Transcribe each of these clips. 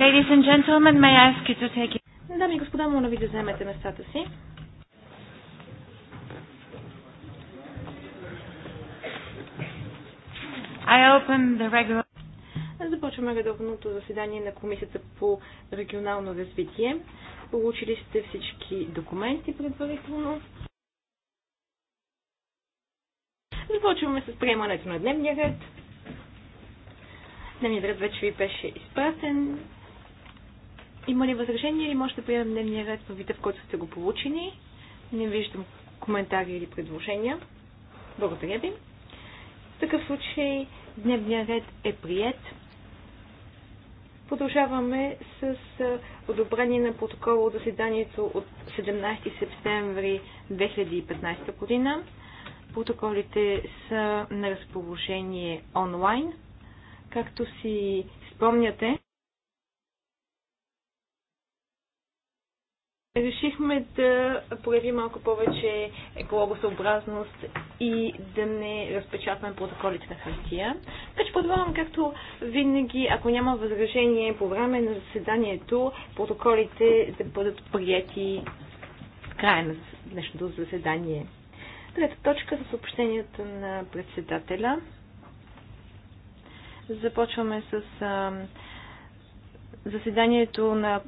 Ladies and gentlemen, may I ask you to take it? Дами и господа, моля ви да вземете местата си. I open the regular... Започваме редовното заседание на Комисията по регионално развитие. Получили сте всички документи предварително. Започваме с приемането на дневния ред. Дневният ред вече ви беше изпратен. Има ли възражения или може да приемем дневния ред във вида, в който сте го получили? Не виждам коментари или предложения. Благодаря ви. В такъв случай дневния ред е прият. Продължаваме с одобрение на протокола от заседанието от 17 септември 2015 година. Протоколите са на разположение онлайн. Както си спомняте, решихме да проявим малко повече екологосъобразност и да не разпечатваме протоколите на хартия. Вече предлагам, както винаги, ако няма възражение по време на заседанието, протоколите да бъдат прияти в края на днешното заседание. Трета точка с съобщенията на председателя. Започваме с заседанието на,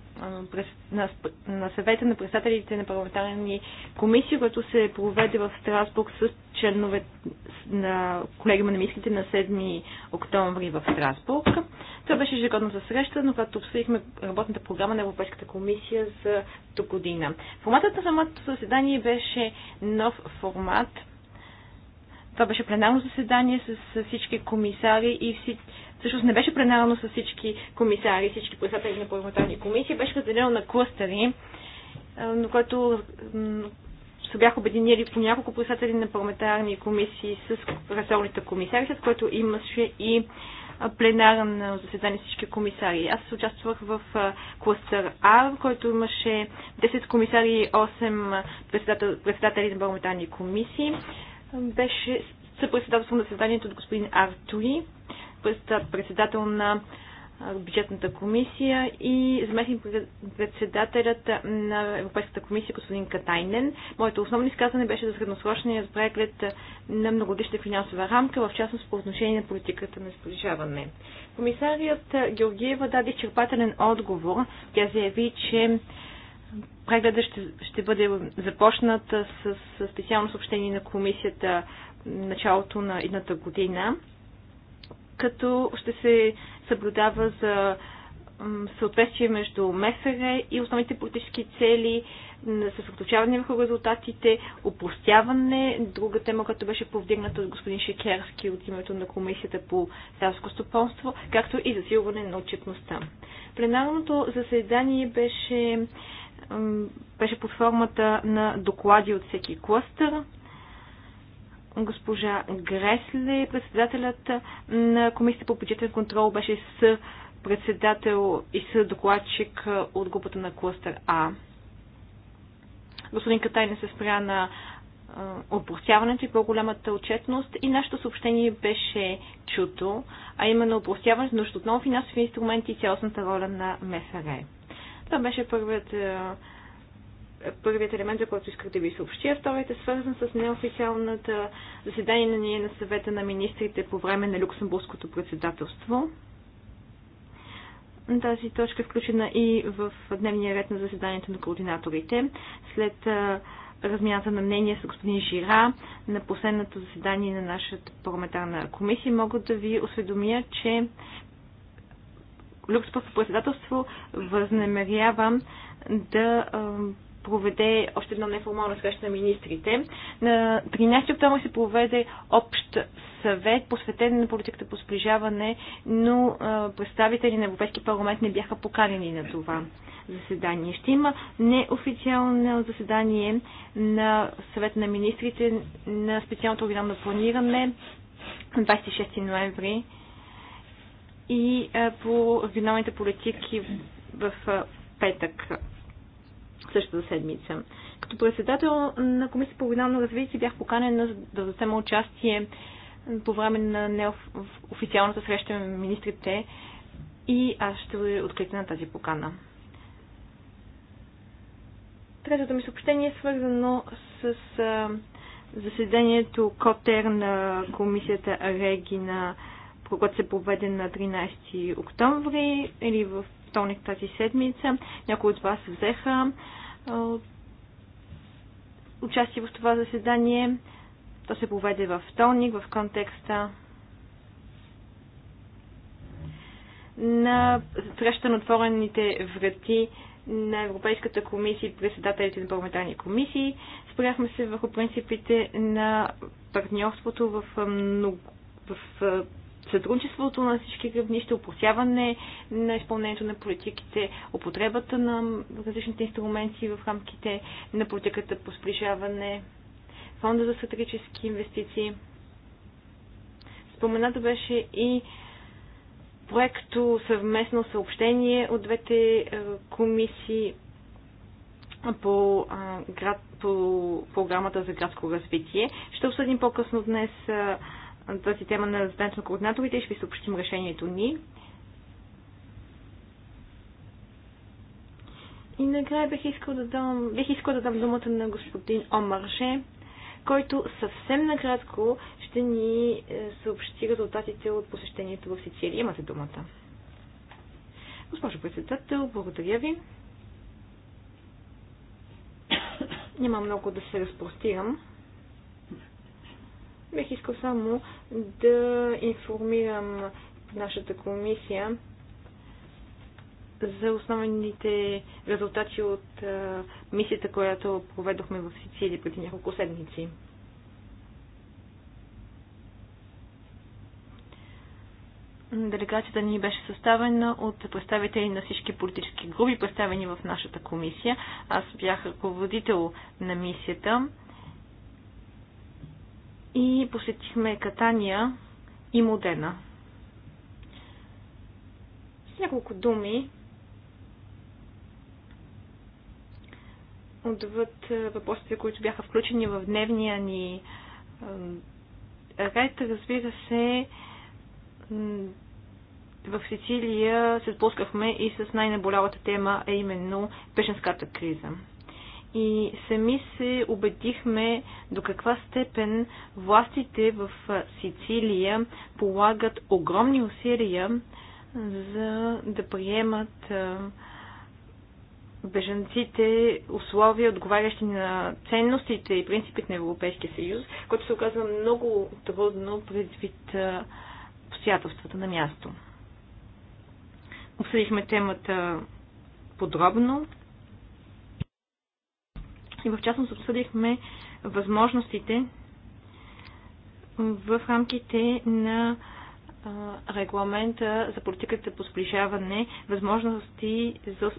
на, на съвета на представителите на парламентарни комисии, което се проведе в Страсбург с членове на колегиума на мислите на 7 октомври в Страсбург. Това беше за среща, но когато обсъдихме работната програма на Европейската комисия за до година. Форматът на самото заседание беше нов формат – това беше пленарно заседание с, с всички комисари и всички всъщност не беше пленарно с всички комисари, всички председатели на парламентарни комисии, беше разделено на клъстери, е, на което се бяха обединили по няколко председатели на парламентарни комисии с ресорните комисари, след което имаше и е, пленарно заседание с всички комисари. Аз участвах в е, клъстър А, в който имаше 10 комисари и 8 председатели на парламентарни комисии беше съпредседателство на заседанието от господин Артуи, председател на бюджетната комисия и заместник председателят на Европейската комисия господин Катайнен. Моето основно изказване беше за средносрочния преглед на многодишна финансова рамка, в частност по отношение на политиката на сближаване. Комисарият Георгиева даде изчерпателен отговор. Тя заяви, че Прегледът ще, ще бъде започнат с, с специално съобщение на комисията началото на едната година, като ще се съблюдава за съответствие между МСР и основните политически цели, съсредоточаване върху резултатите, опростяване. Друга тема, която беше повдигната от господин Шекерски от името на Комисията по селско стопонство, както и засилване на отчетността. Пленарното заседание беше беше под формата на доклади от всеки клъстър. Госпожа Гресле, председателят на Комисията по бюджетен контрол, беше с председател и с докладчик от групата на клъстър А. Господин не се спря на опростяването и по-голямата отчетност и нашето съобщение беше чуто, а именно опростяването, нужда от нови финансови инструменти и цялостната роля на МФР. Това беше първият, е, първият елемент, за който исках да ви съобщя. Вторият е свързан с неофициалната заседание на ние на съвета на министрите по време на Люксембургското председателство. Тази точка е включена и в дневния ред на заседанието на координаторите. След е, размяната на мнение с господин Жира на последното заседание на нашата парламентарна комисия, мога да ви осведомя, че Люксбургско председателство възнамерява да проведе още едно неформално среща на министрите. На 13 октомври се проведе общ съвет, посветен на политиката по сближаване, но представители на Европейски парламент не бяха поканени на това заседание. Ще има неофициално заседание на съвет на министрите на специалното програмно планиране на 26 ноември и по регионалните политики в петък същата седмица. Като председател на Комисия по регионално развитие бях поканена да взема участие по време на неофициалната среща на министрите и аз ще откликна на тази покана. Третото ми съобщение е свързано с заседанието Котер на комисията Регина. на когато се проведе на 13 октомври или в вторник тази седмица. Някои от вас взеха участие в това заседание. То се проведе във вторник в контекста на среща на отворените врати на Европейската комисия и председателите на парламентарни комисии. Спряхме се върху принципите на партньорството в, много, в сътрудничеството на всички равнища, опосяване на изпълнението на политиките, употребата на различните инструменти в рамките на политиката по сближаване, фонда за стратегически инвестиции. Спомената беше и проекто съвместно съобщение от двете е, комисии по, град, по програмата за градско развитие. Ще обсъдим по-късно днес на тази тема на заседанието на координаторите и ще ви съобщим решението ни. И накрая бих искал да дам, бих искал да дам думата на господин Омарше, който съвсем накратко ще ни е, съобщи резултатите от посещението в Сицилия. Имате думата. Госпожо председател, благодаря ви. Няма много да се разпростирам. Бих искал само да информирам нашата комисия за основните резултати от мисията, която проведохме в Сицилия преди няколко седмици. Делегацията ни беше съставена от представители на всички политически групи, представени в нашата комисия. Аз бях ръководител на мисията и посетихме Катания и Модена. С няколко думи отвъд е, въпросите, които бяха включени в дневния ни е, ред, разбира се, в Сицилия се сблъскахме и с най наболявата тема, а именно пешенската криза и сами се убедихме до каква степен властите в Сицилия полагат огромни усилия за да приемат беженците условия, отговарящи на ценностите и принципите на Европейския съюз, което се оказва много трудно предвид обстоятелствата на място. Обсъдихме темата подробно и в частност обсъдихме възможностите в рамките на регламента за политиката по сближаване възможности за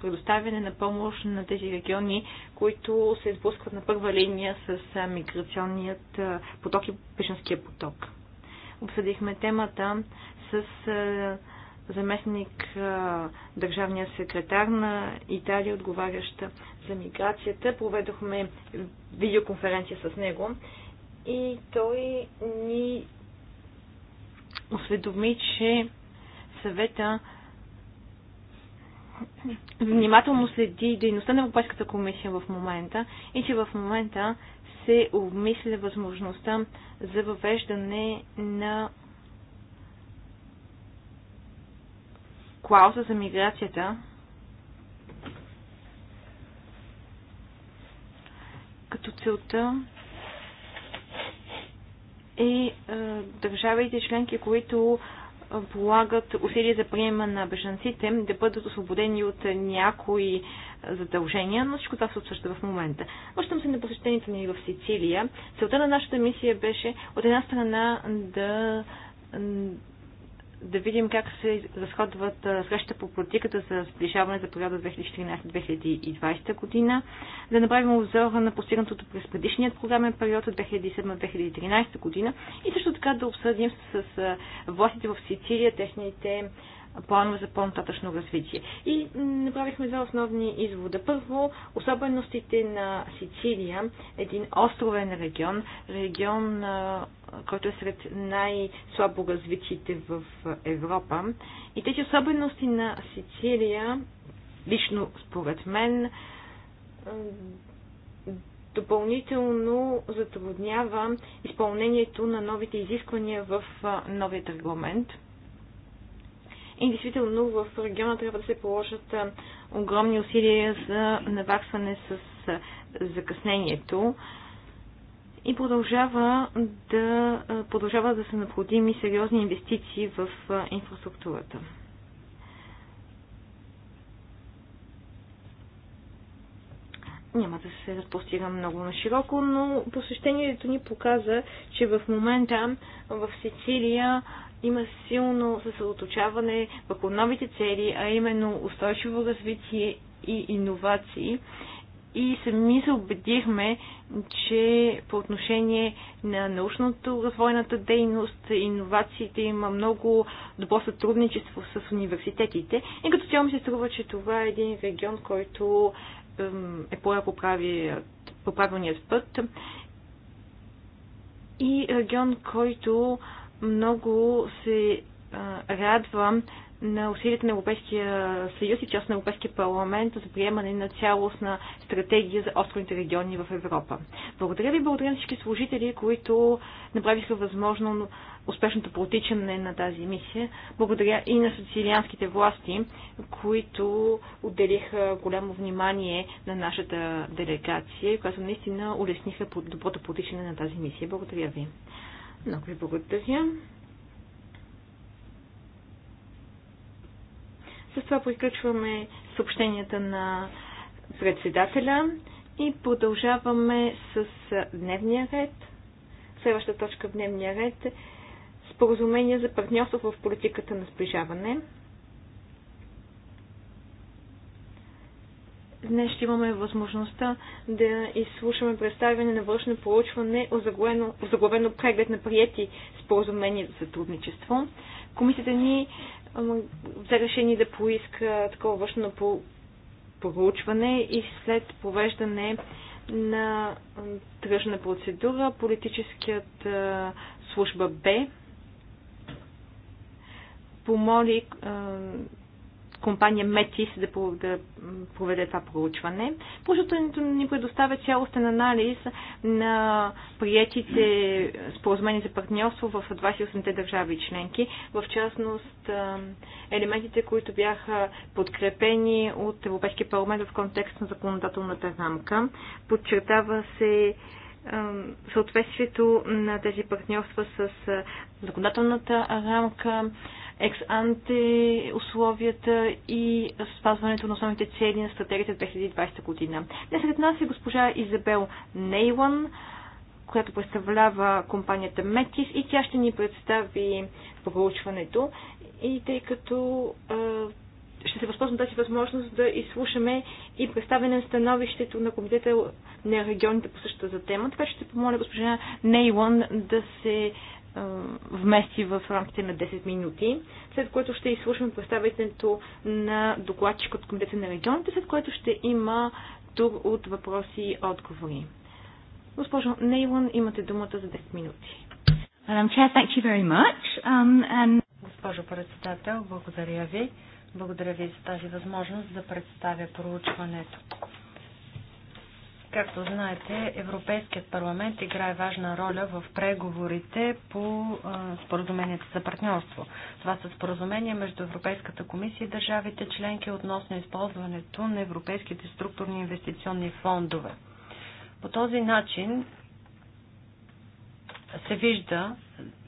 предоставяне на помощ на тези региони, които се изпускват на първа линия с миграционният поток и пешенския поток. Обсъдихме темата с заместник държавния секретар на Италия, отговаряща за миграцията. Проведохме видеоконференция с него и той ни осведоми, че съвета внимателно следи дейността на Европейската комисия в момента и че в момента се обмисля възможността за въвеждане на клауза за миграцията като целта е, е държавите членки, които е, полагат усилия за приема на бежанците да бъдат освободени от някои задължения, но всичко това се обсъжда в момента. Връщам се на посещението ни в Сицилия. Целта на нашата мисия беше от една страна да да видим как се разходват среща по политиката за сближаване за периода 2014-2020 година, да направим обзора на постигнатото през предишният програмен период от 2007-2013 година и също така да обсъдим с властите в Сицилия техните планове за по-нататъчно развитие. И направихме два основни извода. Първо, особеностите на Сицилия, един островен регион, регион, който е сред най-слабо развитите в Европа. И тези особености на Сицилия, лично според мен, допълнително затруднява изпълнението на новите изисквания в новият регламент – и действително в региона трябва да се положат огромни усилия за наваксване с закъснението и продължава да, продължава да са необходими сериозни инвестиции в инфраструктурата. Няма да се разпростирам много на широко, но посещението ни показа, че в момента в Сицилия има силно съсредоточаване върху новите цели, а именно устойчиво развитие и иновации. И сами се убедихме, че по отношение на научното развойната дейност, иновациите има много добро сътрудничество с университетите. И като цяло ми се струва, че това е един регион, който е поел по, по правилният път. И регион, който много се радвам на усилията на Европейския съюз и част на Европейския парламент за приемане на цялостна стратегия за островните региони в Европа. Благодаря ви, благодаря на всички служители, които направиха възможно успешното протичане на тази мисия. Благодаря и на сицилианските власти, които отделиха голямо внимание на нашата делегация, която наистина улесниха доброто протичане на тази мисия. Благодаря ви. Много ви благодаря. С това приключваме съобщенията на председателя и продължаваме с дневния ред. Следваща точка в дневния ред е споразумение за партньорство в политиката на сближаване. Днес ще имаме възможността да изслушаме представяне на външно проучване, заглавено преглед на приети споразумения за сътрудничество. Комисията ни взе решение да поиска такова външно проучване и след провеждане на тръжна процедура политическият служба Б помоли компания Метис да, да проведе това проучване. Проучването ни предоставя цялостен анализ на приятите, споразумения за партньорство в 28-те държави и членки, в частност елементите, които бяха подкрепени от Европейския парламент в контекст на законодателната рамка. Подчертава се съответствието на тези партньорства с законодателната рамка, екс-анте условията и спазването на основните цели на стратегията 2020 година. Днес след нас е госпожа Изабел Нейлан, която представлява компанията Метис и тя ще ни представи проучването. И тъй като ще се възползвам тази възможност да изслушаме и представяне на становището на комитета на регионите по същата за тема. Така че ще помоля госпожа Нейлан да се вмести в рамките на 10 минути, след което ще изслушаме представителето на докладчик от Комитета на регионите, след което ще има тур от въпроси и отговори. Госпожо Нейлон, имате думата за 10 минути. Um, Госпожо председател, благодаря ви. Благодаря ви за тази възможност да представя проучването. Както знаете, Европейският парламент играе важна роля в преговорите по споразумението за партньорство. Това са споразумения между Европейската комисия и държавите членки относно използването на европейските структурни инвестиционни фондове. По този начин се вижда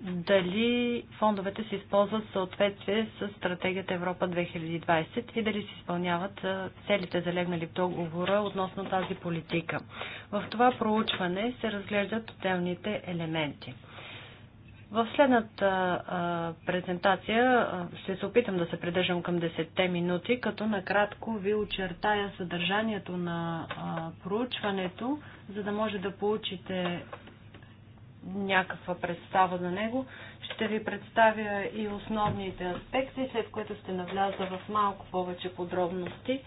дали фондовете се използват в съответствие с стратегията Европа 2020 и дали се изпълняват целите залегнали в договора относно тази политика. В това проучване се разглеждат отделните елементи. В следната а, презентация ще се опитам да се придържам към 10-те минути, като накратко ви очертая съдържанието на а, проучването, за да може да получите някаква представа за него. Ще ви представя и основните аспекти, след което ще навляза в малко повече подробности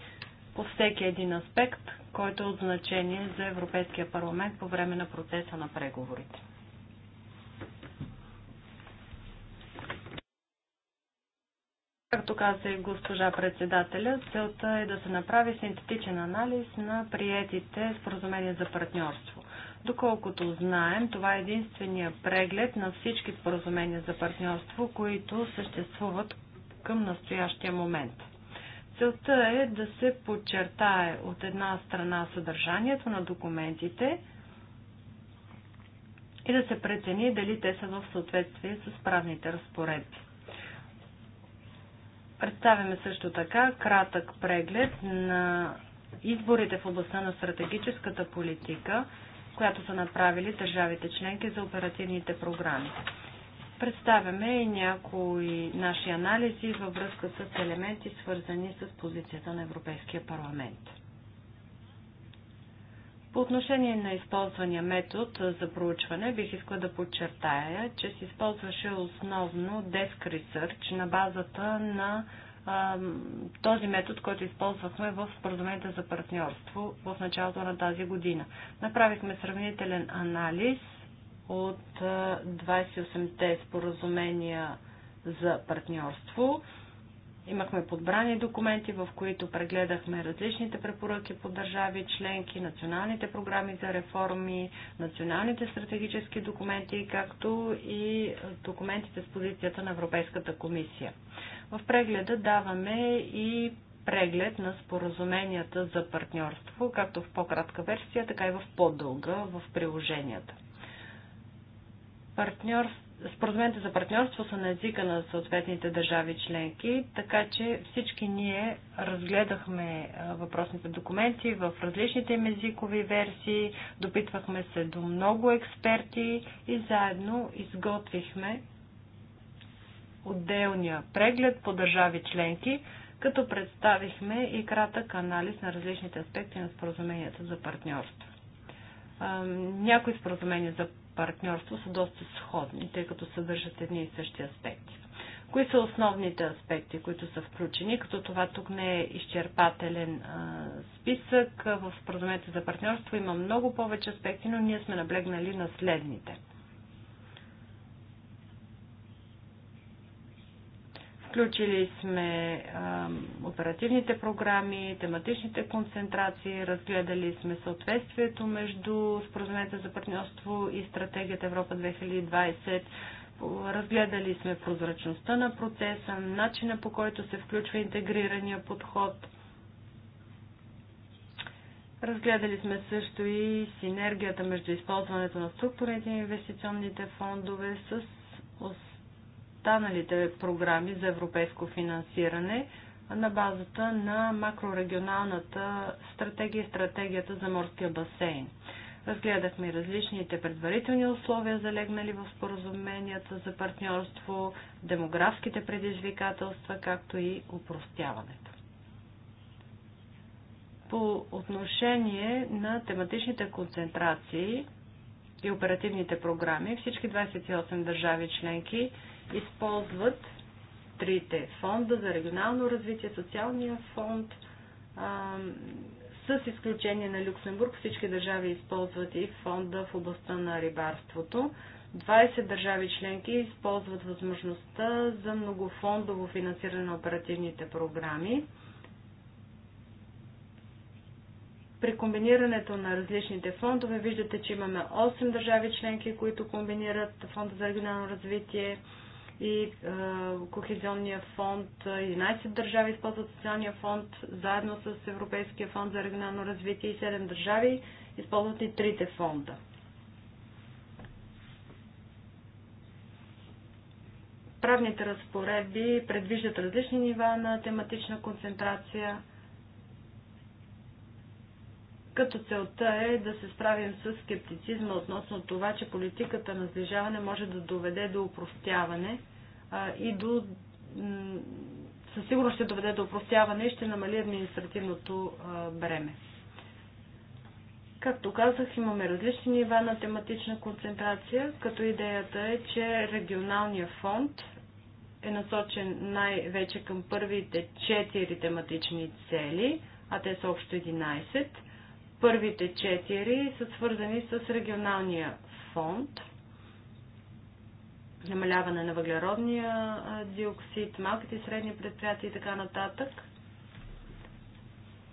по всеки един аспект, който е от значение за Европейския парламент по време на процеса на преговорите. Както каза и госпожа председателя, целта е да се направи синтетичен анализ на приетите споразумения за партньорство. Доколкото знаем, това е единствения преглед на всички споразумения за партньорство, които съществуват към настоящия момент. Целта е да се подчертае от една страна съдържанието на документите и да се прецени дали те са в съответствие с правните разпоредби. Представяме също така кратък преглед на изборите в областта на стратегическата политика която са направили държавите членки за оперативните програми. Представяме и някои наши анализи във връзка с елементи, свързани с позицията на Европейския парламент. По отношение на използвания метод за проучване, бих искала да подчертая, че се използваше основно Desk Research на базата на този метод, който използвахме в споразумението за партньорство в началото на тази година. Направихме сравнителен анализ от 28-те споразумения за партньорство Имахме подбрани документи, в които прегледахме различните препоръки по държави, членки, националните програми за реформи, националните стратегически документи, както и документите с позицията на Европейската комисия. В прегледа даваме и преглед на споразуменията за партньорство, както в по-кратка версия, така и в по-дълга в приложенията. Партньорство Споразумението за партньорство са на езика на съответните държави членки, така че всички ние разгледахме въпросните документи в различните им езикови версии, допитвахме се до много експерти и заедно изготвихме отделния преглед по държави членки, като представихме и кратък анализ на различните аспекти на споразуменията за партньорство. Някои споразумения за партньорство са доста сходни, тъй като съдържат едни и същи аспекти. Кои са основните аспекти, които са включени, като това тук не е изчерпателен а, списък. В споразумението за партньорство има много повече аспекти, но ние сме наблегнали на следните – Включили сме а, оперативните програми, тематичните концентрации, разгледали сме съответствието между споразумението за партньорство и стратегията Европа 2020 разгледали сме прозрачността на процеса, начина по който се включва интегрирания подход. Разгледали сме също и синергията между използването на структурните и инвестиционните фондове с останалите програми за европейско финансиране на базата на макрорегионалната стратегия и стратегията за морския басейн. Разгледахме различните предварителни условия, залегнали в споразуменията за партньорство, демографските предизвикателства, както и упростяването. По отношение на тематичните концентрации и оперативните програми, всички 28 държави членки използват трите фонда за регионално развитие, социалния фонд, а, с изключение на Люксембург, всички държави използват и фонда в областта на рибарството. 20 държави членки използват възможността за многофондово финансиране на оперативните програми. При комбинирането на различните фондове виждате, че имаме 8 държави членки, които комбинират фонда за регионално развитие, и Кохезионния фонд. 11 държави използват социалния фонд заедно с Европейския фонд за регионално развитие и 7 държави използват и трите фонда. Правните разпоредби предвиждат различни нива на тематична концентрация – като целта е да се справим с скептицизма относно това, че политиката на сближаване може да доведе до упростяване и до със сигурност ще доведе до упростяване и ще намали административното бреме. Както казах, имаме различни нива на тематична концентрация, като идеята е, че регионалният фонд е насочен най-вече към първите четири тематични цели, а те са общо 11. Първите четири са свързани с регионалния фонд – намаляване на въглеродния диоксид, малките и средни предприятия и така нататък.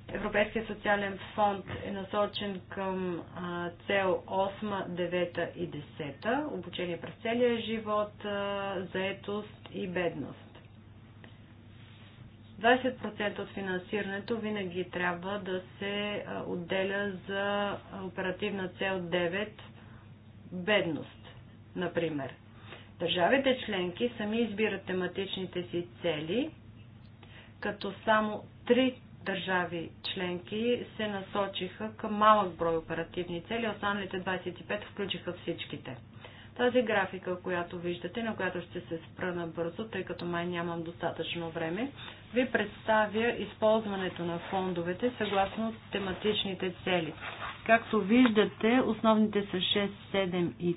Европейския социален фонд е насочен към цел 8, 9 и 10 обучение през целия живот, заетост и бедност. 20% от финансирането винаги трябва да се отделя за оперативна цел 9 бедност, например. Държавите членки сами избират тематичните си цели, като само 3 държави членки се насочиха към малък брой оперативни цели, останалите 25 включиха всичките. Тази графика, която виждате, на която ще се спра набързо, тъй като май нямам достатъчно време, ви представя използването на фондовете съгласно тематичните цели. Както виждате, основните са 6, 7 и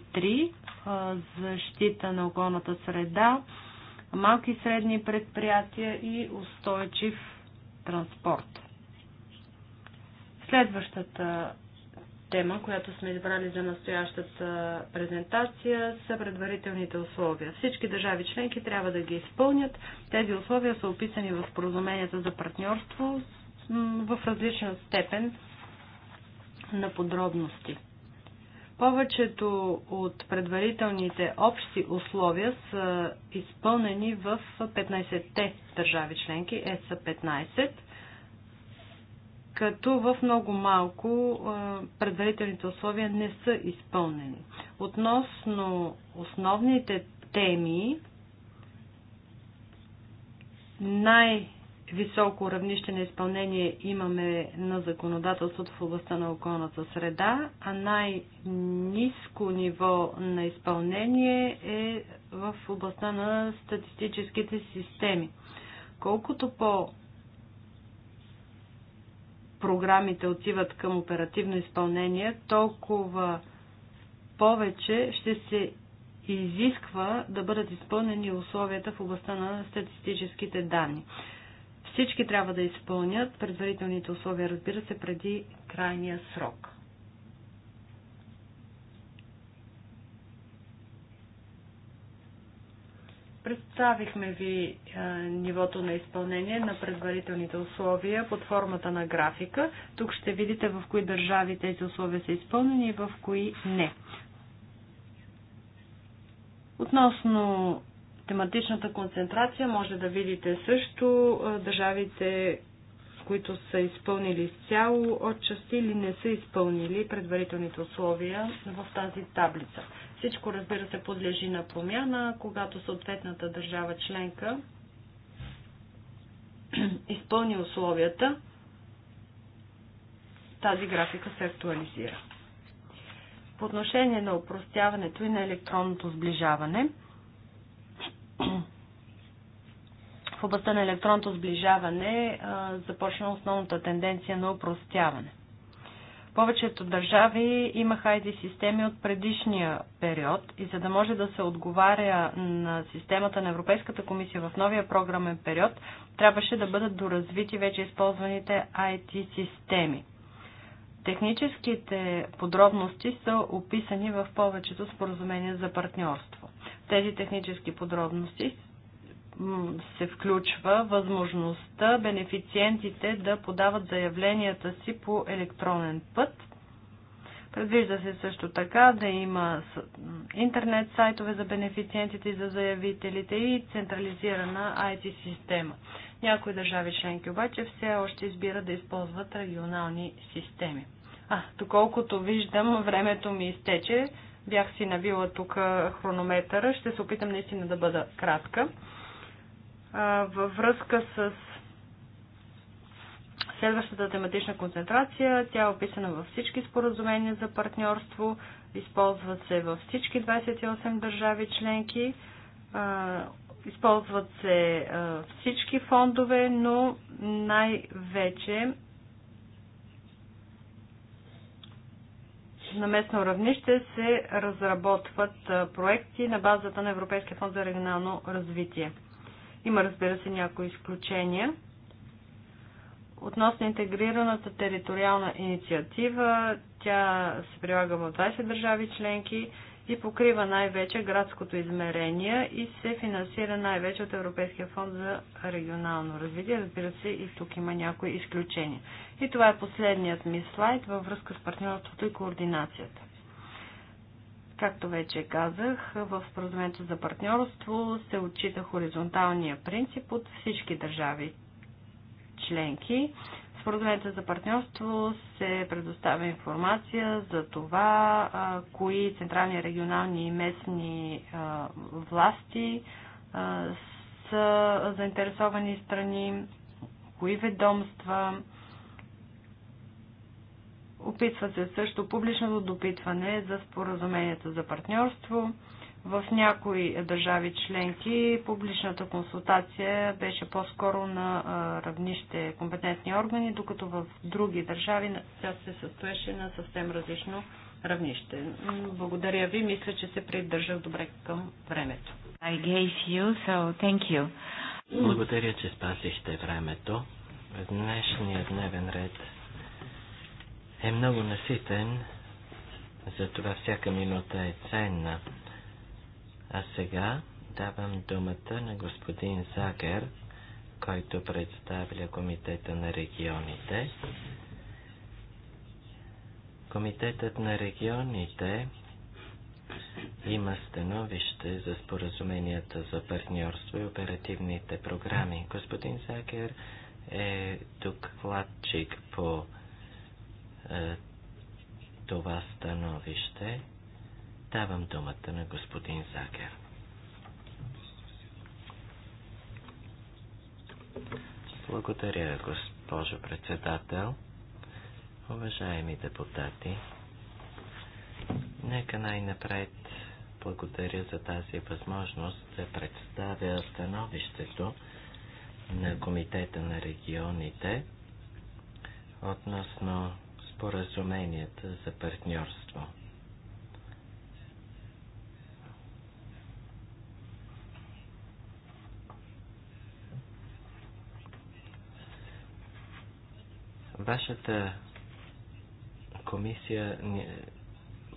3 защита на околната среда, малки и средни предприятия и устойчив транспорт. Следващата тема, която сме избрали за настоящата презентация, са предварителните условия. Всички държави членки трябва да ги изпълнят. Тези условия са описани в споразуменията за партньорство в различна степен на подробности. Повечето от предварителните общи условия са изпълнени в 15-те държави членки, ЕСА 15 като в много малко предварителните условия не са изпълнени. Относно основните теми, най-високо равнище на изпълнение имаме на законодателството в областта на околната среда, а най-низко ниво на изпълнение е в областта на статистическите системи. Колкото по- програмите отиват към оперативно изпълнение, толкова повече ще се изисква да бъдат изпълнени условията в областта на статистическите данни. Всички трябва да изпълнят предварителните условия, разбира се, преди крайния срок. Представихме ви а, е, нивото на изпълнение на предварителните условия под формата на графика. Тук ще видите в кои държави тези условия са изпълнени и в кои не. Относно тематичната концентрация може да видите също е, държавите, които са изпълнили изцяло отчасти или не са изпълнили предварителните условия в тази таблица. Всичко, разбира се, подлежи на промяна, когато съответната държава членка изпълни условията, тази графика се актуализира. По отношение на упростяването и на електронното сближаване, в областта на електронното сближаване започна основната тенденция на упростяване – повечето държави имаха IT системи от предишния период и за да може да се отговаря на системата на Европейската комисия в новия програмен период, трябваше да бъдат доразвити вече използваните IT системи. Техническите подробности са описани в повечето споразумения за партньорство. Тези технически подробности се включва възможността бенефициентите да подават заявленията си по електронен път. Предвижда се също така да има интернет сайтове за бенефициентите и за заявителите и централизирана IT система. Някои държави членки обаче все още избират да използват регионални системи. А, доколкото виждам, времето ми изтече. Бях си навила тук хронометъра. Ще се опитам наистина да бъда кратка във връзка с следващата тематична концентрация. Тя е описана във всички споразумения за партньорство, използват се във всички 28 държави членки, използват се всички фондове, но най-вече на местно равнище се разработват проекти на базата на Европейския фонд за регионално развитие. Има, разбира се, някои изключения. Относно интегрираната териториална инициатива, тя се прилага в 20 държави членки и покрива най-вече градското измерение и се финансира най-вече от Европейския фонд за регионално развитие. Разбира се, и тук има някои изключения. И това е последният ми слайд във връзка с партньорството и координацията. Както вече казах, в споразумението за партньорство се отчита хоризонталния принцип от всички държави членки. В споразумението за партньорство се предоставя информация за това, кои централни, регионални и местни власти са заинтересовани страни, кои ведомства, Описва се също публичното допитване за споразумението за партньорство. В някои държави членки публичната консултация беше по-скоро на равнище компетентни органи, докато в други държави тя се състоеше на съвсем различно равнище. Благодаря ви. Мисля, че се придържах добре към времето. I gave you, so thank you. Благодаря, че спасихте времето. Днешният дневен ред е много наситен, затова всяка минута е ценна. А сега давам думата на господин Загер, който представля Комитета на регионите. Комитетът на регионите има становище за споразуменията за партньорство и оперативните програми. Господин Загер е докладчик по е, това становище. Давам думата на господин Закер. Благодаря, госпожо председател. Уважаеми депутати, нека най-напред благодаря за тази възможност да представя становището на Комитета на регионите относно споразуменията за партньорство. Вашата комисия ни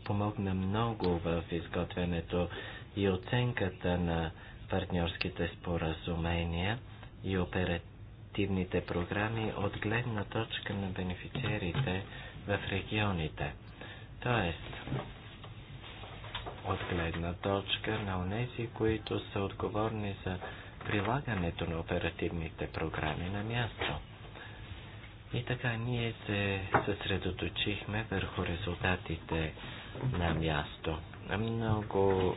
помогна много в изготвянето и оценката на партньорските споразумения и оперативните оперативните програми от гледна точка на бенефициерите в регионите. Тоест, от гледна точка на онези, които са отговорни за прилагането на оперативните програми на място. И така ние се съсредоточихме върху резултатите на място. Много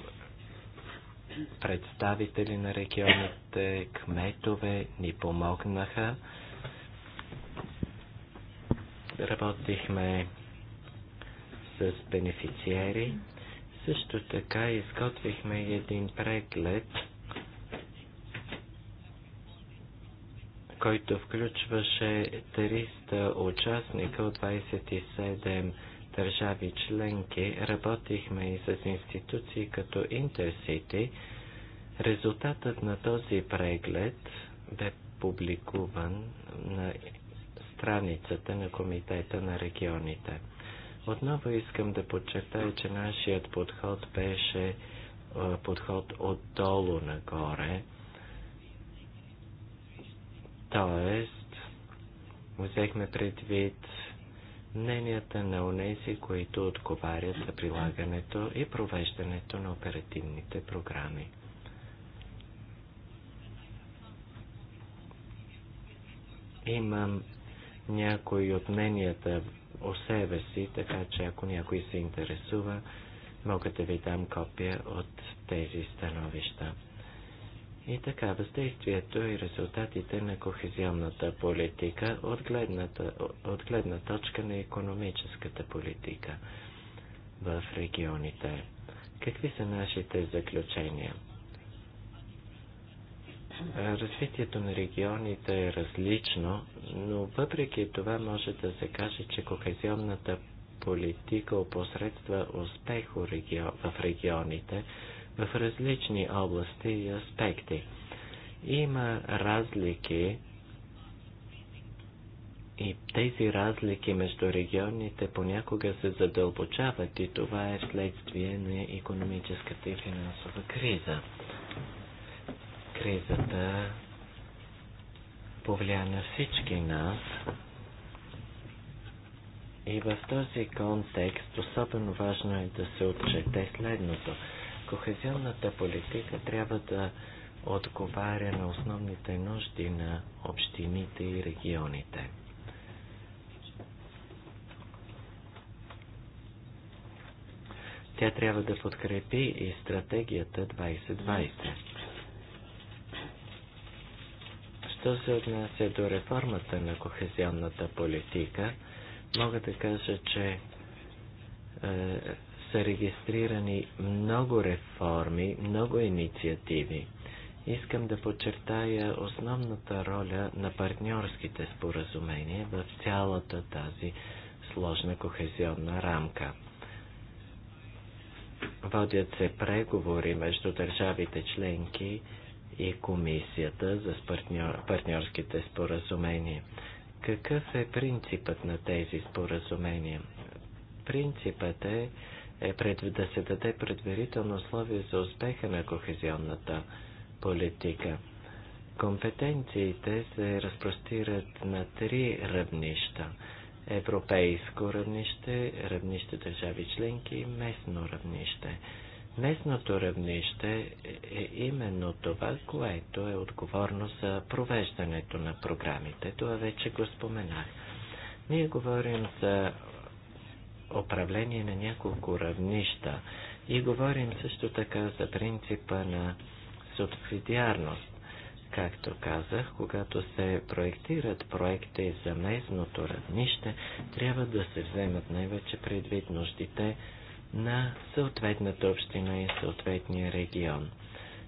представители на регионите, кметове ни помогнаха. Работихме с бенефициери. Също така изготвихме един преглед, който включваше 300 участника от 27 държави членки работихме и с институции като Интерсити. Резултатът на този преглед бе публикуван на страницата на Комитета на регионите. Отново искам да подчертая, че нашият подход беше подход отдолу нагоре. Тоест, взехме предвид мненията на унези, които отговарят за прилагането и провеждането на оперативните програми. Имам някои от мненията о себе си, така че ако някой се интересува, мога да ви дам копия от тези становища. И така, въздействието и резултатите на кохезионната политика от гледната, от гледна точка на економическата политика в регионите. Какви са нашите заключения? Развитието на регионите е различно, но въпреки това може да се каже, че кохезионната политика опосредства успех в регионите, в различни области и аспекти. Има разлики и тези разлики между регионите понякога се задълбочават и това е следствие на економическата и финансова криза. Кризата повлия на всички нас и в този контекст особено важно е да се отчете следното – Кохезионната политика трябва да отговаря на основните нужди на общините и регионите. Тя трябва да подкрепи и стратегията 2020. Що се отнася до реформата на кохезионната политика, мога да кажа, че е, са регистрирани много реформи, много инициативи. Искам да подчертая основната роля на партньорските споразумения в цялата тази сложна кохезионна рамка. Водят се преговори между държавите членки и комисията за партньор... партньорските споразумения. Какъв е принципът на тези споразумения? Принципът е е пред, да се даде предварително условие за успеха на кохезионната политика. Компетенциите се разпростират на три равнища. Европейско равнище, равнище държави членки и местно равнище. Местното равнище е именно това, което е отговорно за провеждането на програмите. Това вече го споменах. Ние говорим за управление на няколко равнища и говорим също така за принципа на субсидиарност. Както казах, когато се проектират проекти за местното равнище, трябва да се вземат най-вече предвид нуждите на съответната община и съответния регион.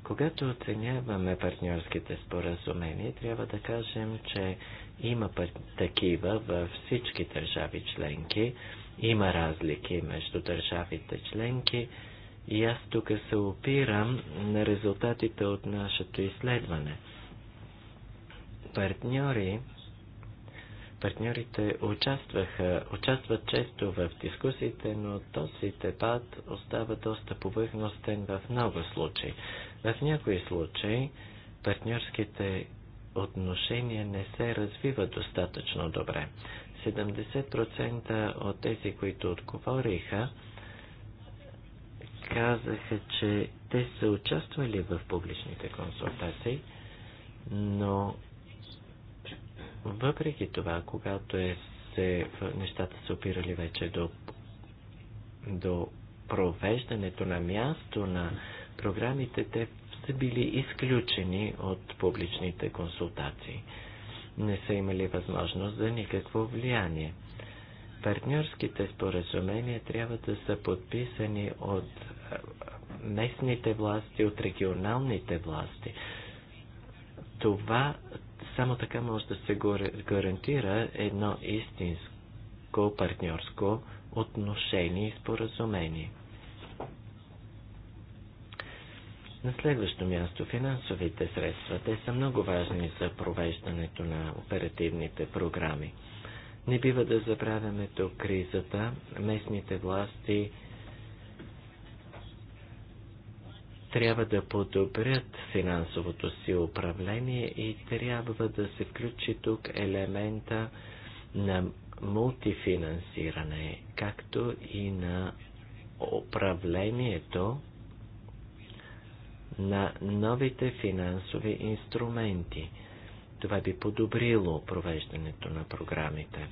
Когато оценяваме партньорските споразумения, трябва да кажем, че има такива във всички държави членки. Има разлики между държавите членки и аз тук се опирам на резултатите от нашето изследване. Партньори Партньорите участваха, участват често в дискусиите, но този дебат остава доста повърхностен в много случаи. В някои случаи партньорските отношения не се развиват достатъчно добре. 70% от тези, които отговориха, казаха, че те са участвали в публичните консултации, но въпреки това, когато е се, нещата са опирали вече до, до провеждането на място на програмите, те са били изключени от публичните консултации не са имали възможност за никакво влияние. Партньорските споразумения трябва да са подписани от местните власти, от регионалните власти. Това само така може да се гарантира едно истинско партньорско отношение и споразумение. На следващо място финансовите средства. Те са много важни за провеждането на оперативните програми. Не бива да забравяме тук кризата. Местните власти трябва да подобрят финансовото си управление и трябва да се включи тук елемента на мултифинансиране, както и на управлението на новите финансови инструменти. Това би подобрило провеждането на програмите.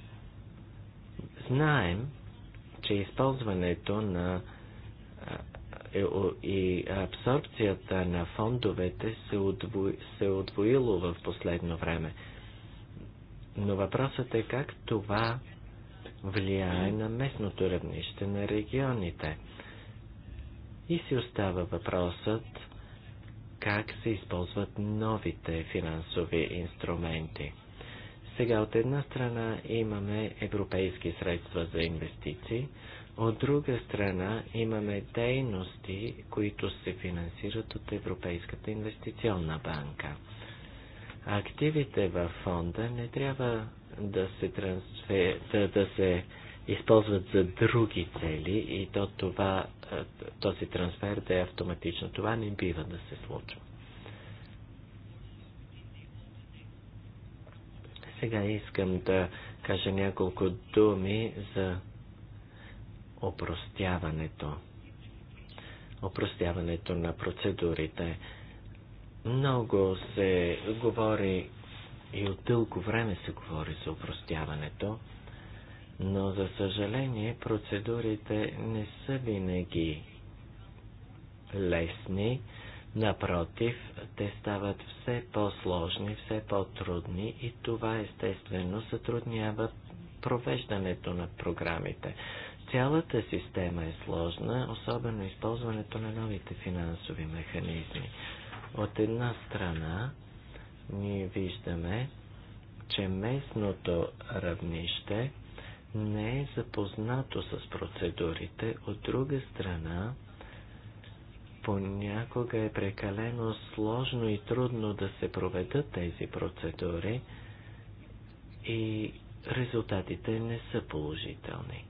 Знаем, че използването на е, и абсорбцията на фондовете се, удво... се е отвоило в последно време. Но въпросът е как това влияе на местното равнище на регионите. И си остава въпросът как се използват новите финансови инструменти. Сега от една страна имаме европейски средства за инвестиции, от друга страна имаме дейности, които се финансират от Европейската инвестиционна банка. Активите във фонда не трябва да се, трансфер... да, да се използват за други цели и то това, е, този трансфер да е автоматично. Това не бива да се случва. Сега искам да кажа няколко думи за опростяването. Опростяването на процедурите. Много се говори и от дълго време се говори за опростяването. Но, за съжаление, процедурите не са винаги лесни. Напротив, те стават все по-сложни, все по-трудни и това естествено затруднява провеждането на програмите. Цялата система е сложна, особено използването на новите финансови механизми. От една страна, ние виждаме, че местното равнище не е запознато с процедурите, от друга страна, понякога е прекалено сложно и трудно да се проведат тези процедури и резултатите не са положителни.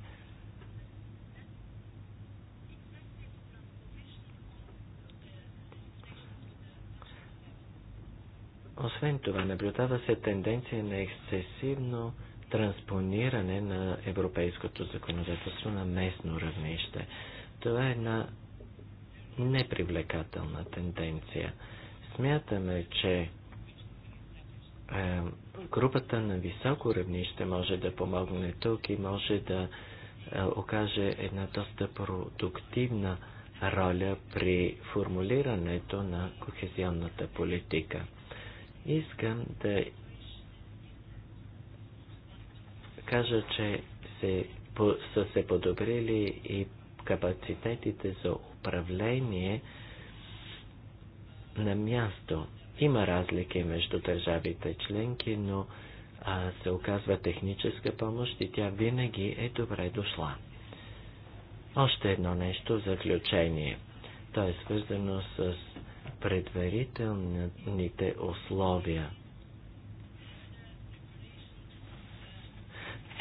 Освен това, наблюдава се тенденция на ексцесивно транспониране на европейското законодателство на местно равнище. Това е една непривлекателна тенденция. Смятаме, че е, групата на високо равнище може да помогне тук и може да е, окаже една доста продуктивна роля при формулирането на кохезионната политика. Искам да кажа, че се, по, са се подобрили и капацитетите за управление на място. Има разлики между държавите членки, но а, се оказва техническа помощ и тя винаги е добре дошла. Още едно нещо в заключение. То е свързано с предварителните условия.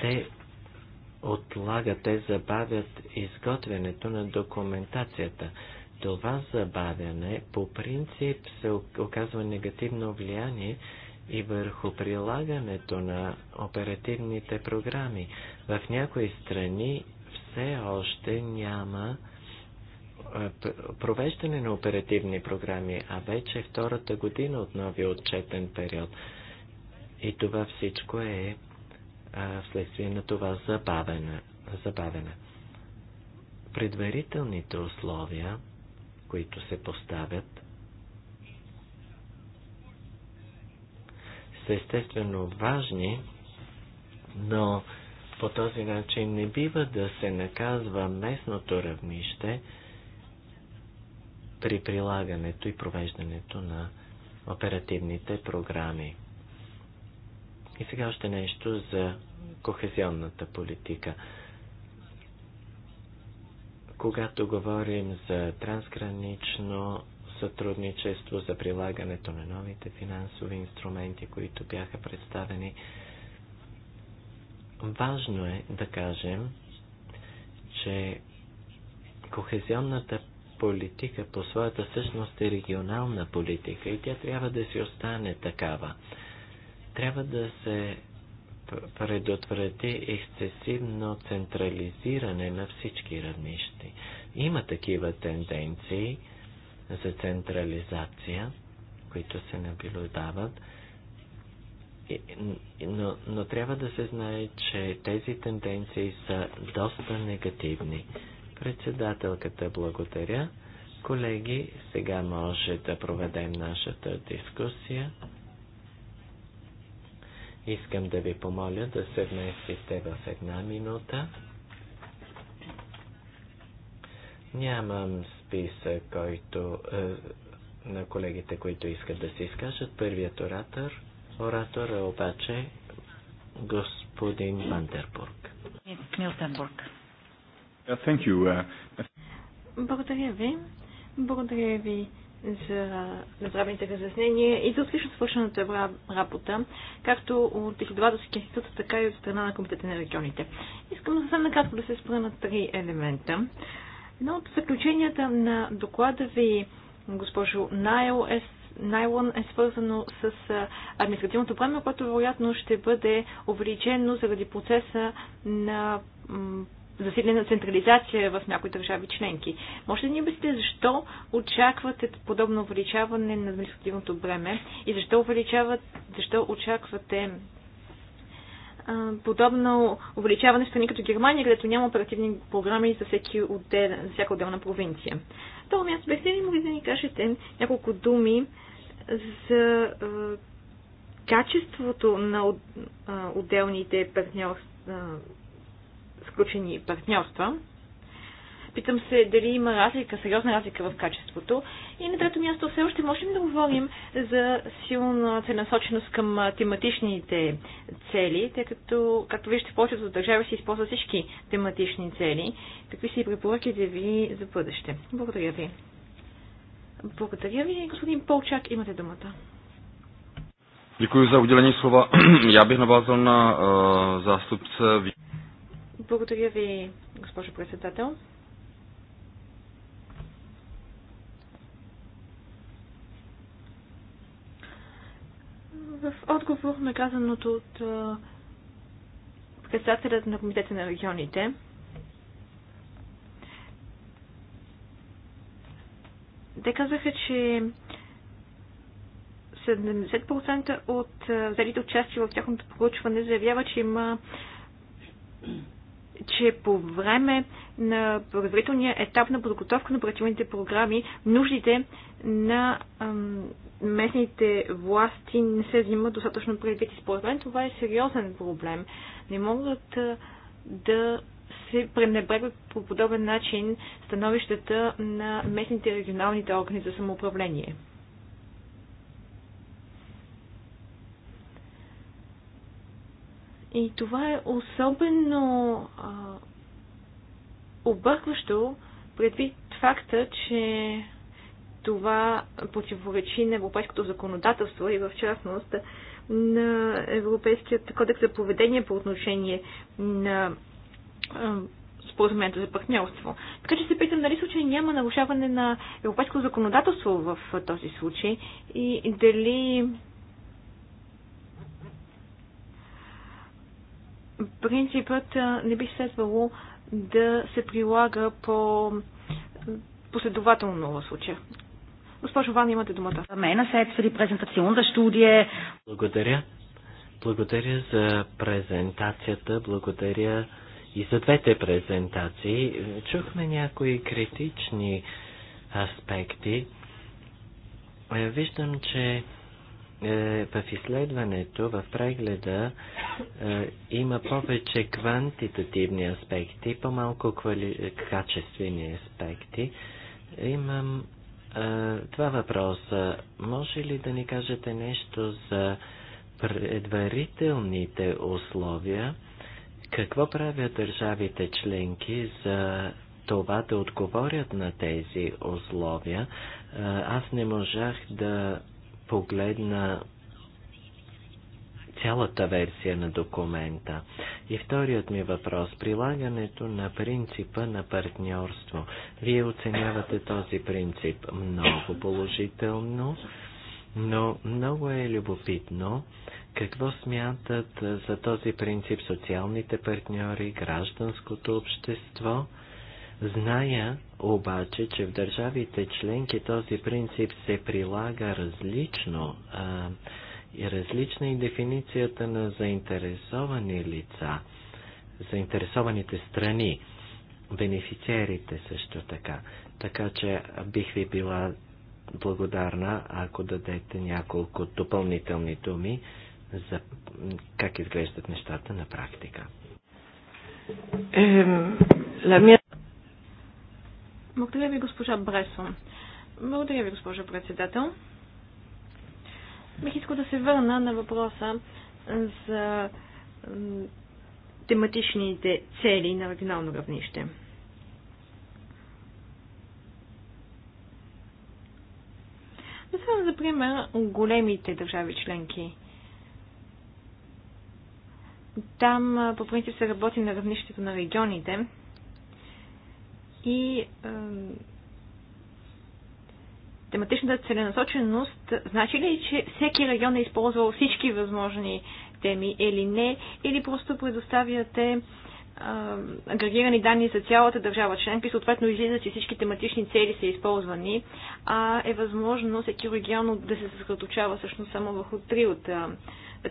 те отлагат, те забавят изготвянето на документацията. Това забавяне по принцип се оказва негативно влияние и върху прилагането на оперативните програми. В някои страни все още няма провеждане на оперативни програми, а вече втората година от новия отчетен период. И това всичко е вследствие на това забавене. забавене. Предварителните условия, които се поставят, са естествено важни, но по този начин не бива да се наказва местното равнище при прилагането и провеждането на оперативните програми. И сега още нещо за кохезионната политика. Когато говорим за трансгранично сътрудничество, за прилагането на новите финансови инструменти, които бяха представени, важно е да кажем, че кохезионната политика по своята същност е регионална политика и тя трябва да си остане такава. Трябва да се предотврати ексцесивно централизиране на всички равнищи. Има такива тенденции за централизация, които се наблюдават, но, но трябва да се знае, че тези тенденции са доста негативни. Председателката благодаря. Колеги, сега може да проведем нашата дискусия. Искам да ви помоля да се вместите в една минута. Нямам списък, който, е, на колегите, които искат да се изкажат. Първият оратор, оратор е обаче господин Вандербург. Милтенбург. Uh, Благодаря ви. Благодаря ви за направените разяснения и за отлично свършената работа, както от изследователския институт, така и от страна на Комитета на регионите. Искам съвсем накратко да се спра на три елемента. Едно от заключенията на доклада ви, госпожо Найл, е Найлон е свързано с административното време, което вероятно ще бъде увеличено заради процеса на засилена централизация в някои държави членки. Може да ни обясните защо очаквате подобно увеличаване на административното бреме и защо, увеличават, защо очаквате подобно увеличаване в страни като Германия, където няма оперативни програми за, всеки отдел, за всяка отделна провинция. Това място, бихте ли могли да ни кажете няколко думи за е, качеството на от, е, отделните партньорства? сключени партньорства. Питам се дали има разлика, сериозна разлика в качеството. И на трето място все още можем да говорим за силна целенасоченост към тематичните цели, тъй като, както вижте, повечето от държави се използва всички тематични цели. Какви са и препоръките ви за бъдеще? Благодаря ви. Благодаря ви, господин Полчак. Имате думата. Děkuji za udělení slova. Já bych navázal na uh, zástupce. Благодаря ви, госпожо председател. В отговор на казаното от председателят на Комитета на регионите, те казаха, че 70% от взелите участие в тяхното проучване заявява, че има че по време на предварителния етап на подготовка на оперативните програми, нуждите на ам, местните власти не се взимат достатъчно предвид. според мен това е сериозен проблем. Не могат а, да се пренебрегват по подобен начин становищата на местните регионалните органи за самоуправление. И това е особено а, объркващо предвид факта, че това противоречи на европейското законодателство и в частност на Европейският кодекс за поведение по отношение на споразумението за партньорство. Така че се питам дали случай няма нарушаване на европейско законодателство в този случай и дали принципът не би следвало да се прилага по последователно в случая. Госпожо Ван, имате думата. Благодаря. Благодаря за презентацията. Благодаря и за двете презентации. Чухме някои критични аспекти. Е, виждам, че е, в изследването, в прегледа е, има повече квантитативни аспекти, по-малко качествени аспекти. Имам е, два въпроса. Може ли да ни кажете нещо за предварителните условия? Какво правят държавите членки за това да отговорят на тези условия? Аз не можах да погледна цялата версия на документа. И вторият ми въпрос – прилагането на принципа на партньорство. Вие оценявате този принцип много положително, но много е любопитно какво смятат за този принцип социалните партньори, гражданското общество – Зная обаче, че в държавите членки този принцип се прилага различно а, и различна е и дефиницията на заинтересовани лица, заинтересованите страни, бенефициерите също така. Така че бих ви била благодарна, ако дадете няколко допълнителни думи за как изглеждат нещата на практика. La благодаря ви, госпожа Бресон. Благодаря ви, госпожа председател. Бих искал да се върна на въпроса за тематичните цели на регионално равнище. Не само за пример големите държави членки. Там по принцип се работи на равнището на регионите, и тематичната целенасоченост значи ли, че всеки район е използвал всички възможни теми или не, или просто предоставяте агрегирани данни за цялата държава членка и съответно излиза, че всички тематични цели са използвани, а е възможно всеки регион да се съсредоточава всъщност само върху три от а,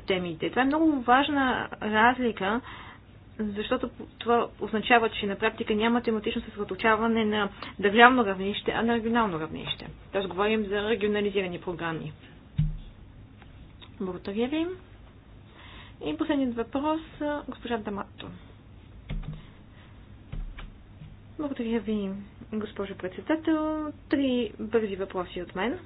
темите. Това е много важна разлика, защото това означава, че на практика няма тематично съсредоточаване на държавно равнище, а на регионално равнище. Тоест говорим за регионализирани програми. Благодаря ви. И последният въпрос, госпожа Дамато. Благодаря ви, госпожо председател. Три бързи въпроси от мен.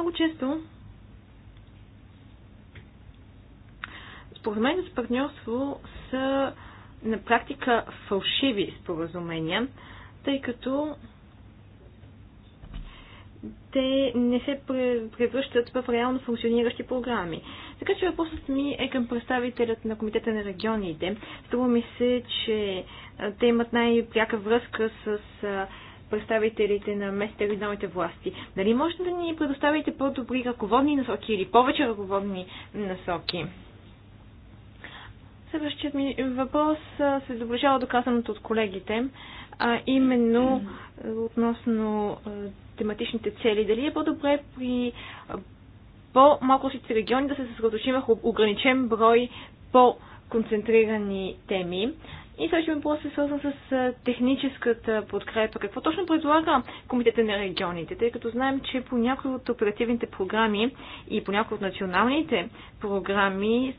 Много често споразумения за партньорство са на практика фалшиви споразумения, тъй като те не се превръщат в реално функциониращи програми. Така че въпросът ми е към представителят на Комитета на регионите. Струва ми се, че те имат най-пряка връзка с представителите на местните регионалните власти. Дали можете да ни предоставите по-добри ръководни насоки или повече ръководни насоки? Следващият ми въпрос се доближава до казаното от колегите, а именно относно тематичните цели. Дали е по-добре при по-малко си региони да се съсредоточим върху ограничен брой по-концентрирани теми. И следващия въпрос е свързан с техническата подкрепа. Какво точно предлага Комитета на регионите? Тъй като знаем, че по някои от оперативните програми и по някои от националните програми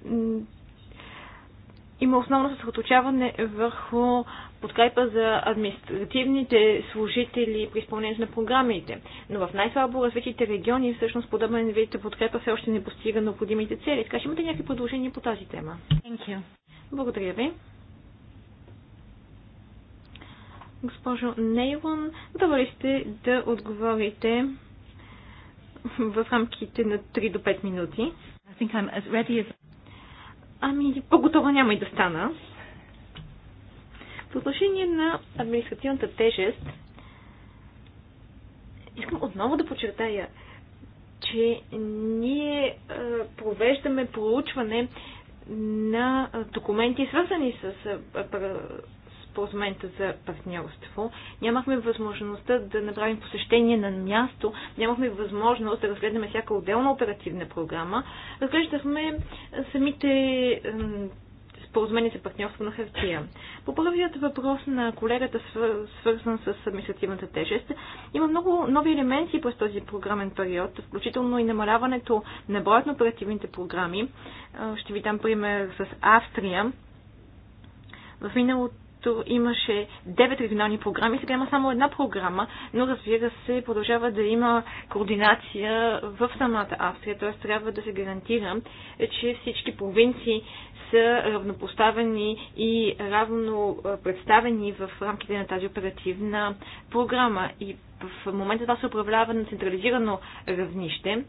има основно съсредоточаване върху подкрепа за административните служители при изпълнение на програмите. Но в най-слабо развитите региони всъщност подобен вид подкрепа все още не постига необходимите цели. Така ще имате някакви предложения по тази тема. Благодаря ви. Госпожо Нейлон, давали сте да отговорите в рамките на 3 до 5 минути? I think I'm as ready as... Ами, по-готова няма и да стана. По отношение на административната тежест, искам отново да подчертая, че ние е, провеждаме проучване на документи, свързани с е, споразумението за партньорство. Нямахме възможността да направим посещение на място, нямахме възможност да разгледаме всяка отделна оперативна програма. Разглеждахме самите споразумение за партньорство на хартия. По първият въпрос на колегата, свързан с административната тежест, има много нови елементи през този програмен период, включително и намаляването на броят на оперативните програми. Е, ще ви дам пример с Австрия. В миналото сектор имаше 9 регионални програми, сега има само една програма, но разбира се, продължава да има координация в самата Австрия, т.е. трябва да се гарантира, че всички провинции са равнопоставени и равно представени в рамките на тази оперативна програма. И в момента това се управлява на централизирано равнище.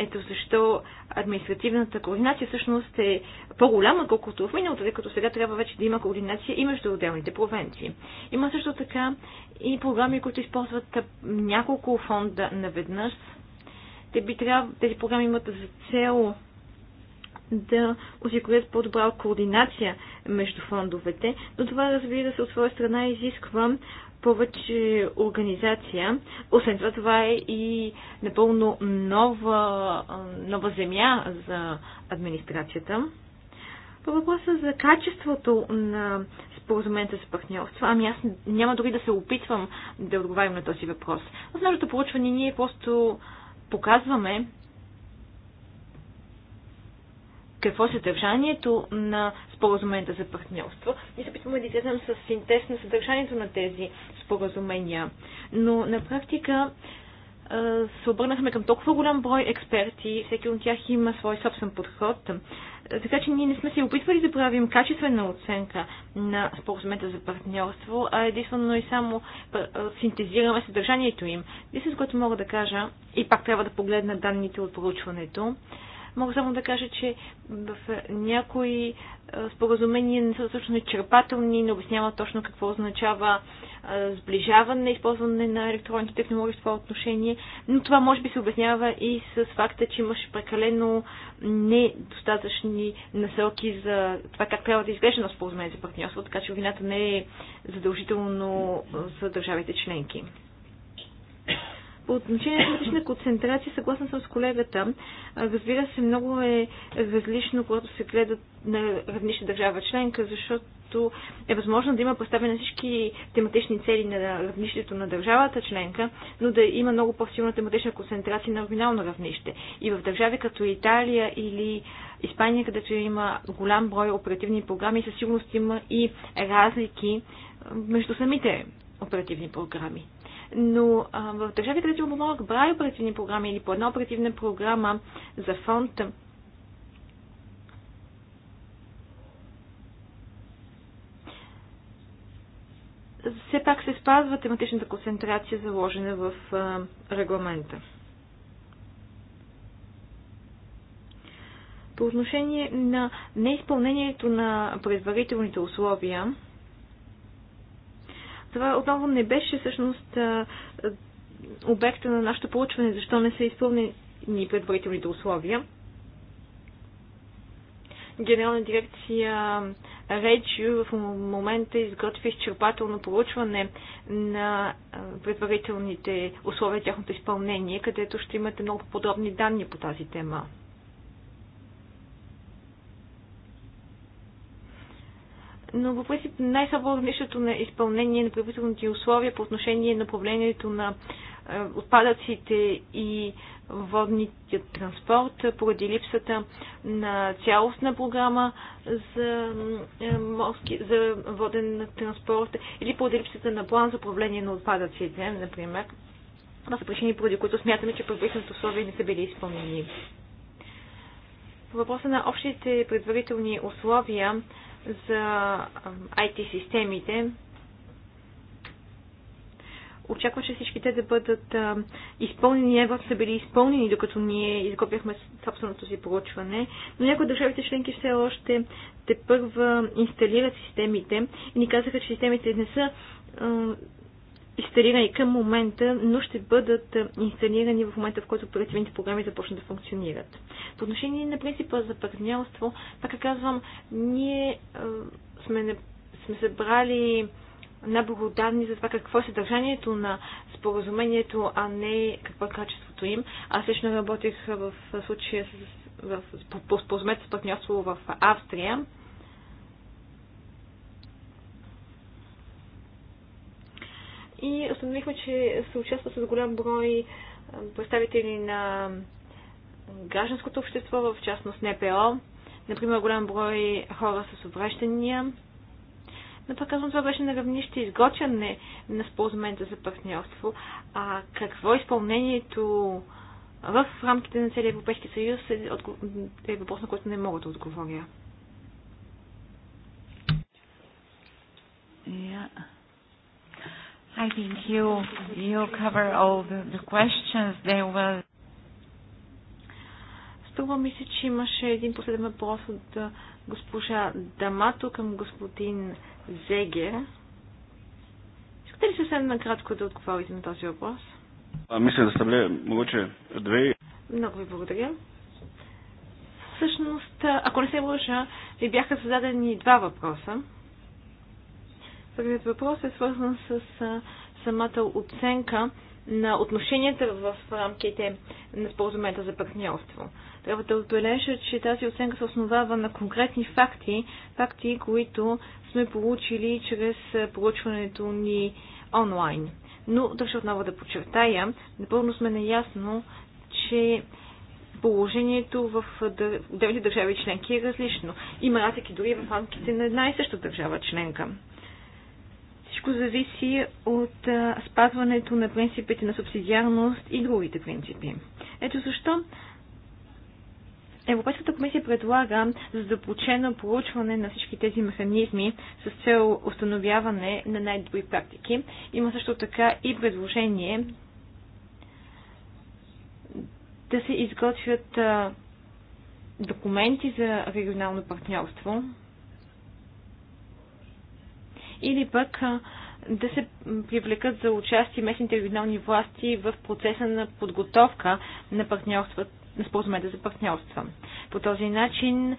Ето защо административната координация всъщност е по-голяма, колкото в миналото, тъй като сега трябва вече да има координация и между отделните провенции. Има също така и програми, които използват няколко фонда наведнъж. Те би трябва, тези програми имат за цел да осигурят по-добра координация между фондовете, но това разбира се от своя страна изисква повече организация. Освен това, това е и напълно нова, нова земя за администрацията. По въпроса за качеството на споразумението за партньорство, ами аз няма дори да се опитвам да отговарям на този въпрос. В нашето проучване ние просто показваме, какво е съдържанието на споразумента за партньорство. Ние се опитваме да излезем с синтез на съдържанието на тези споразумения. Но на практика се обърнахме към толкова голям брой експерти, всеки от тях има свой собствен подход, така че ние не сме се опитвали да правим качествена оценка на споразумета за партньорство, а единствено и само синтезираме съдържанието им. Единственото, което мога да кажа, и пак трябва да погледна данните от проучването, Мога само да кажа, че в някои е, споразумения не са достатъчно изчерпателни, не обясняват точно какво означава е, сближаване, използване на електронните технологии в това отношение, но това може би се обяснява и с факта, че имаше прекалено недостатъчни насоки за това как трябва да изглежда на споразумение за партньорство, така че вината не е задължително за държавите членки. По отношение на различна концентрация, съгласна съм с колегата. Разбира се, много е различно, когато се гледа на равнище държава членка, защото е възможно да има поставени на всички тематични цели на равнището на държавата членка, но да има много по-силна тематична концентрация на регионално равнище. И в държави като Италия или Испания, където има голям брой оперативни програми, със сигурност има и разлики между самите оперативни програми но а, в държавите, където има малък брай оперативни програми или по една оперативна програма за фонд, все пак се спазва тематичната концентрация, заложена в а, регламента. По отношение на неизпълнението на предварителните условия, това отново не беше всъщност обекта на нашето получване, защо не са изпълнени предварителните условия. Генерална дирекция Речи в момента изготвя изчерпателно проучване на предварителните условия тяхното изпълнение, където ще имате много подробни данни по тази тема. но по принцип най-слабо равнището е на изпълнение на правителните условия по отношение на управлението на е, отпадъците и водният транспорт, поради липсата на цялостна програма за, е, морски, за воден транспорт или поради липсата на план за управление на отпадъците, например. Това са причини, поради които смятаме, че правителните условия не са били изпълнени. По въпроса на общите предварителни условия, за IT-системите. Очакваше всички те да бъдат а, изпълнени, не са били изпълнени, докато ние изготвяхме собственото си проучване. Но някои държавите членки все още те първа инсталират системите и ни казаха, че системите не са а, инсталирани към момента, но ще бъдат е, инсталирани в момента, в който оперативните програми започнат да функционират. По отношение на принципа за партньорство, така казвам, ние е, сме, сме събрали набор данни за това какво е съдържанието на споразумението, а не какво е качеството им. Аз лично работих в случая с, в, по споразумението с партньорство в Австрия и установихме, че се участва с голям брой е, представители на гражданското общество, в частност НПО, например голям брой хора с обращания. Но пък казвам, това беше на равнище изготвяне на споразумението за партньорство. А какво е изпълнението в рамките на целия Европейски съюз е, е въпрос, на който не мога да отговоря. Yeah. I think you you cover all the, the questions there was. Струва ми се, че имаше един последен въпрос от госпожа Дамато към господин Зеге. Искате ли съвсем накратко да отговорите на този въпрос? А, мисля да ставля, могуче, две. Много ви благодаря. Всъщност, ако не се лъжа, ви бяха зададени два въпроса. Първият въпрос е свързан с самата оценка на отношенията в рамките на споразумението за партньорство. Трябва да отбележа, че тази оценка се основава на конкретни факти, факти, които сме получили чрез проучването ни онлайн. Но държа отново да подчертая, напълно сме наясно, че положението в отделни държави членки е различно. Има разлики дори в рамките на една и съща държава членка. Всичко зависи от спазването на принципите на субсидиарност и другите принципи. Ето защо Европейската комисия предлага задълбочено проучване на всички тези механизми с цел установяване на най-добри практики. Има също така и предложение да се изготвят документи за регионално партньорство, или пък да се привлекат за участие местните регионални власти в процеса на подготовка на партньорства, на споразумета за партньорства. По този начин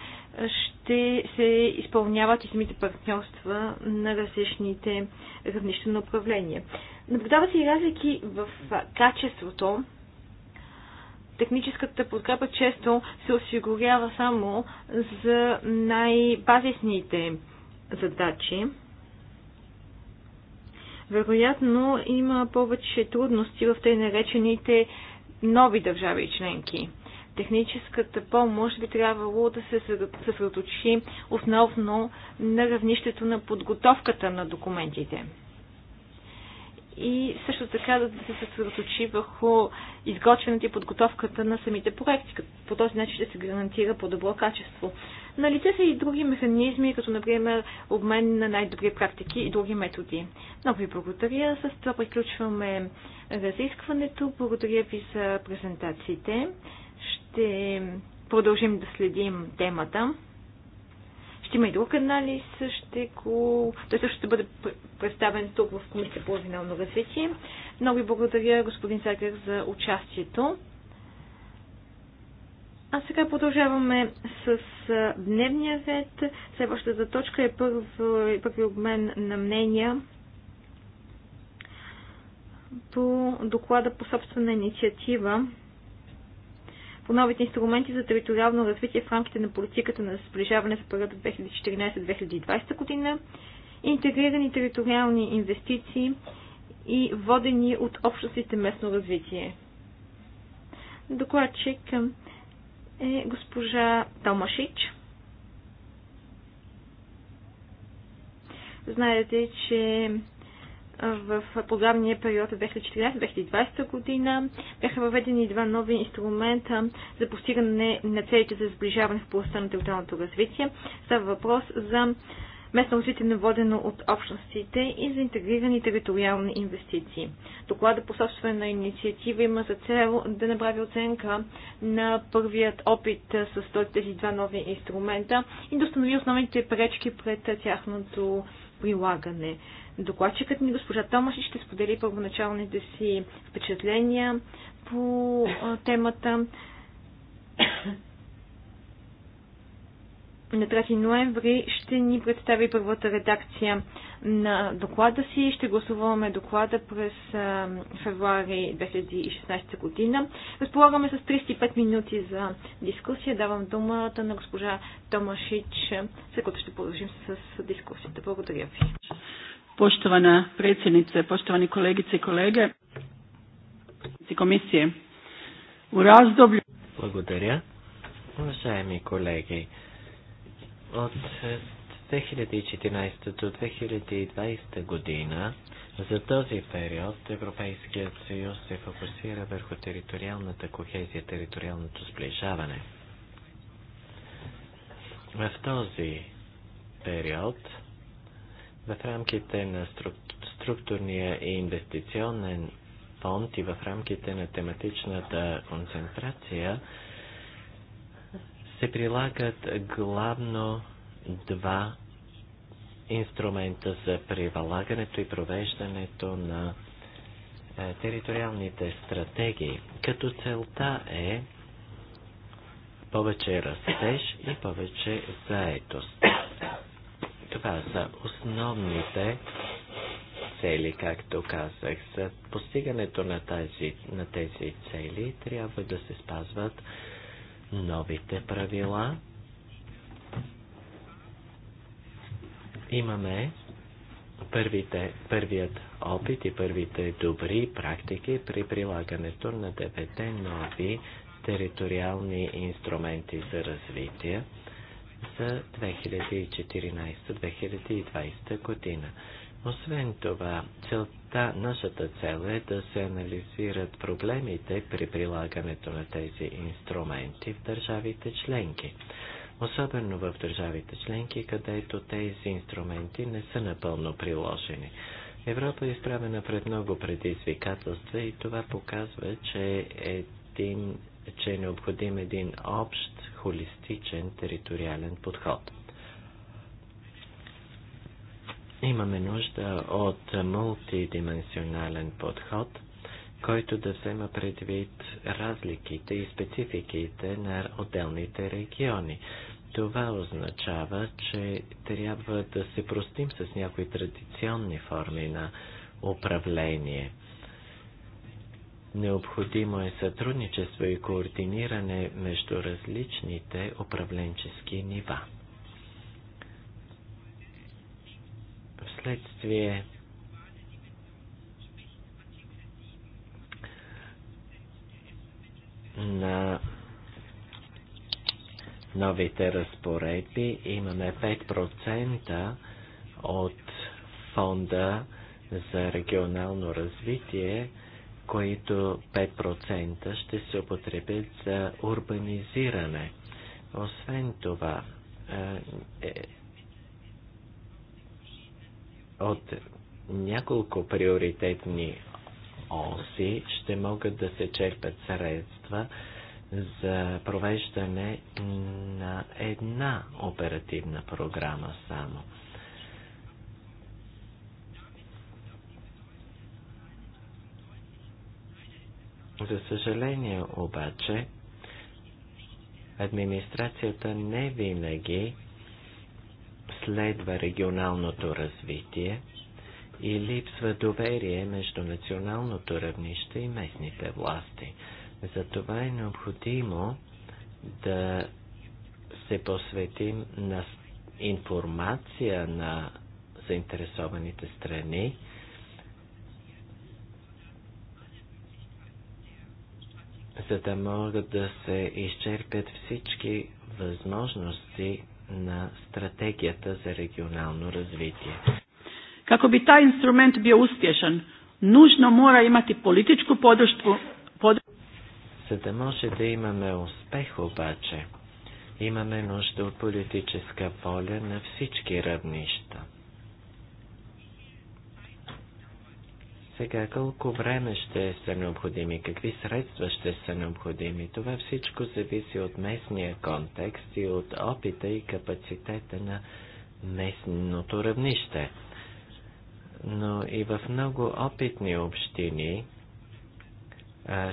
ще се изпълняват и самите партньорства на различните равнища на управление. Наблюдават се и разлики в качеството техническата подкрепа често се осигурява само за най-базисните задачи вероятно има повече трудности в тъй наречените нови държави и членки. Техническата помощ би трябвало да се съсредоточи основно на равнището на подготовката на документите. И също така да се съсредоточи върху изготвянето и подготовката на самите проекти. По този начин ще се гарантира по-добро качество. На лице са и други механизми, като например обмен на най-добри практики и други методи. Много ви благодаря. С това приключваме разискването. Благодаря ви за презентациите. Ще продължим да следим темата. Ще има и друг анализ, ще го... той също ще бъде представен тук в Комисията по развитие. Много ви благодаря, господин Сагър, за участието. А сега продължаваме с дневния ред. Следващата точка е първи, първи обмен на мнения по доклада по собствена инициатива по новите инструменти за териториално развитие в рамките на политиката на сближаване за периода 2014-2020 година, интегрирани териториални инвестиции и водени от общностите местно развитие. Докладчик е госпожа Томашич. Знаете, че в програмния период 2014-2020 година бяха въведени два нови инструмента за постигане на целите за сближаване в полостта на телоталното развитие. Става въпрос за местно развитие на водено от общностите и за интегрирани териториални инвестиции. Доклада по собствена инициатива има за цел да направи оценка на първият опит с тези два нови инструмента и да установи основните пречки пред тяхното прилагане. Докладчикът ми госпожа Томаш ще сподели първоначалните си впечатления по темата на 3 ноември ще ни представи първата редакция на доклада си. Ще гласуваме доклада през февруари 2016 година. Разполагаме с 35 минути за дискусия. Давам думата на госпожа Томашич, след като ще продължим с дискусията. Благодаря ви. Poštovana predsjednice, poštovani kolegice i kolege, komisije, u razdoblju... Благодаря. Уважаеми колеги, от 2014 до 2020 година за този период Европейският съюз се фокусира върху териториалната кохезия, териториалното сближаване. В този период в рамките на структурния и инвестиционен фонд и в рамките на тематичната концентрация се прилагат главно два инструмента за прилагането и провеждането на е, териториалните стратегии, като целта е повече растеж и повече заетост. Това са основните цели, както казах. За постигането на тези, на тези цели трябва да се спазват новите правила. Имаме първите, първият опит и първите добри практики при прилагането на девете нови териториални инструменти за развитие за 2014-2020 година. Освен това, целта, нашата цел е да се анализират проблемите при прилагането на тези инструменти в държавите членки. Особено в държавите членки, където тези инструменти не са напълно приложени. Европа е изправена пред много предизвикателства и това показва, че, един, че е необходим един общ, холистичен, териториален подход. Имаме нужда от мултидименционален подход, който да взема предвид разликите и спецификите на отделните региони. Това означава, че трябва да се простим с някои традиционни форми на управление. Необходимо е сътрудничество и координиране между различните управленчески нива. последствие на новите разпоредби имаме 5% от фонда за регионално развитие, които 5% ще се употребят за урбанизиране. Освен това, е, е, от няколко приоритетни оси ще могат да се черпят средства за провеждане на една оперативна програма само. За съжаление обаче, администрацията не винаги следва регионалното развитие и липсва доверие между националното равнище и местните власти. Затова е необходимо да се посветим на информация на заинтересованите страни, за да могат да се изчерпят всички възможности на стратегията за регионално развитие. би bi инструмент бил успешен, нужно мора имати imati političku Под... За да може да имаме успех обаче, имаме нужда от политическа воля на всички равнища. сега колко време ще са необходими, какви средства ще са необходими. Това всичко зависи от местния контекст и от опита и капацитета на местното равнище. Но и в много опитни общини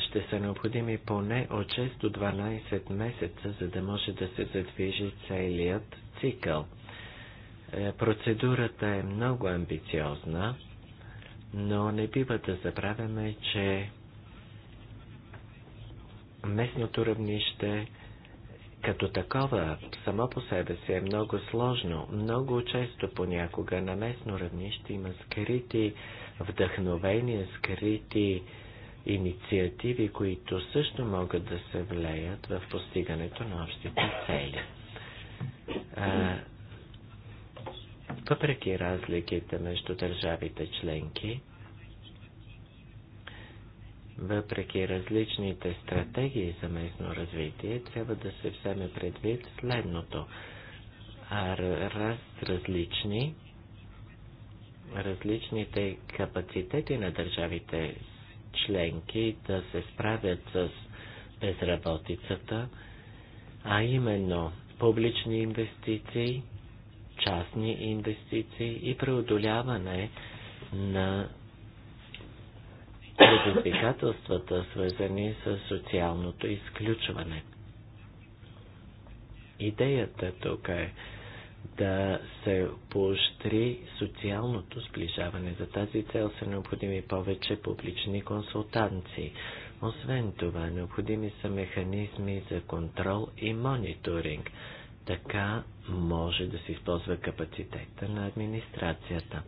ще са необходими поне от 6 до 12 месеца, за да може да се задвижи целият цикъл. Е, процедурата е много амбициозна но не бива да забравяме, че местното равнище като такова само по себе си е много сложно. Много често понякога на местно равнище има скрити вдъхновения, скрити инициативи, които също могат да се влеят в постигането на общите цели въпреки разликите между държавите членки, въпреки различните стратегии за местно развитие, трябва да се вземе предвид следното. А раз различни, различните капацитети на държавите членки да се справят с безработицата, а именно публични инвестиции – частни инвестиции и преодоляване на предизвикателствата, свързани с социалното изключване. Идеята тук е да се поощри социалното сближаване. За тази цел са необходими повече публични консултанции. Освен това, необходими са механизми за контрол и мониторинг – така може да се използва капацитета на администрацията.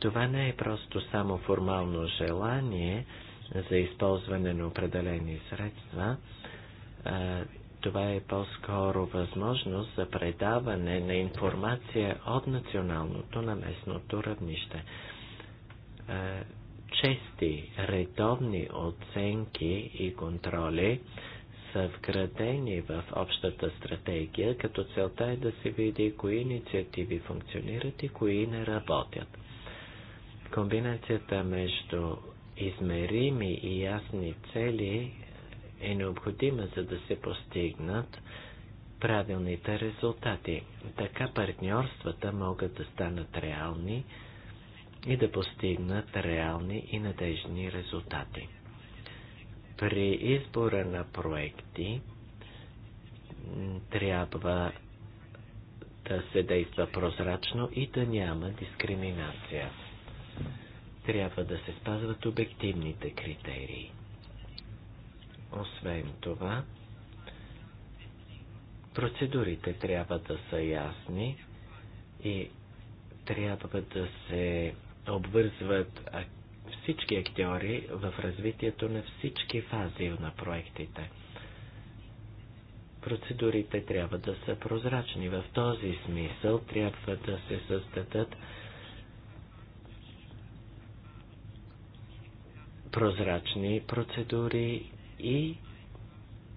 Това не е просто само формално желание за използване на определени средства, това е по-скоро възможност за предаване на информация от националното на местното равнище. Чести, редовни оценки и контроли са вградени в общата стратегия, като целта е да се види кои инициативи функционират и кои не работят. Комбинацията между измерими и ясни цели е необходима, за да се постигнат правилните резултати. Така партньорствата могат да станат реални и да постигнат реални и надежни резултати при избора на проекти трябва да се действа прозрачно и да няма дискриминация. Трябва да се спазват обективните критерии. Освен това, процедурите трябва да са ясни и трябва да се обвързват всички актьори в развитието на всички фази на проектите. Процедурите трябва да са прозрачни. В този смисъл трябва да се създадат прозрачни процедури и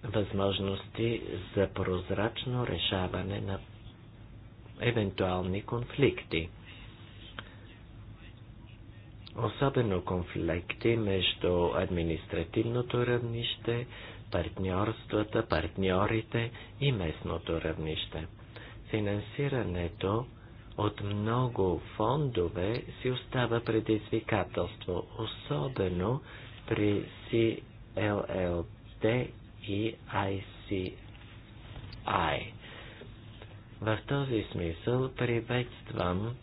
възможности за прозрачно решаване на евентуални конфликти особено конфликти между административното равнище, партньорствата, партньорите и местното равнище. Финансирането от много фондове си остава предизвикателство, особено при CLLD и ICI. В този смисъл приветствам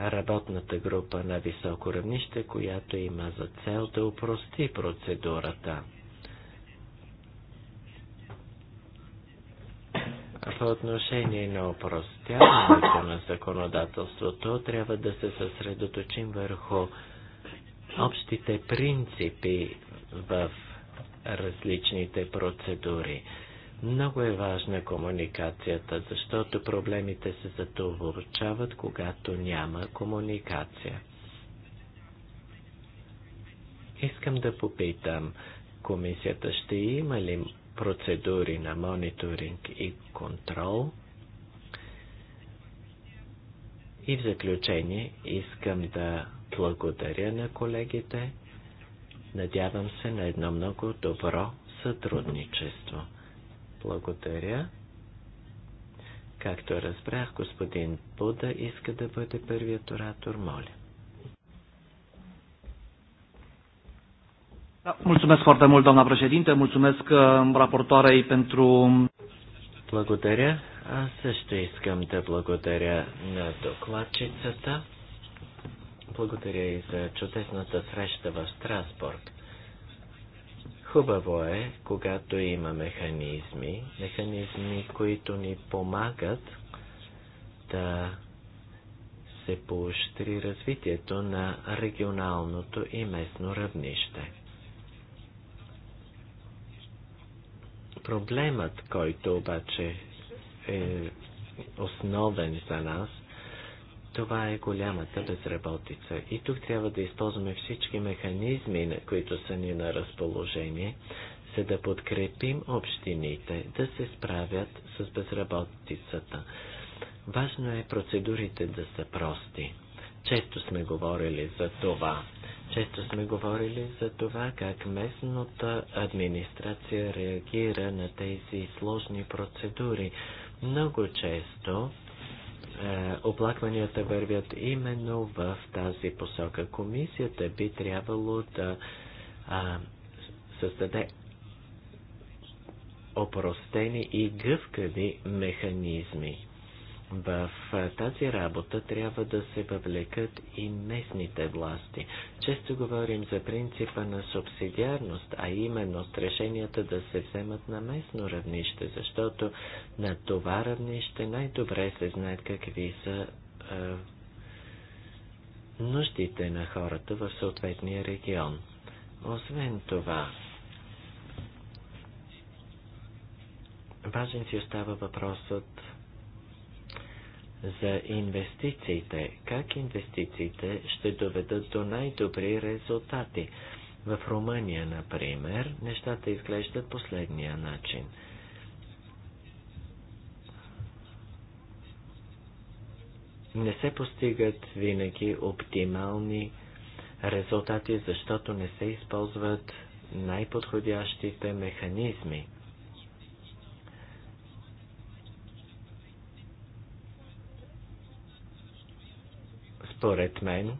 работната група на високо равнище, която има за цел да упрости процедурата. По отношение на упростяването на законодателството, трябва да се съсредоточим върху общите принципи в различните процедури. Много е важна комуникацията, защото проблемите се задълбочават, когато няма комуникация. Искам да попитам, комисията ще има ли процедури на мониторинг и контрол? И в заключение искам да благодаря на колегите. Надявам се на едно много добро сътрудничество. Благодаря. Както разбрах, господин Буда иска да бъде първият оратор, моля. Da, mulțumesc foarte mult, doamna președinte, mulțumesc uh, raportoarei pentru... Благодаря. Аз също искам да благодаря на докладчицата. Благодаря и за чудесната среща в Страсбург. Хубаво е, когато има механизми, механизми, които ни помагат да се поощри развитието на регионалното и местно равнище. Проблемът, който обаче е основен за нас, това е голямата безработица. И тук трябва да използваме всички механизми, които са ни на разположение, за да подкрепим общините да се справят с безработицата. Важно е процедурите да са прости. Често сме говорили за това. Често сме говорили за това как местната администрация реагира на тези сложни процедури. Много често е, оплакванията вървят именно в тази посока. Комисията би трябвало да а, създаде опростени и гъвкави механизми. В тази работа трябва да се въвлекат и местните власти. Често говорим за принципа на субсидиарност, а именно с решенията да се вземат на местно равнище, защото на това равнище най-добре се знаят какви са е, нуждите на хората в съответния регион. Освен това, важен си остава въпросът за инвестициите. Как инвестициите ще доведат до най-добри резултати? В Румъния, например, нещата изглеждат последния начин. Не се постигат винаги оптимални резултати, защото не се използват най-подходящите механизми. според мен,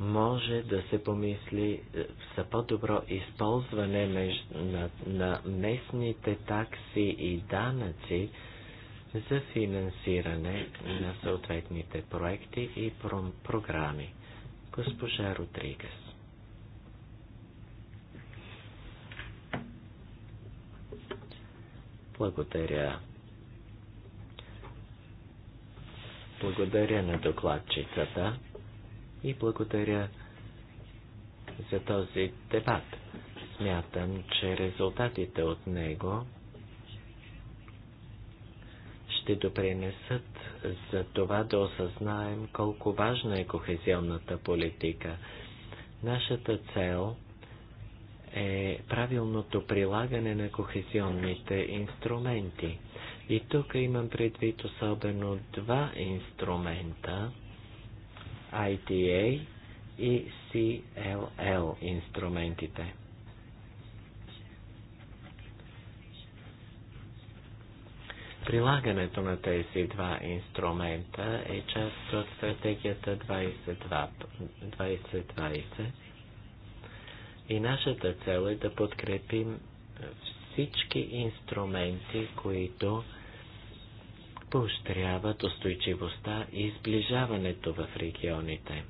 може да се помисли е, за по-добро използване меж, на, на местните такси и данъци за финансиране на съответните проекти и програми. Госпожа Родригес. Благодаря, Благодаря на докладчицата и благодаря за този дебат. Смятам, че резултатите от него ще допринесат за това да осъзнаем колко важна е кохезионната политика. Нашата цел е правилното прилагане на кохезионните инструменти. И тук имам предвид особено два инструмента ITA и CLL инструментите. Прилагането на тези два инструмента е част от стратегията 2020. И нашата цел е да подкрепим всички инструменти, които поощряват устойчивостта и сближаването в регионите.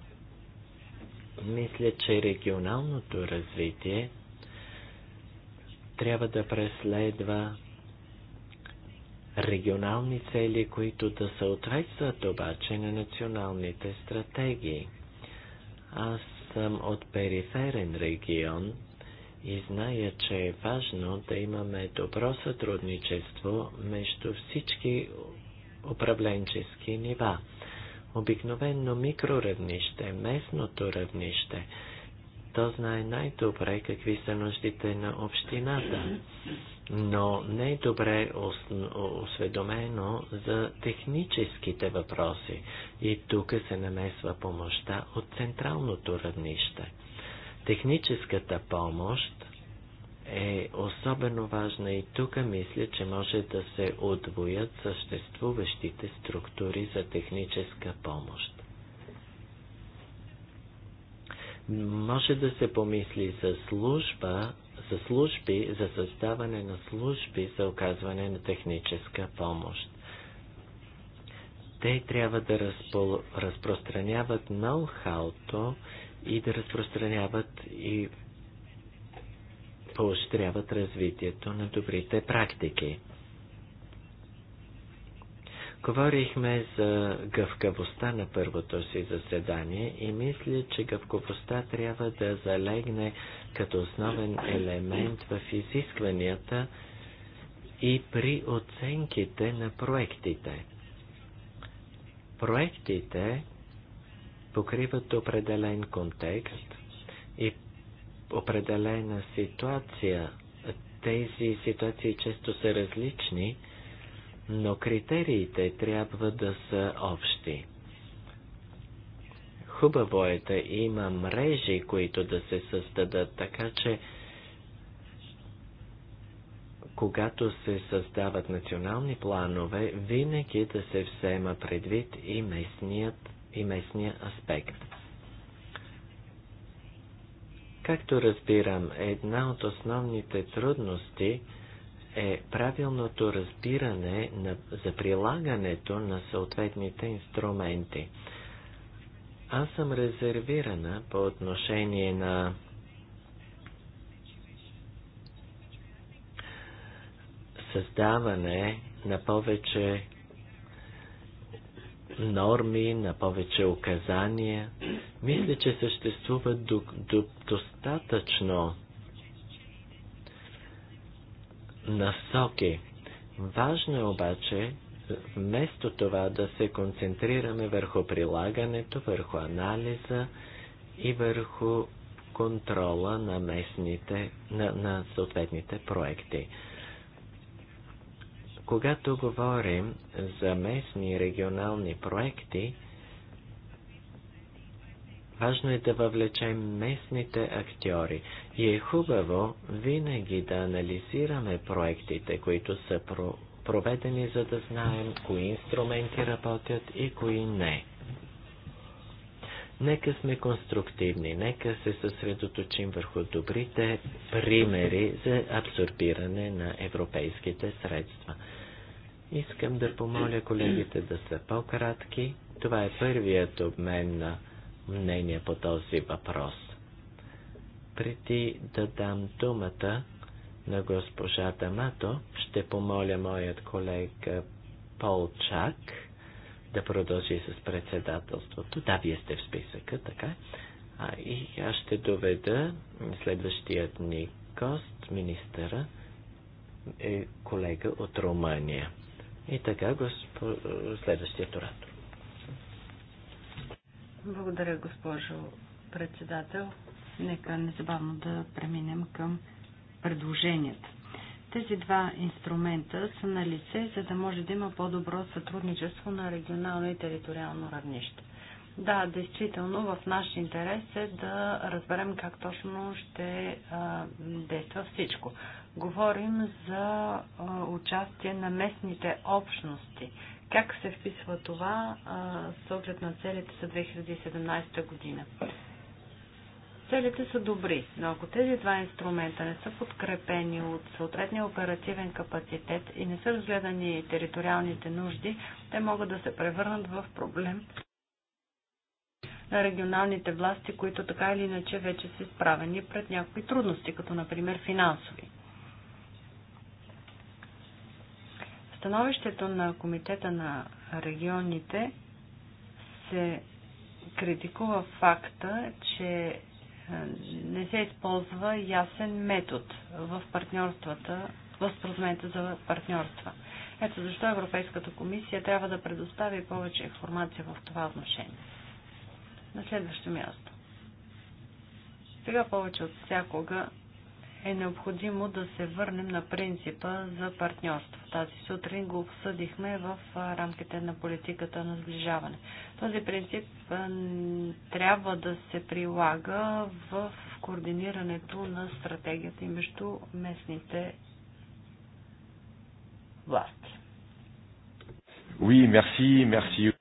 Мисля, че регионалното развитие трябва да преследва регионални цели, които да съответстват обаче на националните стратегии. Аз съм от периферен регион и зная, че е важно да имаме добро сътрудничество между всички управленчески нива. Обикновено микроръвнище, местното равнище, то знае най-добре какви са нуждите на общината, но не е добре осведомено за техническите въпроси и тук се намесва помощта от централното равнище. Техническата помощ е особено важна и тук мисля, че може да се отвоят съществуващите структури за техническа помощ. Може да се помисли за служба, за служби, за създаване на служби за оказване на техническа помощ. Те трябва да разпол... разпространяват ноу-хауто и да разпространяват и поощряват развитието на добрите практики. Говорихме за гъвкавостта на първото си заседание и мисля, че гъвкавостта трябва да залегне като основен елемент в изискванията и при оценките на проектите. Проектите покриват определен контекст и определена ситуация. Тези ситуации често са различни, но критериите трябва да са общи. Хубаво е да има мрежи, които да се създадат, така че когато се създават национални планове, винаги да се взема предвид и местният, и местния аспект. Както разбирам, една от основните трудности е правилното разбиране на, за прилагането на съответните инструменти. Аз съм резервирана по отношение на създаване на повече норми, на повече указания. Мисля, че съществува до, до, достатъчно насоки. Важно е обаче вместо това да се концентрираме върху прилагането, върху анализа и върху контрола на местните, на, на съответните проекти. Когато говорим за местни и регионални проекти, важно е да въвлечем местните актьори. И е хубаво винаги да анализираме проектите, които са про проведени, за да знаем кои инструменти работят и кои не. Нека сме конструктивни, нека се съсредоточим върху добрите примери за абсорбиране на европейските средства. Искам да помоля колегите да са по-кратки. Това е първият обмен на мнение по този въпрос. Преди да дам думата на госпожа Дамато, ще помоля моят колега Пол Чак да продължи с председателството. Да, вие сте в списъка, така. А, и аз ще доведа следващият ни гост, министъра, е колега от Румъния. И така, госпо... следващия оратор. Благодаря, госпожо председател. Нека незабавно да преминем към предложенията. Тези два инструмента са на лице, за да може да има по-добро сътрудничество на регионално и териториално равнище. Да, действително в наш интерес е да разберем как точно ще а, действа всичко. Говорим за участие на местните общности. Как се вписва това с оглед на целите за 2017 година? Целите са добри, но ако тези два инструмента не са подкрепени от съответния оперативен капацитет и не са разгледани териториалните нужди, те могат да се превърнат в проблем на регионалните власти, които така или иначе вече са изправени пред някои трудности, като например финансови. становището на Комитета на регионите се критикува факта, че е, не се използва ясен метод в партньорствата, в споразумението за партньорства. Ето защо Европейската комисия трябва да предостави повече информация в това отношение. На следващо място. Сега повече от всякога е необходимо да се върнем на принципа за партньорство. Тази сутрин го обсъдихме в рамките на политиката на сближаване. Този принцип трябва да се прилага в координирането на стратегията и между местните власти. Oui, merci, merci.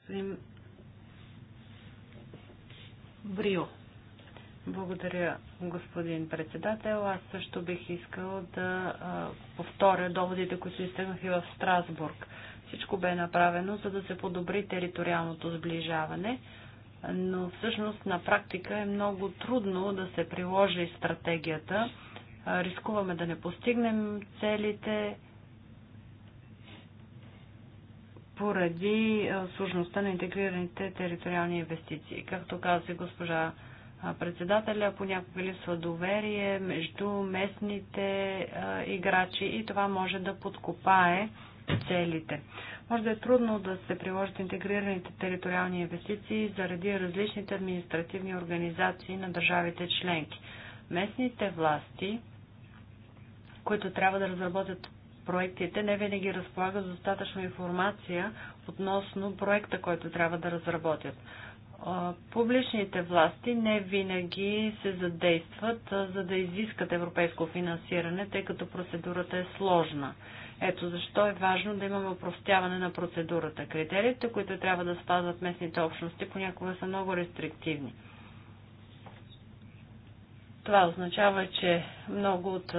Брио. Благодаря, господин председател. Аз също бих искал да повторя доводите, които изтъкнах и в Страсбург. Всичко бе направено, за да се подобри териториалното сближаване, но всъщност на практика е много трудно да се приложи стратегията. Рискуваме да не постигнем целите поради сложността на интегрираните териториални инвестиции. Както каза госпожа председателя, понякога липсва доверие между местните а, играчи и това може да подкопае целите. Може да е трудно да се приложат интегрираните териториални инвестиции заради различните административни организации на държавите членки. Местните власти, които трябва да разработят проектите, не винаги разполагат достатъчно информация относно проекта, който трябва да разработят публичните власти не винаги се задействат, за да изискат европейско финансиране, тъй като процедурата е сложна. Ето защо е важно да имаме упростяване на процедурата. Критериите, които трябва да спазват местните общности, понякога са много рестриктивни. Това означава, че много от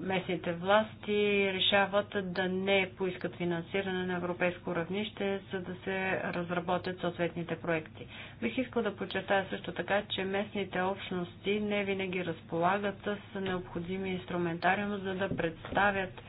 местните власти решават да не поискат финансиране на европейско равнище, за да се разработят съответните проекти. Бих искал да подчертая също така, че местните общности не винаги разполагат с необходими инструментариум, за да представят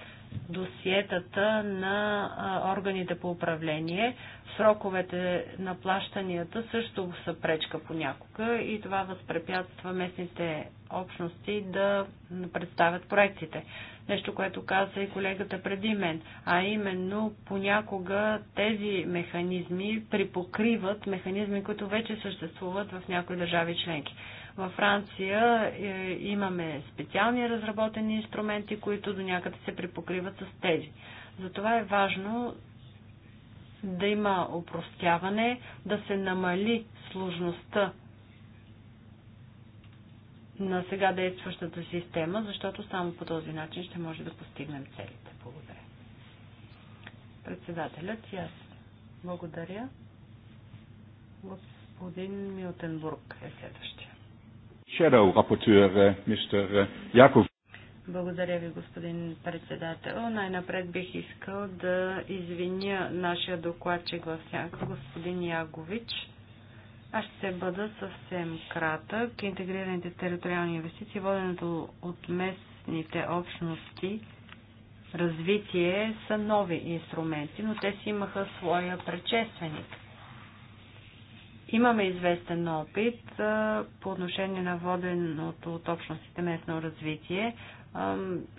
досиетата на органите по управление. Сроковете на плащанията също са пречка понякога и това възпрепятства местните общности да представят проектите. Нещо, което каза и колегата преди мен, а именно понякога тези механизми припокриват механизми, които вече съществуват в някои държави членки. Във Франция е, имаме специални разработени инструменти, които до някъде се припокриват с тези. Затова е важно да има опростяване, да се намали сложността на сега действащата система, защото само по този начин ще може да постигнем целите. Благодаря. Председателят и аз. Благодаря. Господин Милтенбург е следващия. Shadow rapporteur, мистер euh, Яков. Euh, Благодаря ви, господин председател. Най-напред бих искал да извиня нашия докладчик в сянка, господин Ягович. Аз ще бъда съвсем кратък. Интегрираните териториални инвестиции, воденето от местните общности, развитие са нови инструменти, но те си имаха своя предшественик. Имаме известен опит по отношение на воденото от общностите местно развитие.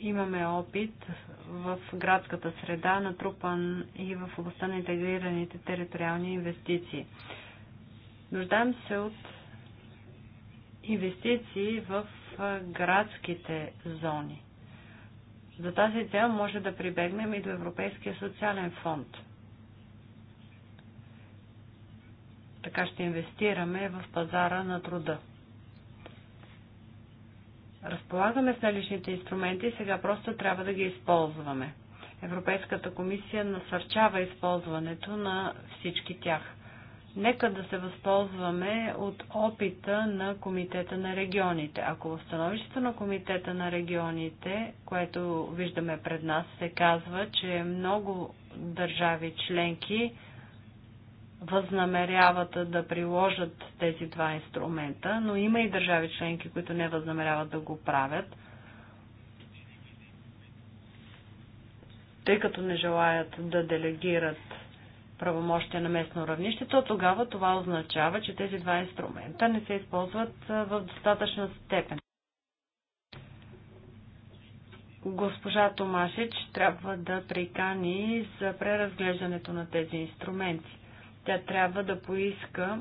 Имаме опит в градската среда, натрупан и в областта на интегрираните териториални инвестиции. Нуждаем се от инвестиции в градските зони. За тази цел може да прибегнем и до Европейския социален фонд – Така ще инвестираме в пазара на труда. Разполагаме с наличните инструменти, сега просто трябва да ги използваме. Европейската комисия насърчава използването на всички тях. Нека да се възползваме от опита на Комитета на регионите. Ако в становището на Комитета на регионите, което виждаме пред нас, се казва, че много държави членки възнамеряват да приложат тези два инструмента, но има и държави членки, които не възнамеряват да го правят, тъй като не желаят да делегират правомощия на местно равнище, то тогава това означава, че тези два инструмента не се използват в достатъчна степен. Госпожа Томашич трябва да прикани за преразглеждането на тези инструменти тя трябва да поиска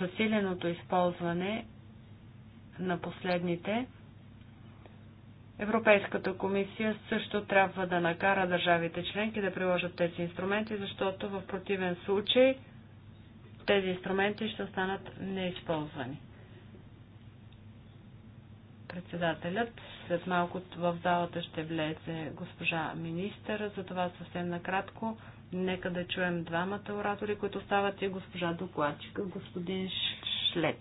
засиленото използване на последните. Европейската комисия също трябва да накара държавите членки да приложат тези инструменти, защото в противен случай тези инструменти ще останат неизползвани. Председателят след малко в залата ще влезе госпожа министър, затова съвсем накратко Нека да чуем двамата оратори, които стават и госпожа докладчика, господин Шлец.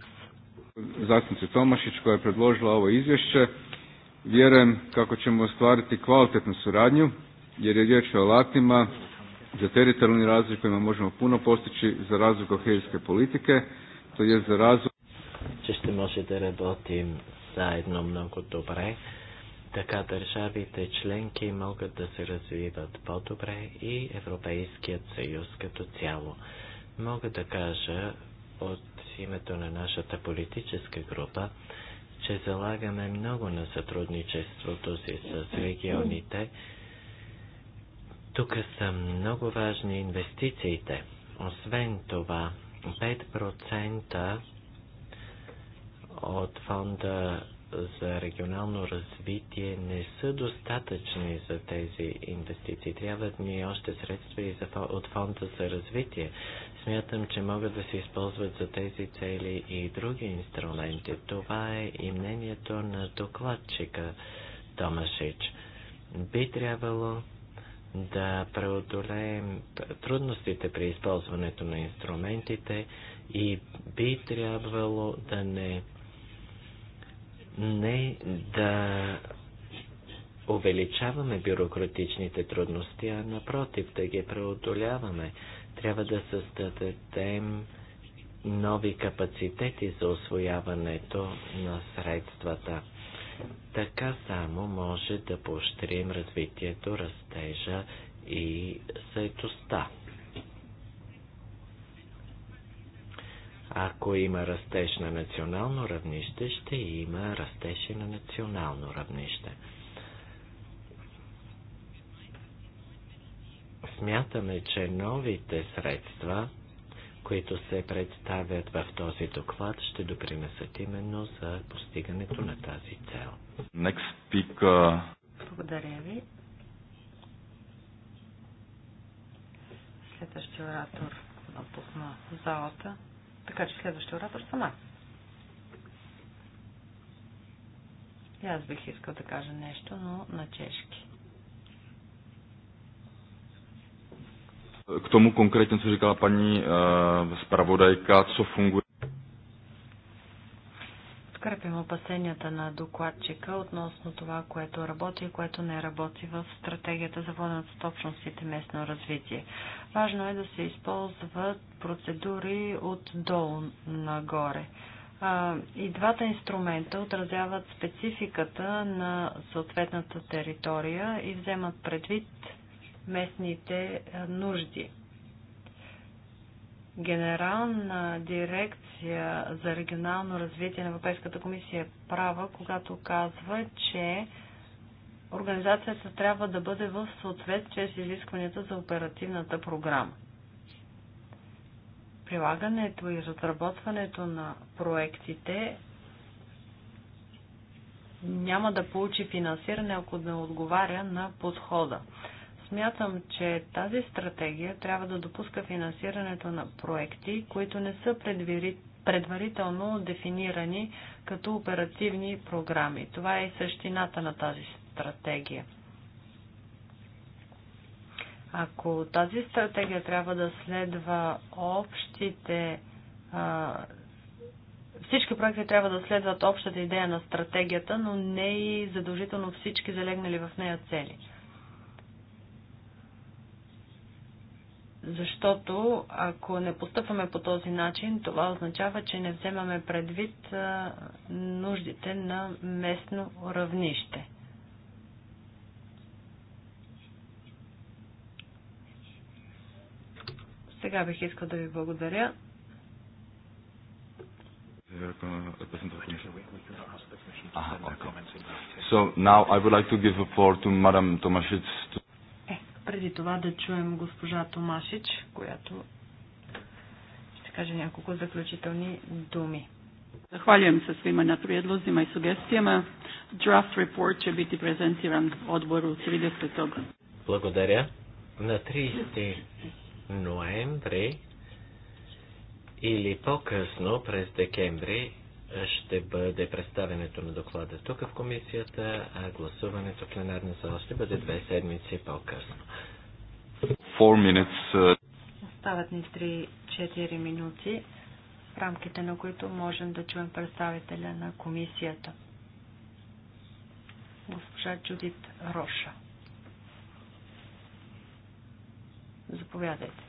Zastupnici Tomašić koja je predložila ovo izvješće. Vjerujem kako ćemo ostvariti kvalitetnu suradnju jer je riječ o alatima za teritorijalni razvoj kojima možemo puno postići za razvoj kohezijske politike, to je za razvoj. Че ще може да работим заедно много добре така държавите членки могат да се развиват по-добре и Европейският съюз като цяло. Мога да кажа от името на нашата политическа група, че залагаме много на сътрудничеството си с регионите. Тук са много важни инвестициите. Освен това, 5% от фонда за регионално развитие не са достатъчни за тези инвестиции. Трябват ни още средства и от фонда за развитие. Смятам, че могат да се използват за тези цели и други инструменти. Това е и мнението на докладчика Томашич. Би трябвало да преодолеем трудностите при използването на инструментите и би трябвало да не не да увеличаваме бюрократичните трудности, а напротив, да ги преодоляваме. Трябва да създадем нови капацитети за освояването на средствата. Така само може да поощрим развитието, растежа и съетостта. Ако има растеж на национално равнище, ще има растеж и на национално равнище. Смятаме, че новите средства, които се представят в този доклад, ще допринесат именно за постигането на тази цел. Next speaker. Благодаря ви. Следващия оратор напусна залата. Така че следващия оратор съм аз. И аз бих искал да кажа нещо, но на чешки. K tomu konkrétně, co říkala paní e, zpravodajka, co funguje подкрепим опасенията на докладчика относно това, което работи и което не работи в стратегията за водената от общностите местно развитие. Важно е да се използват процедури от долу нагоре. И двата инструмента отразяват спецификата на съответната територия и вземат предвид местните нужди. Генерална дирекция за регионално развитие на Европейската комисия е права, когато казва, че организацията трябва да бъде в съответствие с изискванията за оперативната програма. Прилагането и разработването на проектите няма да получи финансиране, ако не отговаря на подхода смятам, че тази стратегия трябва да допуска финансирането на проекти, които не са предварително дефинирани като оперативни програми. Това е и същината на тази стратегия. Ако тази стратегия трябва да следва общите всички проекти трябва да следват общата идея на стратегията, но не и задължително всички залегнали в нея цели. Защото ако не постъпваме по този начин, това означава, че не вземаме предвид нуждите на местно равнище. Сега бих искал да ви благодаря. So now I would like to give the floor to Madam Tomasic. Преди това да чуем госпожа Томашич, която ще каже няколко заключителни думи. Zahvaljujem se svima na prijedlozima i sugestijama. Draft report će biti prezentiran odboru 30. Благодаря. На 30 ноември или по-късно през декември ще бъде представенето на доклада тук в комисията, а гласуването в пленарна зала ще бъде две седмици по-късно. Uh, Остават ни 3-4 минути, в рамките на които можем да чуем представителя на комисията. Госпожа Джудит Роша. Заповядайте.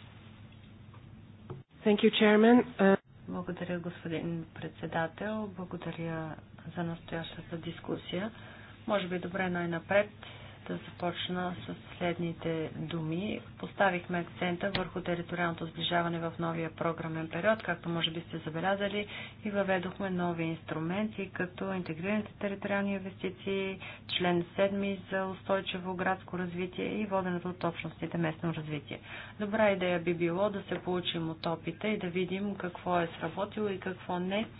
Thank you, Chairman. Uh... Благодаря, господин председател. Благодаря за настоящата дискусия. Може би добре най-напред да започна с следните думи. Поставихме акцента върху териториалното сближаване в новия програмен период, както може би сте забелязали, и въведохме нови инструменти, като интегрираните териториални инвестиции, член 7 за устойчиво градско развитие и воденето от общностите местно развитие. Добра идея би било да се получим от опита и да видим какво е сработило и какво не –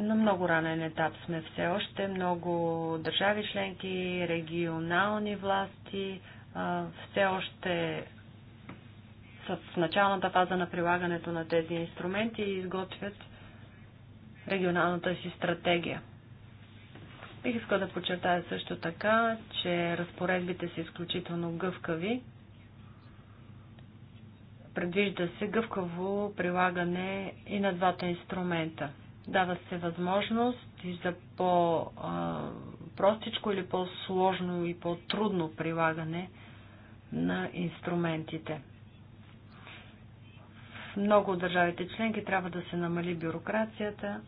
на много ранен етап сме все още. Много държави членки, регионални власти все още са в началната фаза на прилагането на тези инструменти и изготвят регионалната си стратегия. Бих искал да подчертая също така, че разпоредбите са изключително гъвкави. Предвижда се гъвкаво прилагане и на двата инструмента – Дава се възможност и за по-простичко или по-сложно и по-трудно прилагане на инструментите. В много от държавите членки трябва да се намали бюрокрацията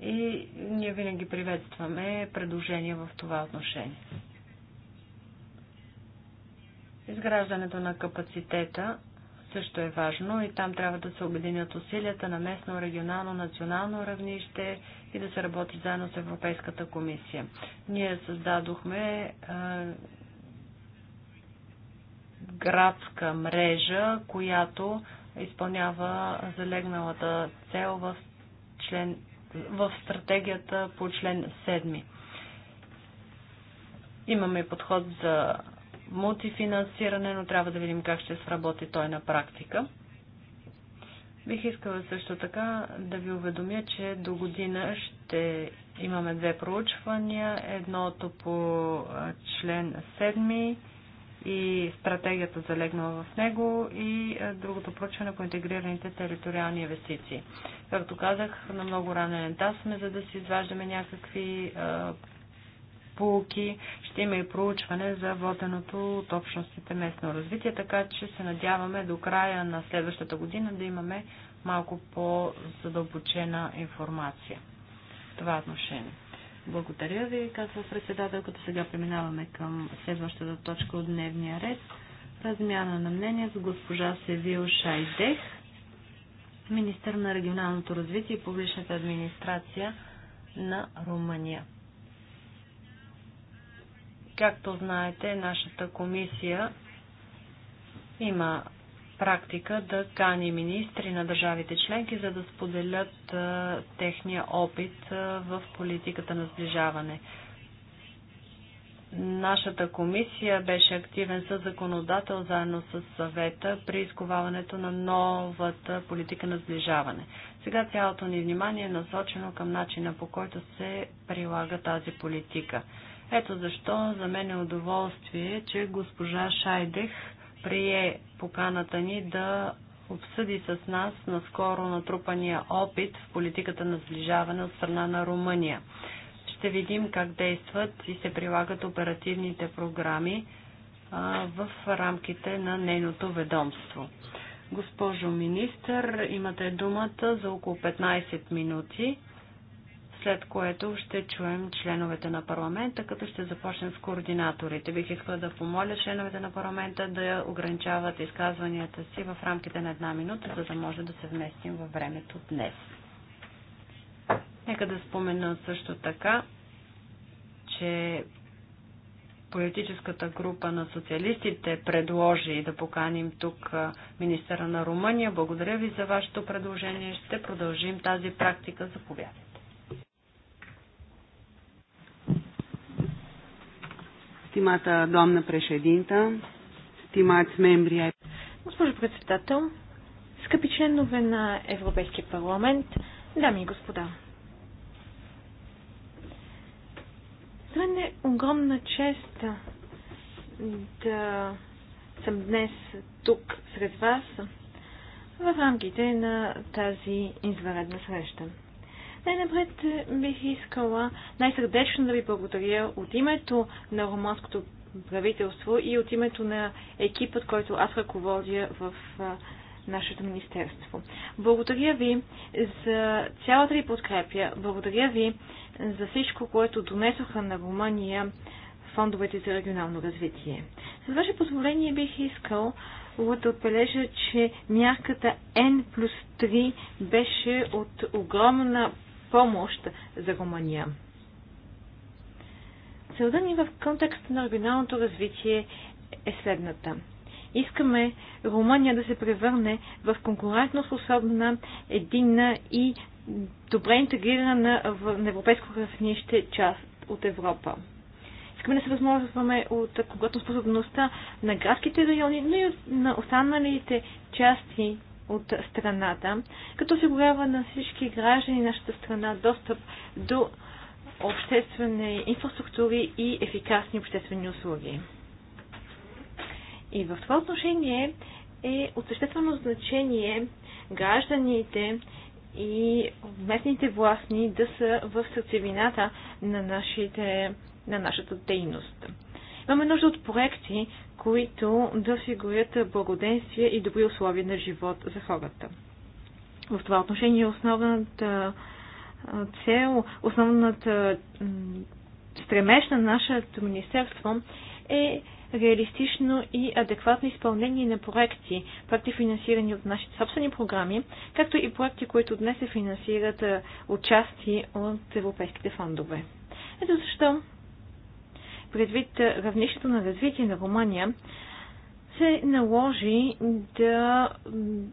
и ние винаги приветстваме предложения в това отношение. Изграждането на капацитета също е важно и там трябва да се объединят усилията на местно, регионално, национално равнище и да се работи заедно с Европейската комисия. Ние създадохме градска мрежа, която изпълнява залегналата цел в, член, в стратегията по член 7. Имаме подход за мултифинансиране, но трябва да видим как ще сработи той на практика. Бих искала също така да ви уведомя, че до година ще имаме две проучвания. Едното по член 7 и стратегията залегнала в него и другото проучване по интегрираните териториални инвестиции. Както казах, на много ранен етап сме, за да си изваждаме някакви полки. Ще има и проучване за воденото от общностите местно развитие, така че се надяваме до края на следващата година да имаме малко по-задълбочена информация. в Това отношение. Благодаря ви, казва председателката. Сега преминаваме към следващата точка от дневния ред. Размяна на мнение с госпожа Севил Шайдех, министър на регионалното развитие и публичната администрация на Румъния. Както знаете, нашата комисия има практика да кани министри на държавите членки, за да споделят а, техния опит а, в политиката на сближаване. Нашата комисия беше активен със законодател заедно с съвета при изковаването на новата политика на сближаване. Сега цялото ни внимание е насочено към начина по който се прилага тази политика. Ето защо за мен е удоволствие, че госпожа Шайдех прие поканата ни да обсъди с нас наскоро натрупания опит в политиката на сближаване от страна на Румъния. Ще видим как действат и се прилагат оперативните програми в рамките на нейното ведомство. Госпожо министър, имате думата за около 15 минути след което ще чуем членовете на парламента, като ще започнем с координаторите. Бих искала да помоля членовете на парламента да ограничават изказванията си в рамките на една минута, за да може да се вместим във времето днес. Нека да спомена също така, че политическата група на социалистите предложи да поканим тук министъра на Румъния. Благодаря ви за вашето предложение. Ще продължим тази практика. Заповядайте. Стимата doamnă președintă, stimați мембри ai... Е- Госпожо председател, скъпи членове на Европейския парламент, дами и господа. За мен е огромна чест да съм днес тук сред вас в рамките на тази извънредна среща. Най-напред бих искала най-сърдечно да ви благодаря от името на Романското правителство и от името на екипът, който аз ръководя в нашето министерство. Благодаря ви за цялата ви подкрепя. Благодаря ви за всичко, което донесоха на Румъния фондовете за регионално развитие. С ваше позволение бих искал да отбележа, че мярката N плюс 3 беше от огромна помощ за Румъния. Целта ни в контекста на регионалното развитие е следната. Искаме Румъния да се превърне в способна, единна и добре интегрирана на европейско равнище част от Европа. Искаме да се възможваме от конкурентоспособността на градските райони, но и на останалите части от страната, като осигурява на всички граждани нашата страна достъп до обществени инфраструктури и ефикасни обществени услуги. И в това отношение е от съществено значение гражданите и местните властни да са в сърцевината на, нашите, на нашата дейност. Имаме нужда от проекти, които да фигурят благоденствие и добри условия на живот за хората. В това отношение основната цел, основната стремеж на нашето министерство е реалистично и адекватно изпълнение на проекти, проекти финансирани от нашите собствени програми, както и проекти, които днес се финансират части от европейските фондове. Ето защо предвид равнището на развитие на Румъния, се наложи да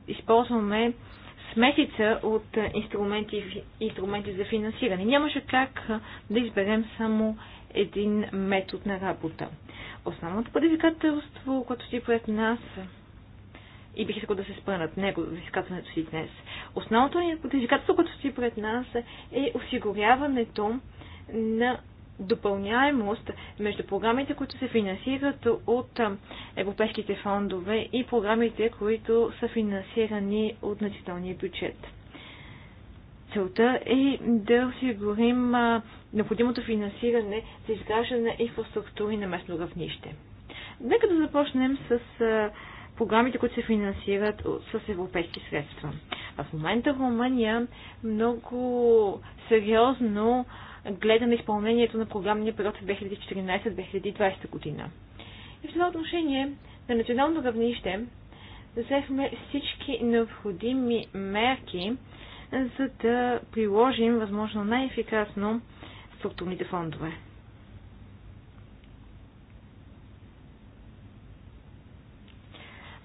използваме смесица от инструменти, инструменти за финансиране. Нямаше как да изберем само един метод на работа. Основното предизвикателство, което си пред нас и бих искал да се спра над него в изказването си днес. Основното ни предизвикателство, което си пред нас е осигуряването на допълняемост между програмите, които се финансират от европейските фондове и програмите, които са финансирани от националния бюджет. Целта е да осигурим необходимото финансиране за изграждане на инфраструктури на местно равнище. Нека да започнем с програмите, които се финансират с европейски средства. В момента в Румъния много сериозно гледа на изпълнението на програмния период 2014-2020 година. И в това отношение на национално равнище взехме всички необходими мерки, за да приложим възможно най-ефикасно структурните фондове.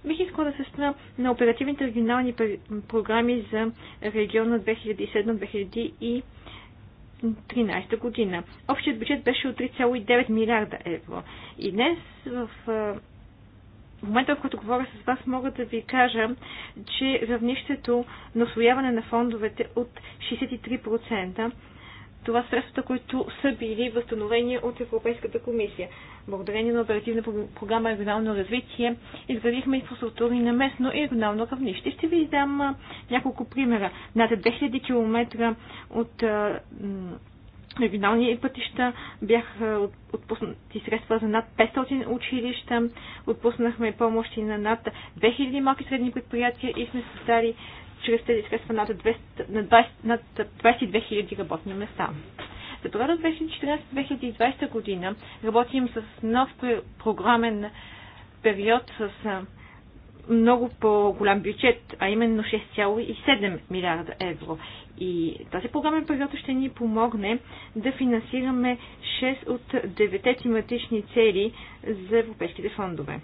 Бих искала да се спра на оперативните регионални програми за региона 2007-2013 2013 година. Общият бюджет беше от 3,9 милиарда евро. И днес в в момента, в който говоря с вас, мога да ви кажа, че равнището на освояване на фондовете от 63%, това средствата, които са били възстановени от Европейската комисия. Благодарение на оперативна програма регионално развитие изградихме инфраструктури на местно и регионално равнище. Ще ви дам няколко примера. Над 2000 км от регионални пътища бяха отпуснати средства за над 500 училища, отпуснахме помощи на над 2000 малки средни предприятия и сме създали чрез тези средства над, 200, над 22 000 работни места. За периода 2014-2020 година работим с нов програмен период с много по-голям бюджет, а именно 6,7 милиарда евро. И тази програмен период ще ни помогне да финансираме 6 от 9 тематични цели за европейските фондове.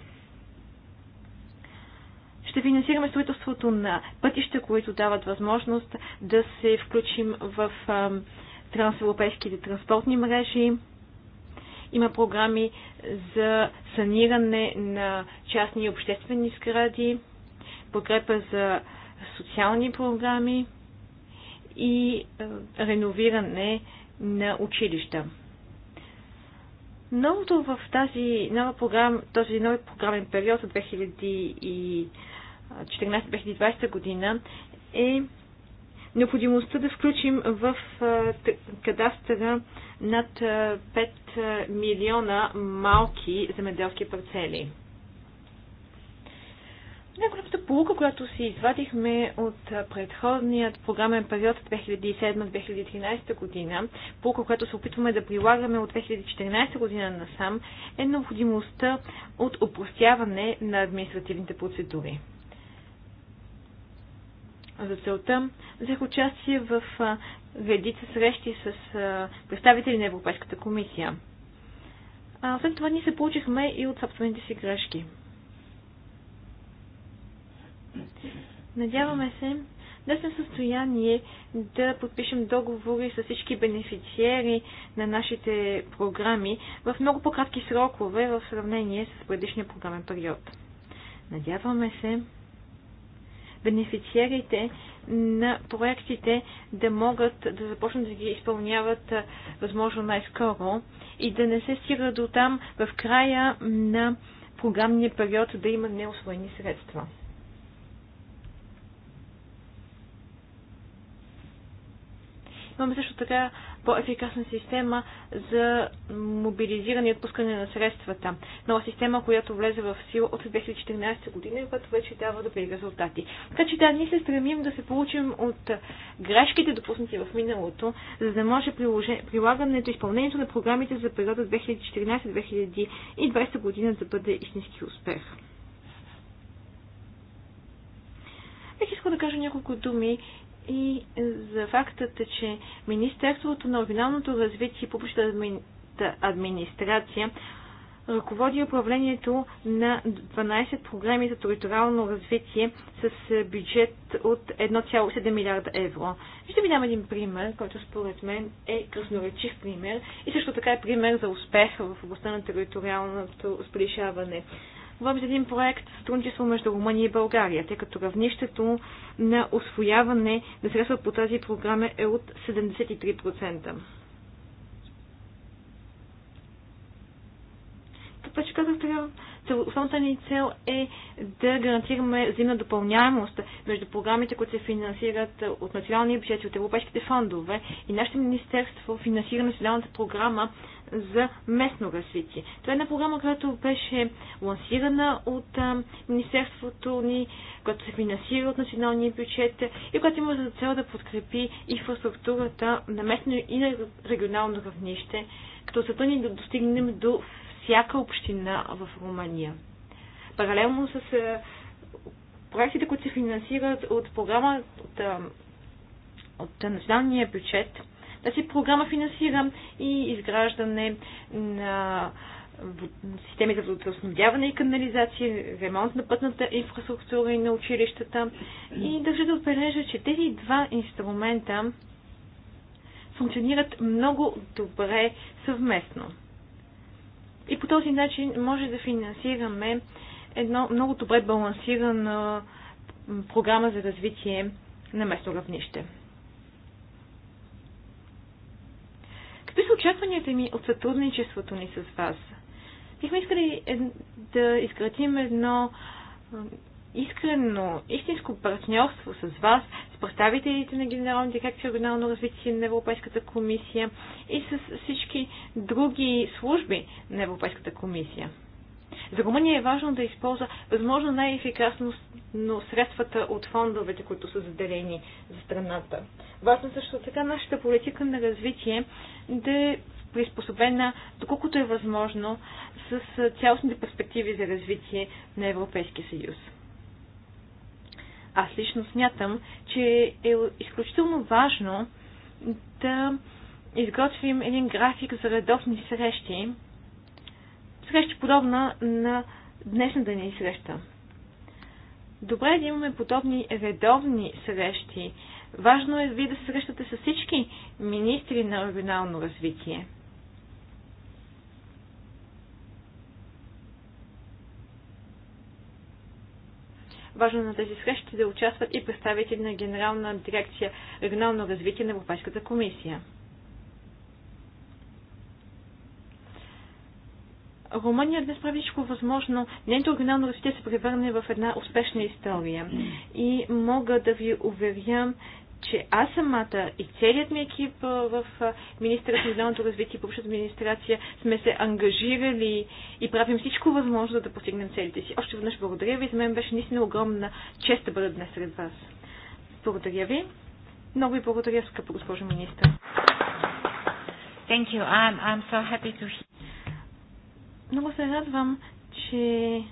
Ще финансираме строителството на пътища, които дават възможност да се включим в трансевропейските транспортни мрежи. Има програми за саниране на частни и обществени сгради, подкрепа за социални програми и е, реновиране на училища. Новото в тази нова програм, този нов програмен период от 2014-2020 година е необходимостта да включим в кадастъра над 5 милиона малки земеделски парцели. Най-голямата полука, която си извадихме от предходният програмен период 2007-2013 година, полука, която се опитваме да прилагаме от 2014 година насам, е необходимостта от опростяване на административните процедури за целта взех участие в редица срещи с представители на Европейската комисия. А след това ние се получихме и от собствените си грешки. Надяваме се да сме в състояние да подпишем договори с всички бенефициери на нашите програми в много по-кратки срокове в сравнение с предишния програмен период. Надяваме се бенефициерите на проектите да могат да започнат да ги изпълняват възможно най-скоро и да не се стига до там в края на програмния период да има неосвоени средства. Имаме също така по-ефикасна система за мобилизиране и отпускане на средствата. Нова система, която влезе в сила от 2014 година и която вече дава добри резултати. Така че да, ние се стремим да се получим от грешките допуснати в миналото, за да може прилагането и изпълнението на програмите за периода 2014-2020 година да бъде истински успех. Бих искал да кажа няколко думи и за фактът, че Министерството на оригиналното развитие и публичната администрация ръководи управлението на 12 програми за териториално развитие с бюджет от 1,7 милиарда евро. Ще ви дам един пример, който според мен е красноречив пример и също така е пример за успех в областта на териториалното сближаване. Говорим за един проект сътрудничество между Румъния и България, тъй като равнището на освояване на средства по тази програма е от 73%. Това, че казах, тогава, основната ни цел е да гарантираме взаимна допълняемост между програмите, които се финансират от националния бюджет и от европейските фондове. И нашето министерство финансира националната програма за местно развитие. Това е една програма, която беше лансирана от Министерството ни, която се финансира от националния бюджет и която има за цел да подкрепи инфраструктурата на местно и на регионално равнище, като да ни е да достигнем до всяка община в Румъния. Паралелно с проектите, които се финансират от програмата от националния бюджет, тази програма финансира и изграждане на системи за водоснабдяване и канализация, ремонт на пътната инфраструктура и на училищата. И държа да отбележа, че тези два инструмента функционират много добре съвместно. И по този начин може да финансираме едно много добре балансирана програма за развитие на местно равнище. Какви са очакванията ми от сътрудничеството ни с вас? Бихме искали е, да изградим едно искрено, истинско партньорство с вас, с представителите на Генерална дирекция регионално развитие на Европейската комисия и с всички други служби на Европейската комисия. За Румъния е важно да използва възможно най-ефикасно средствата от фондовете, които са заделени за страната. Важно е също така нашата политика на развитие да е приспособена, доколкото е възможно, с цялостните перспективи за развитие на Европейския съюз. Аз лично смятам, че е изключително важно да изготвим един график за редовни срещи среща подобна на днешната ни среща. Добре е да имаме подобни редовни срещи. Важно е ви да срещате с всички министри на регионално развитие. Важно е на тези срещи да участват и представители на Генерална дирекция регионално развитие на Европейската комисия. Румъния днес прави всичко възможно нейното оригинално развитие се превърне в една успешна история. И мога да ви уверя, че аз самата и целият ми екип в Министерството на регионалното развитие и публичната администрация сме се ангажирали и правим всичко възможно да постигнем целите си. Още веднъж благодаря ви. За мен беше наистина огромна чест да бъда днес сред вас. Благодаря ви. Много ви благодаря, скъпа госпожо министър. Thank you. I'm, I'm so happy to hear. Много се радвам, че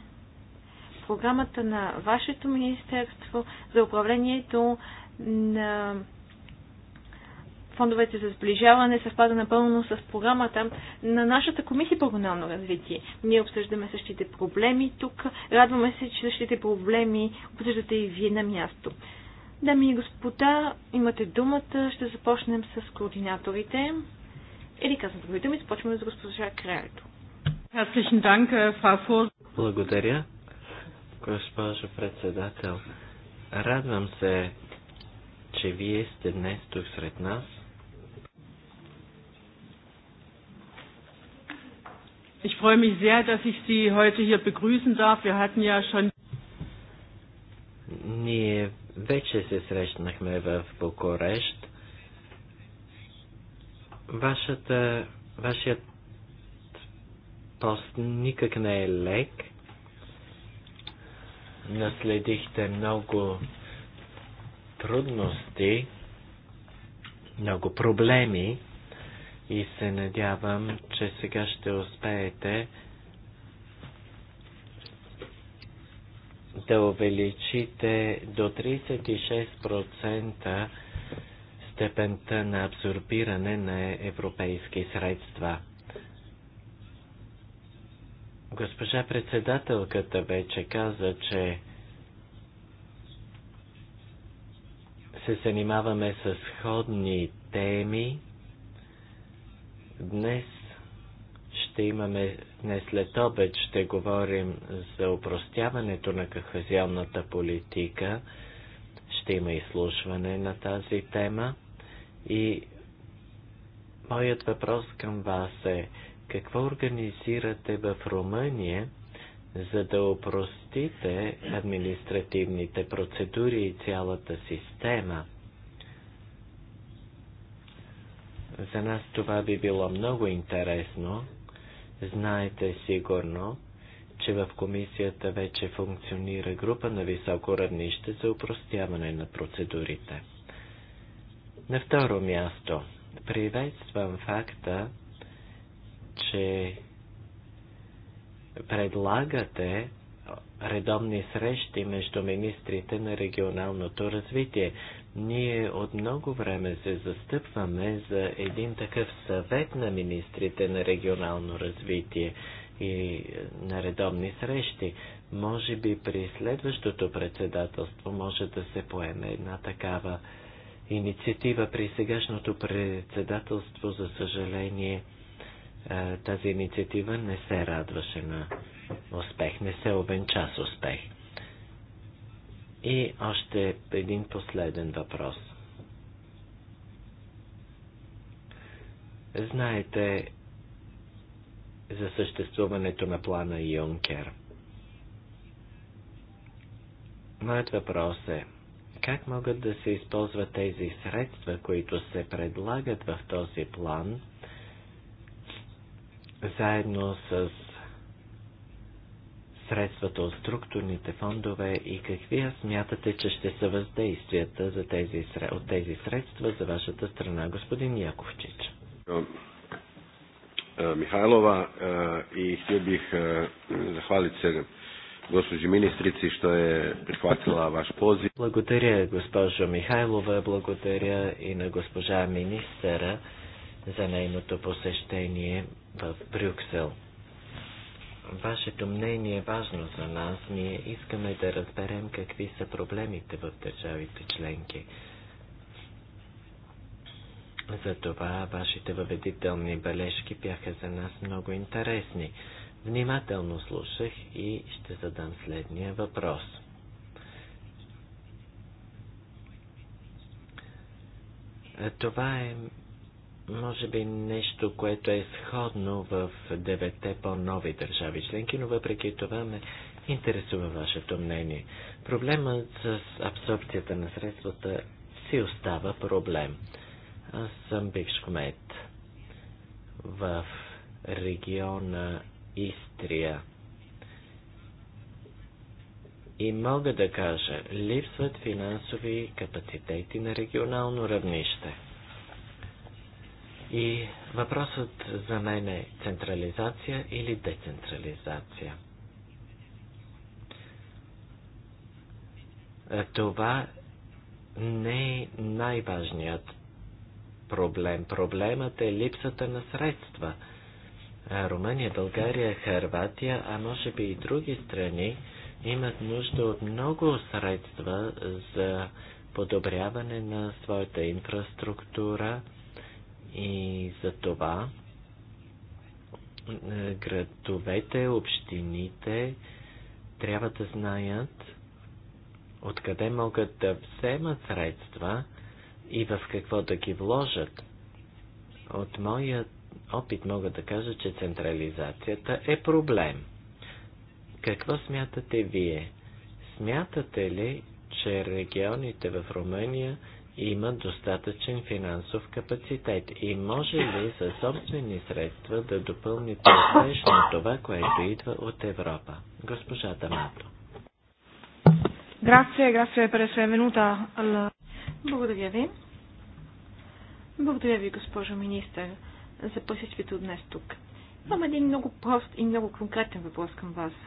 програмата на вашето министерство за управлението на фондовете за сближаване съвпада напълно с програмата на нашата комисия по регионално развитие. Ние обсъждаме същите проблеми тук. Радваме се, че същите проблеми обсъждате и вие на място. Дами и господа, имате думата. Ще започнем с координаторите. Или казвам други думи, започваме с госпожа Кралето. Äh, Благодаря, госпожо председател. Радвам се, че вие сте днес тук сред нас. Ich freue mich sehr, dass ich Sie heute hier begrüßen darf. Wir hatten ja schon Ние вече се срещнахме в Букурещ. Вашата, вашият пост никак не е лек. Наследихте много трудности, много проблеми и се надявам, че сега ще успеете да увеличите до 36% степента на абсорбиране на европейски средства. Госпожа председателката вече каза, че се занимаваме с сходни теми. Днес ще имаме, днес след обед ще говорим за упростяването на кахазионната политика. Ще има изслушване на тази тема. И моят въпрос към вас е, какво организирате в Румъния, за да опростите административните процедури и цялата система? За нас това би било много интересно. Знаете сигурно, че в комисията вече функционира група на високо равнище за упростяване на процедурите. На второ място, приветствам факта, че предлагате редовни срещи между министрите на регионалното развитие. Ние от много време се застъпваме за един такъв съвет на министрите на регионално развитие и на редовни срещи. Може би при следващото председателство може да се поеме една такава инициатива. При сегашното председателство, за съжаление, е, тази инициатива не се радваше на успех, не се обенча с успех. И още един последен въпрос. Знаете за съществуването на плана Юнкер. Моят въпрос е, как могат да се използват тези средства, които се предлагат в този план – заедно с средствата от структурните фондове и какви смятате, че ще са въздействията за тези, от тези средства за вашата страна, господин Яковчич? Е, Михайлова е, и хотел бих zahvaliti е, се госпожи министрици, що е прихватила ваш позив. Благодаря госпожо Михайлова, благодаря и на госпожа министъра за нейното посещение в Брюксел. Вашето мнение е важно за нас. Ние искаме да разберем какви са проблемите в държавите членки. Затова вашите въведителни бележки бяха за нас много интересни. Внимателно слушах и ще задам следния въпрос. Това е може би нещо, което е сходно в девете по-нови държави членки, но въпреки това ме интересува вашето мнение. Проблемът с абсорбцията на средствата си остава проблем. Аз съм бивш комет в региона Истрия. И мога да кажа, липсват финансови капацитети на регионално равнище. И въпросът за мен е централизация или децентрализация. Е, това не е най-важният проблем. Проблемът е липсата на средства. Е, Румъния, България, Харватия, а може би и други страни имат нужда от много средства за подобряване на своята инфраструктура, и за това е, градовете, общините трябва да знаят откъде могат да вземат средства и в какво да ги вложат. От моя опит мога да кажа, че централизацията е проблем. Какво смятате вие? Смятате ли, че регионите в Румъния има достатъчен финансов капацитет и може ли със собствени средства да допълните успешно това, което идва от Европа? Госпожа Дамато. Благодаря ви. Благодаря ви, госпожо министър, за посещението днес тук. Имам един много прост и много конкретен въпрос към вас –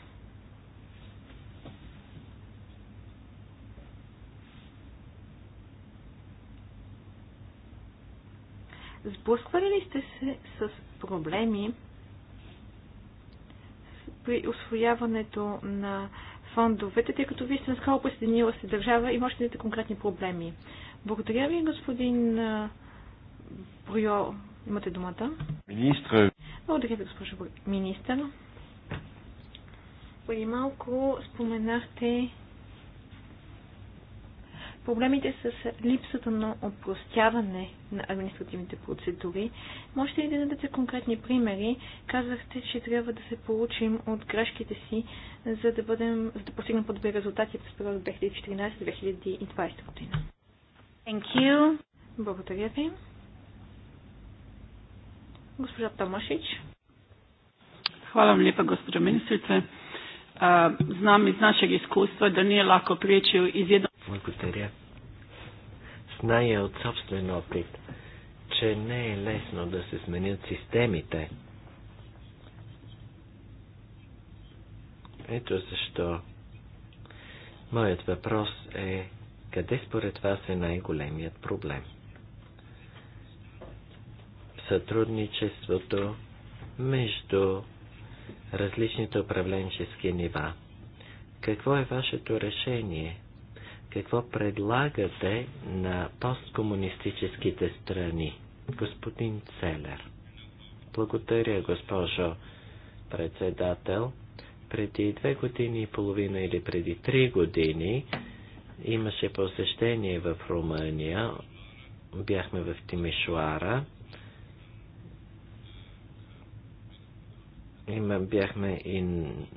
Сблъсквали ли сте се с проблеми при освояването на фондовете, тъй като вие сте наскоро присъединила се държава и можете да имате конкретни проблеми? Благодаря ви, господин Брио. Имате думата. Министр. Благодаря ви, госпожо министър. Преди малко споменахте проблемите с липсата на опростяване на административните процедури. Можете ли да дадете конкретни примери? Казахте, че трябва да се получим от грешките си, за да, бъдем, за да постигнем по-добри резултати през периода 2014-2020 година. Thank you. Благодаря ви. Госпожа Томашич. Hvala vam lijepa, gospođo ministrice. Znam iz našeg iskustva da nije lako prijeći iz jednog благодаря. Зная от собствен опит, че не е лесно да се сменят системите. Ето защо моят въпрос е къде според вас е най-големият проблем? Сътрудничеството между различните управленчески нива. Какво е вашето решение? какво предлагате на посткомунистическите страни, господин Целер. Благодаря, госпожо председател. Преди две години и половина или преди три години имаше посещение в Румъния. Бяхме в Тимишуара. Има, бяхме и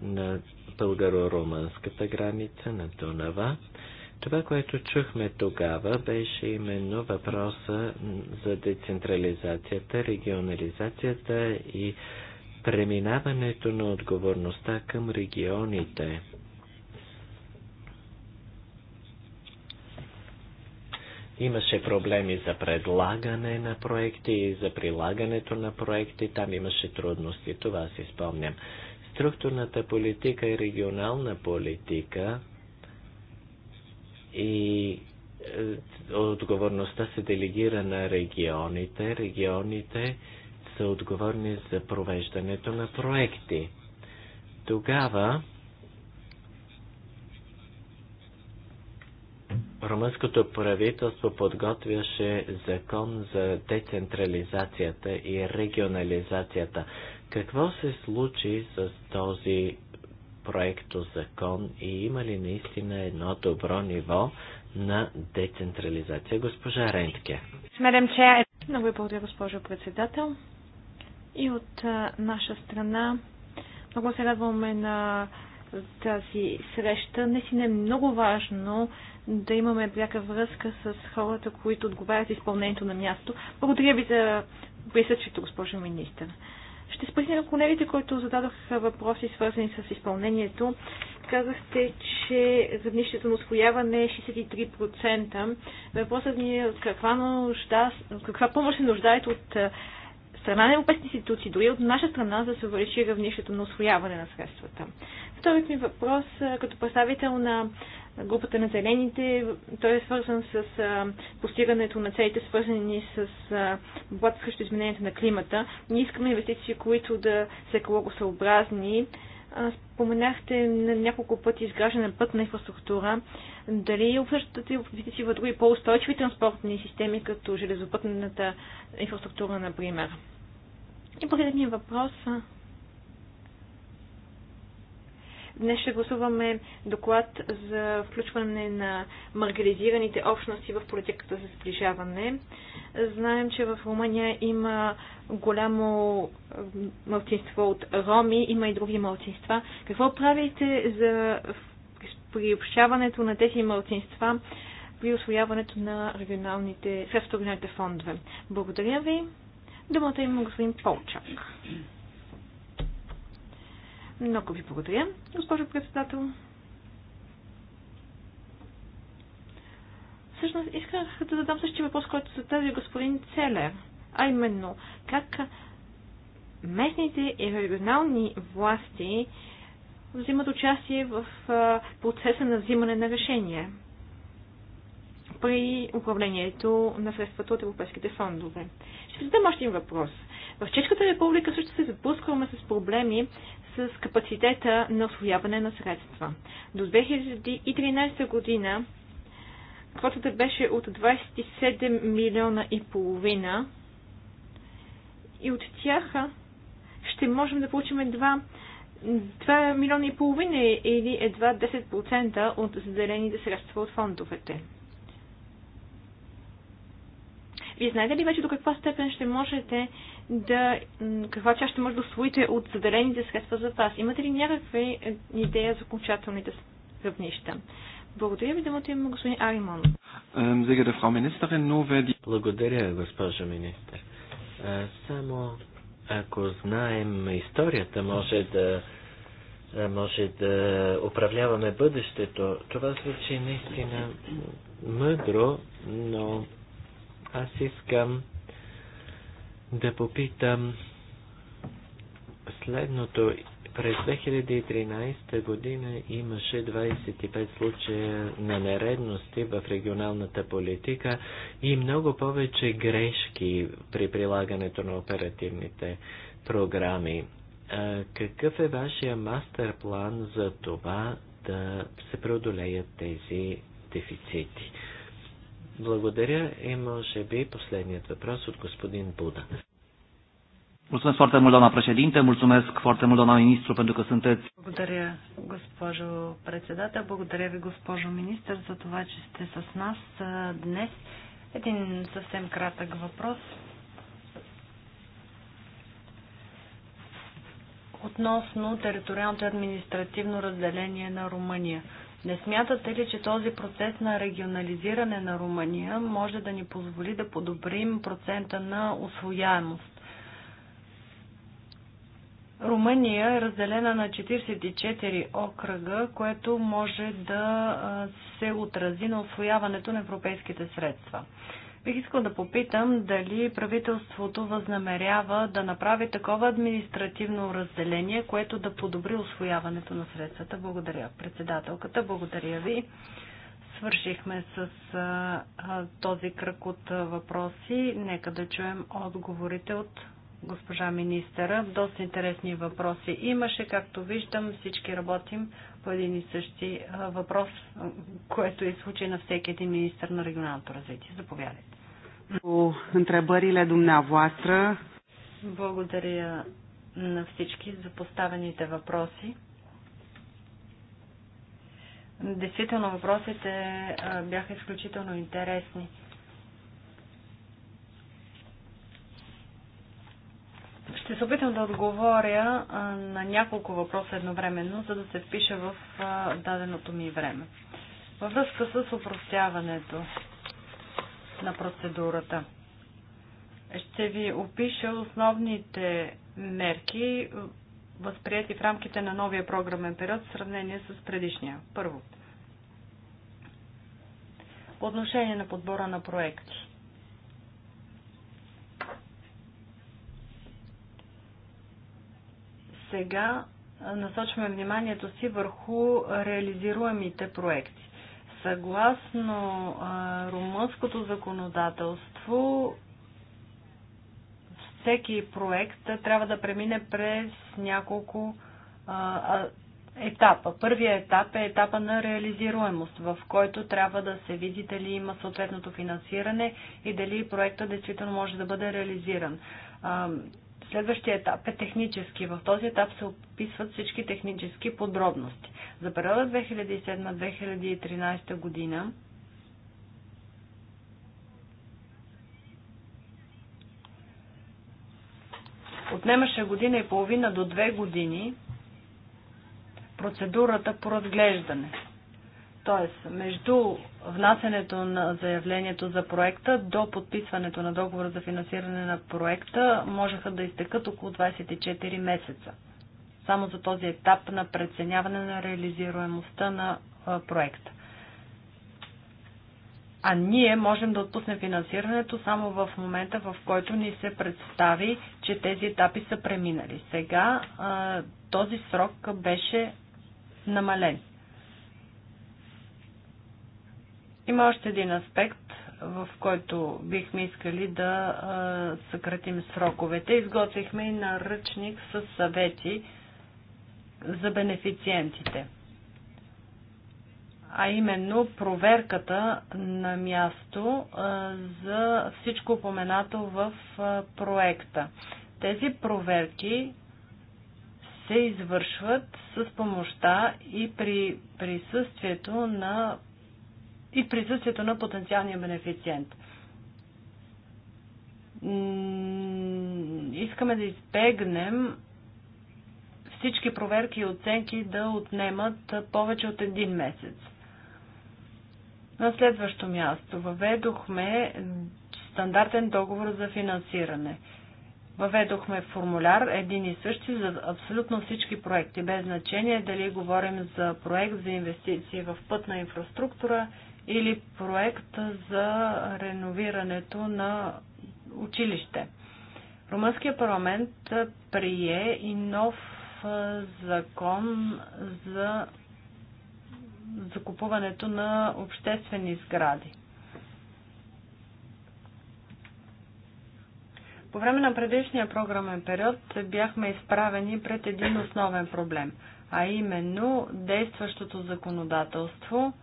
на българо-румънската граница, на Дунава. Това, което чухме тогава, беше именно въпроса за децентрализацията, регионализацията и преминаването на отговорността към регионите. Имаше проблеми за предлагане на проекти и за прилагането на проекти. Там имаше трудности, това си спомням. Структурната политика и регионална политика – и е, отговорността се делегира на регионите. Регионите са отговорни за провеждането на проекти. Тогава румънското правителство подготвяше закон за децентрализацията и регионализацията. Какво се случи с този проекто закон и има ли наистина едно добро ниво на децентрализация? Госпожа Рентке. Много ви благодаря, госпожо председател. И от а, наша страна много се радваме на тази среща. Наистина е много важно да имаме пряка връзка с хората, които отговарят изпълнението на място. Благодаря ви за присъствието, госпожо министър. Ще спрехне на колегите, които зададох въпроси, свързани с изпълнението. Казахте, че равнището на освояване е 63%. Въпросът ми е каква, нужда, каква помощ се нуждаете от страна на европейските институции, дори от наша страна, за да се увеличи равнището на освояване на средствата. Вторият ми въпрос, като представител на групата на зелените. Той е свързан с а, постигането на целите, свързани с борбата срещу изменението на климата. Ние искаме инвестиции, които да са екологосъобразни. А, споменахте на няколко пъти изграждане на пътна инфраструктура. Дали обсъждате инвестиции в други по-устойчиви транспортни системи, като железопътната инфраструктура, например? И последният въпрос Днес ще гласуваме доклад за включване на маргаризираните общности в политиката за сближаване. Знаем, че в Румъния има голямо мълцинство от роми, има и други мълцинства. Какво правите за приобщаването на тези мълцинства при освояването на регионалните, средства регионалните фондове? Благодаря ви. Думата има господин Полчак. Много ви благодаря, госпожо председател. Всъщност исках да задам същия въпрос, който тази господин Целер, а именно как местните и регионални власти взимат участие в процеса на взимане на решение при управлението на средствата от европейските фондове. Ще задам още един въпрос. В Чешката република също се запускваме с проблеми с капацитета на освояване на средства. До 2013 година квотата беше от 27 милиона и половина и от тях ще можем да получим 2, 2 милиона и половина или едва 10% от заделените средства от фондовете. Вие знаете ли вече до каква степен ще можете да, каква част ще може да освоите от заделените средства за вас? Имате ли някакви е, идея за окончателните равнища? Благодаря ви, думата господин Аримон. Благодаря, госпожо министър. Е, само ако знаем историята, може да е, може да управляваме бъдещето. Това звучи наистина мъдро, но аз искам да попитам следното. През 2013 година имаше 25 случая на нередности в регионалната политика и много повече грешки при прилагането на оперативните програми. Какъв е вашия мастер план за това да се преодолеят тези дефицити? Благодаря и може би последният въпрос от господин Буда. Mulțumesc foarte mult, doamna președinte, mulțumesc foarte mult, doamna ministru, pentru că sunteți... Благодаря, госпожо председател, благодаря ви, госпожо министър, за това, че сте с нас днес. Един съвсем кратък въпрос. Относно териториалното административно разделение на Румъния. Не смятате ли, че този процес на регионализиране на Румъния може да ни позволи да подобрим процента на освояемост? Румъния е разделена на 44 окръга, което може да се отрази на освояването на европейските средства. Бих искал да попитам дали правителството възнамерява да направи такова административно разделение, което да подобри освояването на средствата. Благодаря, председателката. Благодаря ви. Свършихме с а, а, този кръг от а, въпроси. Нека да чуем отговорите от госпожа министъра. Доста интересни въпроси имаше. Както виждам, всички работим по един и същи въпрос, което е случай на всеки един министр на регионалното развитие. Заповядайте întrebările dumneavoastră. Благодаря на всички за поставените въпроси. Действително въпросите бяха изключително интересни. Ще се опитам да отговоря на няколко въпроса едновременно, за да се впиша в даденото ми време. Във връзка с упростяването, на процедурата. Ще ви опиша основните мерки, възприяти в рамките на новия програмен период в сравнение с предишния. Първо. По отношение на подбора на проекти. Сега насочваме вниманието си върху реализируемите проекти. Съгласно а, румънското законодателство, всеки проект трябва да премине през няколко а, етапа. Първият етап е етапа на реализируемост, в който трябва да се види дали има съответното финансиране и дали проектът действително може да бъде реализиран. Следващия етап е технически. В този етап се описват всички технически подробности. За периода 2007-2013 година отнемаше година и половина до две години процедурата по разглеждане. Тоест, между внасянето на заявлението за проекта до подписването на договора за финансиране на проекта можеха да изтекат около 24 месеца. Само за този етап на преценяване на реализируемостта на проекта. А ние можем да отпуснем финансирането само в момента, в който ни се представи, че тези етапи са преминали. Сега този срок беше намален. Има още един аспект, в който бихме искали да съкратим сроковете. Изготвихме и наръчник с съвети за бенефициентите. А именно проверката на място за всичко упоменато в проекта. Тези проверки се извършват с помощта и при присъствието на и присъствието на потенциалния бенефициент. Искаме да избегнем всички проверки и оценки да отнемат повече от един месец. На следващо място въведохме стандартен договор за финансиране. Въведохме формуляр един и същи за абсолютно всички проекти, без значение дали говорим за проект за инвестиции в пътна инфраструктура или проект за реновирането на училище. Румънския парламент прие и нов закон за закупуването на обществени сгради. По време на предишния програмен период бяхме изправени пред един основен проблем, а именно действащото законодателство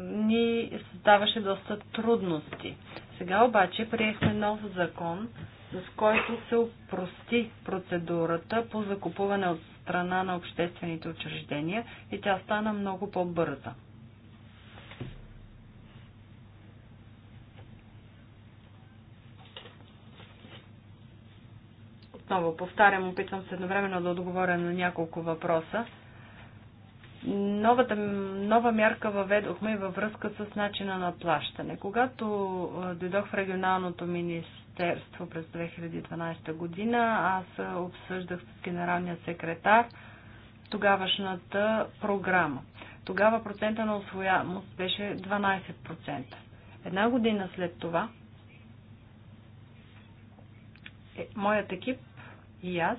ни създаваше доста трудности. Сега обаче приехме нов закон, с който се упрости процедурата по закупуване от страна на обществените учреждения и тя стана много по-бърза. Отново повтарям, опитвам се едновременно да отговоря на няколко въпроса новата, нова мярка въведохме във връзка с начина на плащане. Когато дойдох в регионалното министерство през 2012 година, аз обсъждах с генералния секретар тогавашната програма. Тогава процента на освояемост беше 12%. Една година след това е, моят екип и аз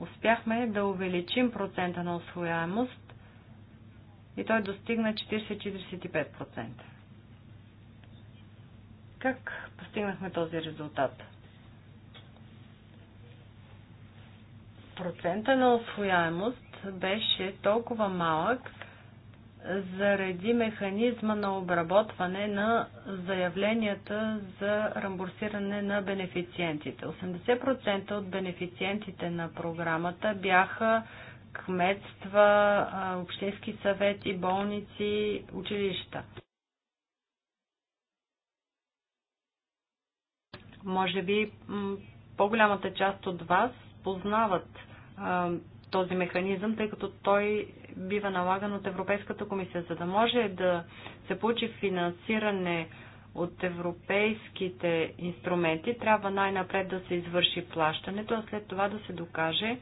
успяхме да увеличим процента на освояемост и той достигна 40-45%. Как постигнахме този резултат? Процента на освояемост беше толкова малък заради механизма на обработване на заявленията за рамбурсиране на бенефициентите. 80% от бенефициентите на програмата бяха кметства, общински съвети, болници, училища. Може би по-голямата част от вас познават този механизъм, тъй като той бива налаган от Европейската комисия. За да може да се получи финансиране от европейските инструменти, трябва най-напред да се извърши плащането, а след това да се докаже,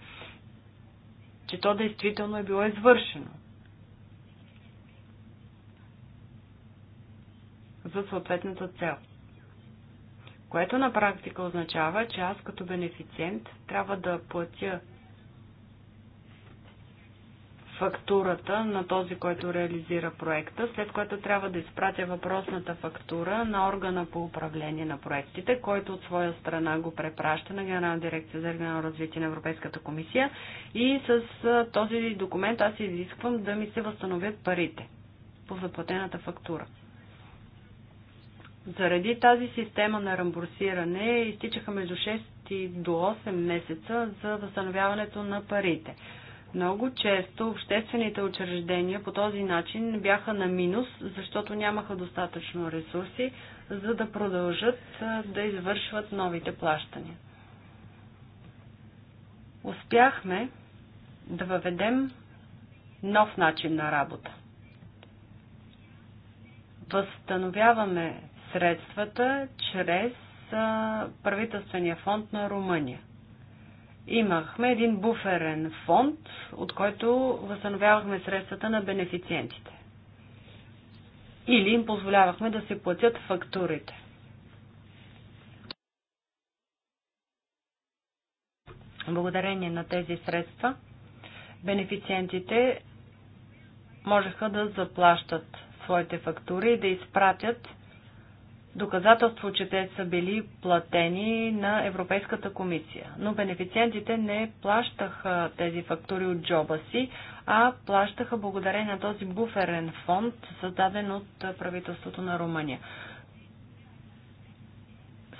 че то действително е било извършено за съответната цел. Което на практика означава, че аз като бенефициент трябва да платя фактурата на този, който реализира проекта, след което трябва да изпратя въпросната фактура на органа по управление на проектите, който от своя страна го препраща на Генерална дирекция за регионално развитие на Европейската комисия и с този документ аз изисквам да ми се възстановят парите по заплатената фактура. Заради тази система на рамбурсиране изтичаха между 6 и до 8 месеца за възстановяването на парите. Много често обществените учреждения по този начин бяха на минус, защото нямаха достатъчно ресурси, за да продължат да извършват новите плащания. Успяхме да въведем нов начин на работа. Възстановяваме средствата чрез правителствения фонд на Румъния имахме един буферен фонд, от който възстановявахме средствата на бенефициентите. Или им позволявахме да се платят фактурите. Благодарение на тези средства, бенефициентите можеха да заплащат своите фактури и да изпратят доказателство, че те са били платени на Европейската комисия. Но бенефициентите не плащаха тези фактури от джоба си, а плащаха благодарение на този буферен фонд, създаден от правителството на Румъния.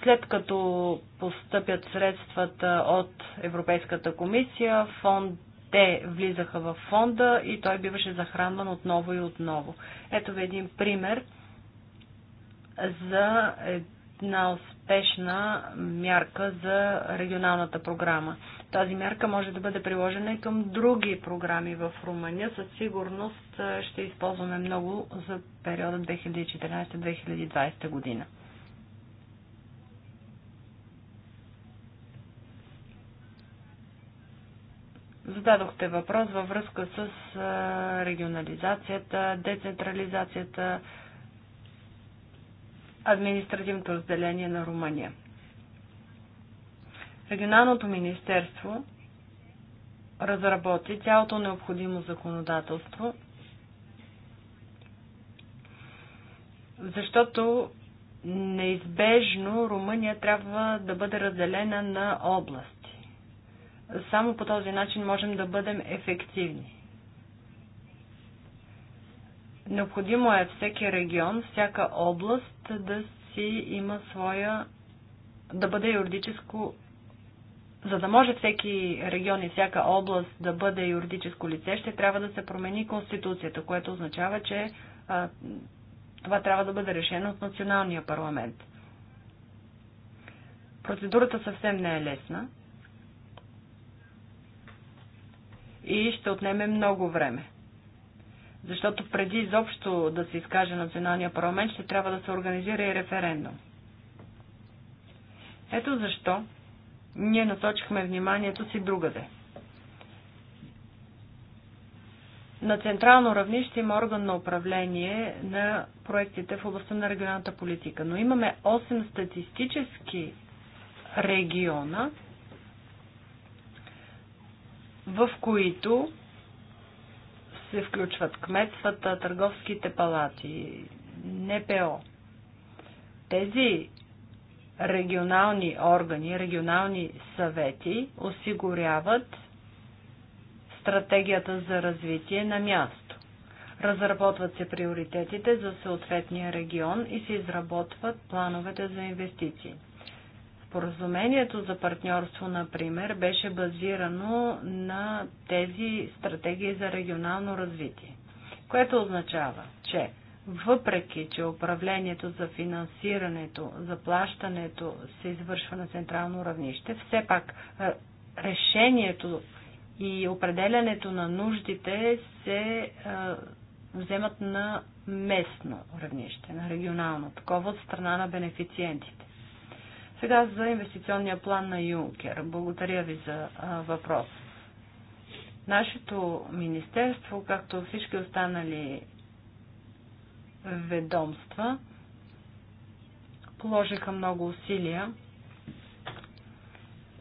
След като постъпят средствата от Европейската комисия, фонд те влизаха в фонда и той биваше захранван отново и отново. Ето ви един пример – за една успешна мярка за регионалната програма. Тази мярка може да бъде приложена и към други програми в Румъния. Със сигурност ще използваме много за периода 2014-2020 година. Зададохте въпрос във връзка с регионализацията, децентрализацията, административното разделение на Румъния. Регионалното министерство разработи цялото необходимо законодателство, защото неизбежно Румъния трябва да бъде разделена на области. Само по този начин можем да бъдем ефективни. Необходимо е всеки регион, всяка област да си има своя, да бъде юридическо, за да може всеки регион и всяка област да бъде юридическо лице, ще трябва да се промени Конституцията, което означава, че а, това трябва да бъде решено от националния парламент. Процедурата съвсем не е лесна и ще отнеме много време. Защото преди изобщо да се изкаже националния парламент, ще трябва да се организира и референдум. Ето защо ние насочихме вниманието си другаде. На централно равнище има орган на управление на проектите в областта на регионалната политика, но имаме 8 статистически региона, в които се включват кметствата, търговските палати, НПО. Тези регионални органи, регионални съвети осигуряват стратегията за развитие на място. Разработват се приоритетите за съответния регион и се изработват плановете за инвестиции. Споразумението за партньорство, например, беше базирано на тези стратегии за регионално развитие, което означава, че въпреки, че управлението за финансирането, заплащането се извършва на централно равнище, все пак е, решението и определянето на нуждите се е, вземат на местно равнище, на регионално, такова от страна на бенефициентите. Сега за инвестиционния план на Юнкер. Благодаря ви за въпрос. Нашето министерство, както всички останали ведомства, положиха много усилия,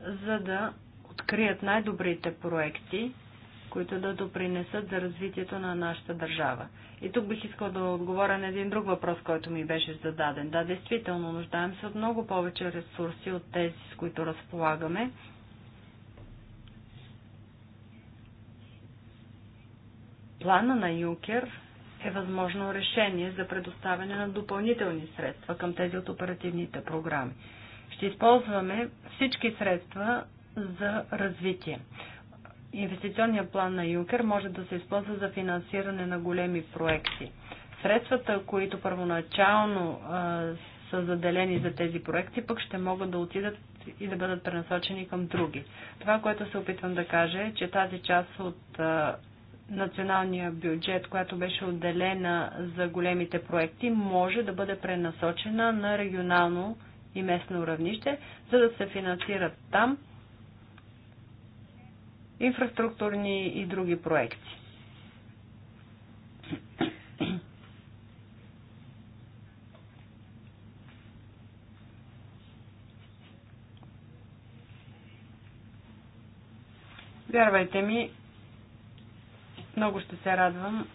за да открият най-добрите проекти които да допринесат за развитието на нашата държава. И тук бих искал да отговоря на един друг въпрос, който ми беше зададен. Да, действително, нуждаем се от много повече ресурси от тези, с които разполагаме. Плана на Юкер е възможно решение за предоставяне на допълнителни средства към тези от оперативните програми. Ще използваме всички средства за развитие. Инвестиционният план на Юнкер може да се използва за финансиране на големи проекти. Средствата, които първоначално а, са заделени за тези проекти, пък ще могат да отидат и да бъдат пренасочени към други. Това, което се опитвам да кажа е, че тази част от а, националния бюджет, която беше отделена за големите проекти, може да бъде пренасочена на регионално и местно равнище, за да се финансират там инфраструктурни и други проекти. Вярвайте ми, много ще се радвам,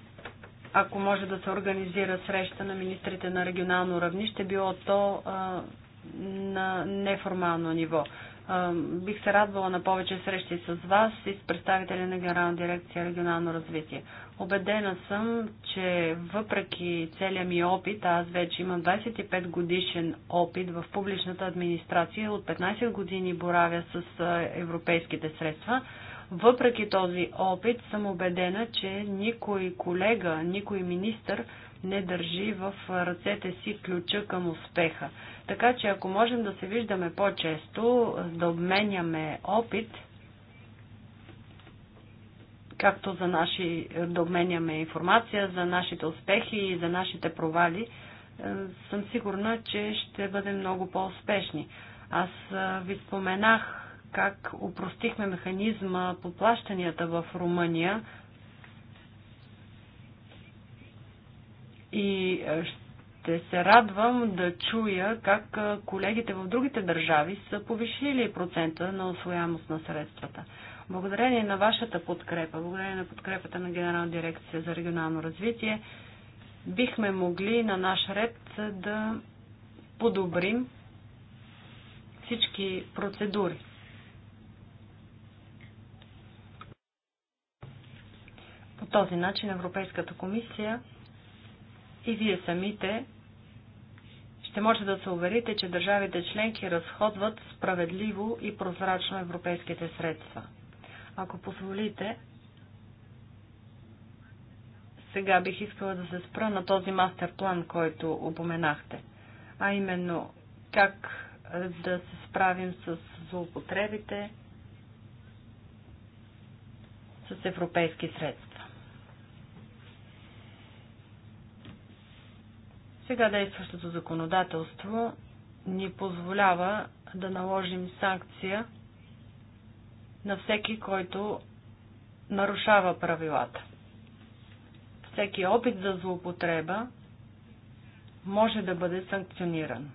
ако може да се организира среща на министрите на регионално равнище, било то а, на неформално ниво. Бих се радвала на повече срещи с вас и с представители на Генерална дирекция регионално развитие. Обедена съм, че въпреки целият ми опит, аз вече имам 25 годишен опит в публичната администрация, от 15 години боравя с европейските средства, въпреки този опит съм убедена, че никой колега, никой министър не държи в ръцете си ключа към успеха. Така че ако можем да се виждаме по-често, да обменяме опит, както за наши, да обменяме информация за нашите успехи и за нашите провали, е, съм сигурна, че ще бъдем много по-успешни. Аз е, ви споменах как упростихме механизма по плащанията в Румъния, И ще се радвам да чуя как колегите в другите държави са повишили процента на освояемост на средствата. Благодарение на вашата подкрепа, благодарение на подкрепата на Генерална дирекция за регионално развитие, бихме могли на наш ред да подобрим всички процедури. По този начин Европейската комисия и вие самите ще можете да се уверите, че държавите членки разходват справедливо и прозрачно европейските средства. Ако позволите, сега бих искала да се спра на този мастер план, който упоменахте. А именно, как е, да се справим с злоупотребите с европейски средства. Сега действащото законодателство ни позволява да наложим санкция на всеки, който нарушава правилата. Всеки опит за злоупотреба може да бъде санкциониран.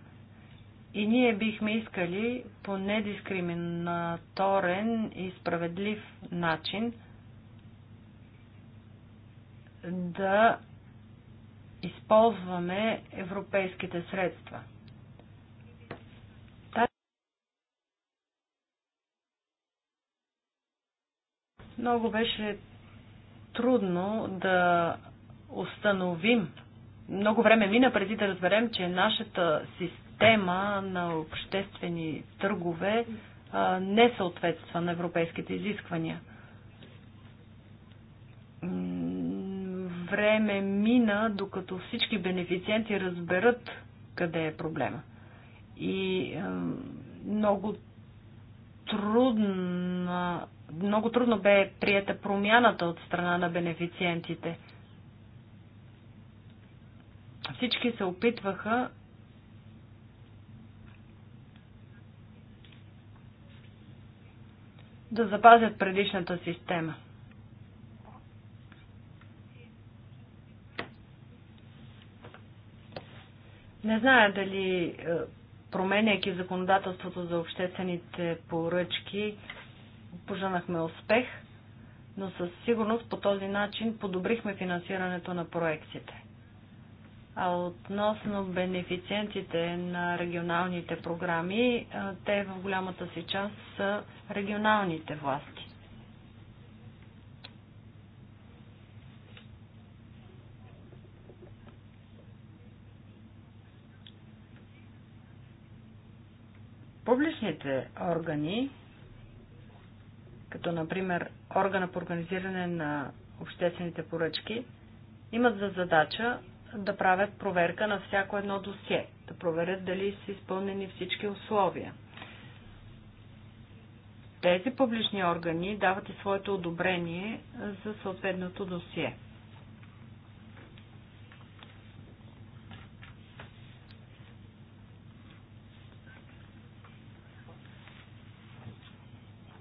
И ние бихме искали по недискриминаторен и справедлив начин да използваме европейските средства. Много беше трудно да установим. Много време мина преди да разберем, че нашата система на обществени търгове не съответства на европейските изисквания. време мина, докато всички бенефициенти разберат къде е проблема. И е, много трудно, много трудно бе прията промяната от страна на бенефициентите. Всички се опитваха да запазят предишната система – Не зная дали е, променяйки законодателството за обществените поръчки, пожанахме успех, но със сигурност по този начин подобрихме финансирането на проекциите. А относно бенефициентите на регионалните програми, е, те в голямата си част са регионалните власти. Публичните органи, като например органа по организиране на обществените поръчки, имат за задача да правят проверка на всяко едно досие, да проверят дали са изпълнени всички условия. Тези публични органи дават и своето одобрение за съответното досие.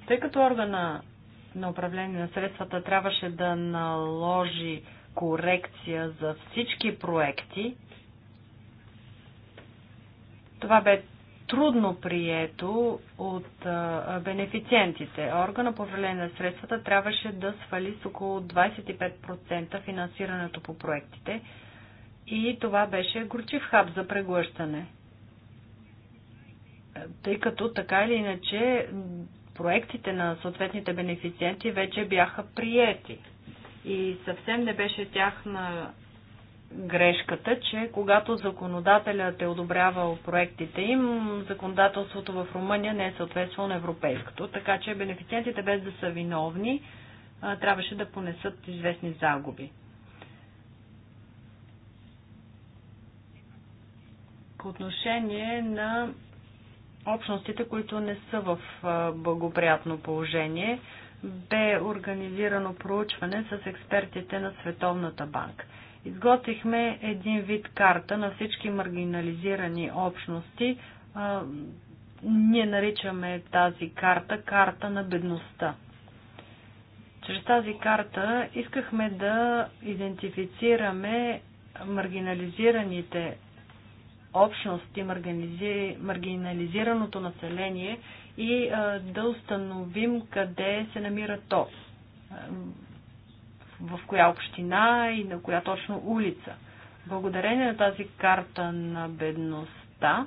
Тъй като органа на управление на средствата трябваше да наложи корекция за всички проекти, това бе трудно прието от а, бенефициентите. Органа по управление на средствата трябваше да свали с около 25% финансирането по проектите и това беше горчив хаб за преглъщане. Тъй като така или иначе проектите на съответните бенефициенти вече бяха приети. И съвсем не беше тяхна грешката, че когато законодателят е одобрявал проектите им, законодателството в Румъния не е съответствало на европейското, така че бенефициентите без да са виновни трябваше да понесат известни загуби. По отношение на общностите, които не са в благоприятно положение, бе организирано проучване с експертите на Световната банка. Изготвихме един вид карта на всички маргинализирани общности. Ние наричаме тази карта карта на бедността. Чрез тази карта искахме да идентифицираме маргинализираните общности, маргинализираното население и да установим къде се намира то, в коя община и на коя точно улица. Благодарение на тази карта на бедността,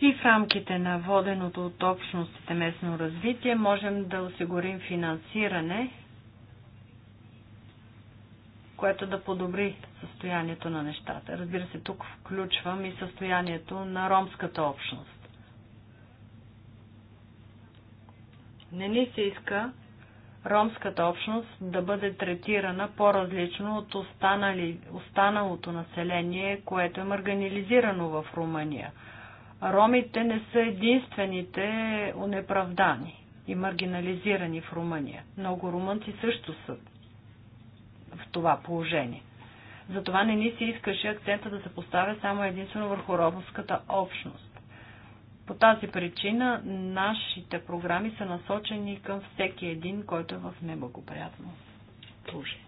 И в рамките на воденото от общностите местно развитие можем да осигурим финансиране което да подобри състоянието на нещата. Разбира се, тук включвам и състоянието на ромската общност. Не ни се иска ромската общност да бъде третирана по-различно от останали, останалото население, което е марганилизирано в Румъния. Ромите не са единствените унеправдани и маргинализирани в Румъния. Много румънци също са в това положение. Затова не ни се искаше акцента да се поставя само единствено върху робовската общност. По тази причина нашите програми са насочени към всеки един, който е в неблагоприятно положение.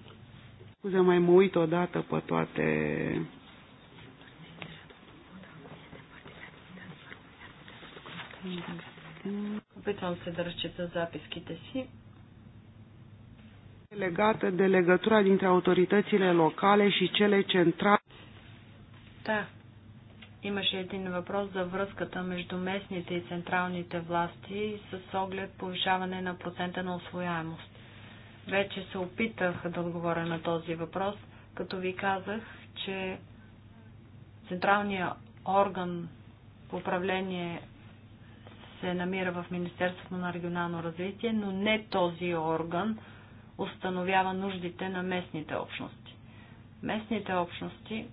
Scuze, mai дата по odată Опитвам се да разчита записките си legată de legătura dintre autoritățile locale și cele centrale. Да, имаше един въпрос за връзката между местните и централните власти с оглед повишаване на процента на освояемост. Вече се опитах да отговоря на този въпрос, като ви казах, че централният орган по управление се намира в Министерството на регионално развитие, но не този орган, установява нуждите на местните общности. Местните общности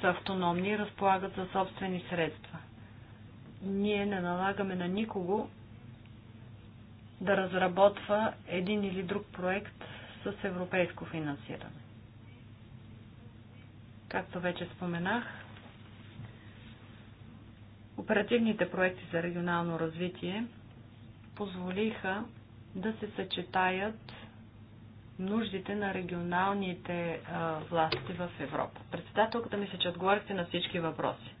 са автономни и разполагат за собствени средства. Ние не налагаме на никого да разработва един или друг проект с европейско финансиране. Както вече споменах, оперативните проекти за регионално развитие – позволиха да се съчетаят нуждите на регионалните а, власти в Европа. Председателката ми се, че отговорихте на всички въпроси.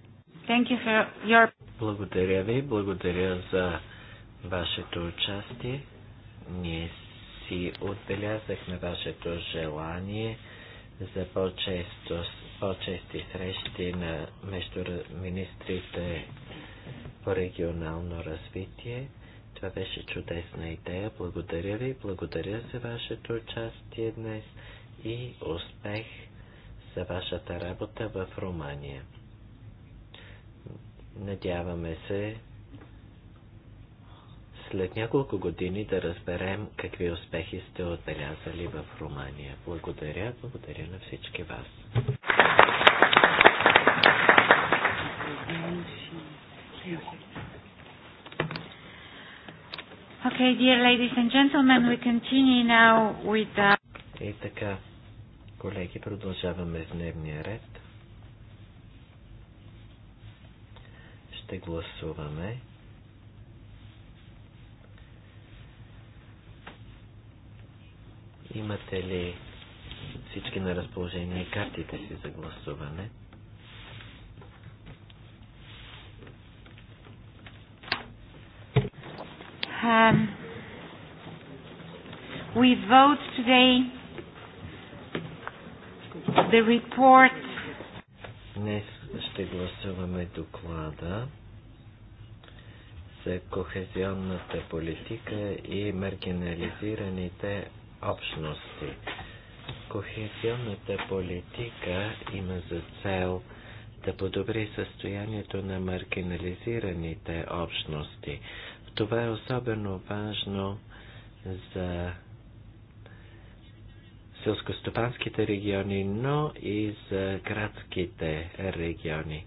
Thank you for your... Благодаря ви, благодаря за вашето участие. Ние си отбелязахме вашето желание за по-често, по-чести срещи на между министрите по регионално развитие. Това беше чудесна идея. Благодаря ви, благодаря за вашето участие днес и успех за вашата работа в Румъния. Надяваме се след няколко години да разберем какви успехи сте отбелязали в Румъния. Благодаря, благодаря на всички вас. Thank you. Okay, dear ladies and gentlemen, we continue now with the... Uh, И така, колеги, продължаваме с дневния ред. Ще гласуваме. Имате ли всички на разположение картите си за гласуване? Um, we vote today the report. Днес ще гласуваме доклада за кохезионната политика и маргинализираните общности. Кохезионната политика има за цел да подобри състоянието на маргинализираните общности. Това е особено важно за селскостопанските региони, но и за градските региони.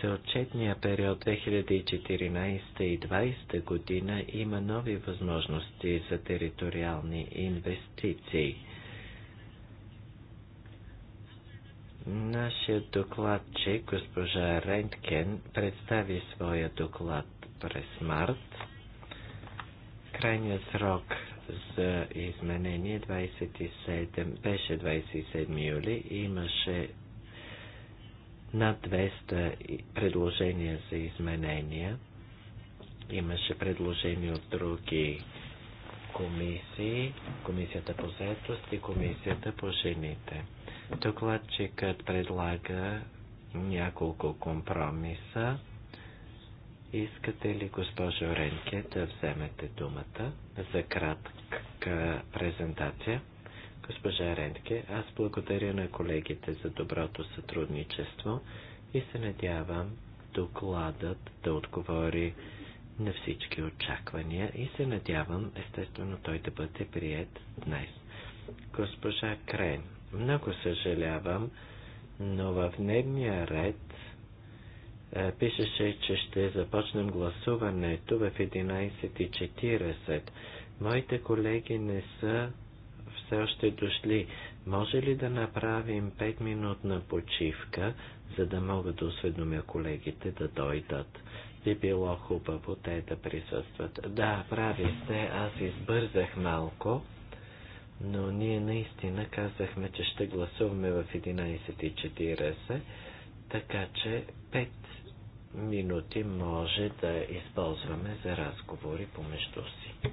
Съотчетния период 2014 и 2020 година има нови възможности за териториални инвестиции. Нашият докладчик, госпожа Рентген, представи своя доклад през март. Крайният срок за изменение 27, е беше 27 юли. и Имаше над 200 предложения за изменения. Имаше предложения от други комисии, комисията по заедост и комисията по жените. Докладчикът предлага няколко компромиса. Искате ли, госпожо Ренке, да вземете думата за кратка презентация? Госпожа Рентке, аз благодаря на колегите за доброто сътрудничество и се надявам докладът да отговори на всички очаквания и се надявам, естествено, той да бъде прият днес. Госпожа Крен, много съжалявам, но в дневния ред е, пишеше, че ще започнем гласуването в 11.40. Моите колеги не са все още дошли. Може ли да направим 5-минутна почивка, за да мога да осведомя колегите да дойдат? Би било хубаво те да присъстват. Да, прави се. аз избързах малко, но ние наистина казахме, че ще гласуваме в 11.40, така че 5 минути може да използваме за разговори помежду си.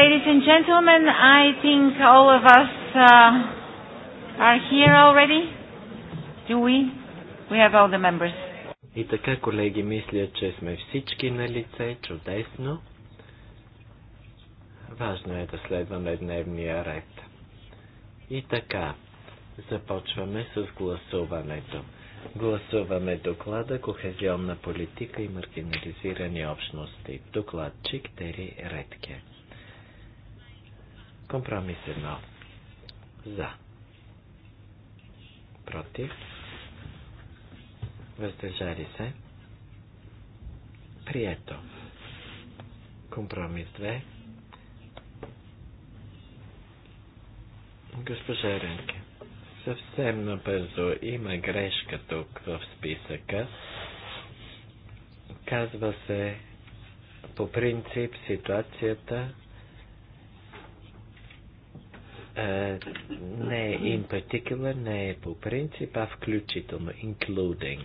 Ladies and gentlemen, I think all of us uh, are here already. Do we? We have all the members. И така, колеги, мисля, че сме всички на лице. Чудесно. Важно е да следваме дневния ред. И така, започваме с гласуването. Гласуваме доклада Кохезионна политика и маргинализирани общности. Докладчик Тери Редке. Компромис едно. За. Против. Въздържали се. Прието. Компромис 2. Госпожа Ренке, съвсем набързо има грешка тук в списъка. Казва се по принцип ситуацията е, не е in particular, не е по принцип, а включително, including.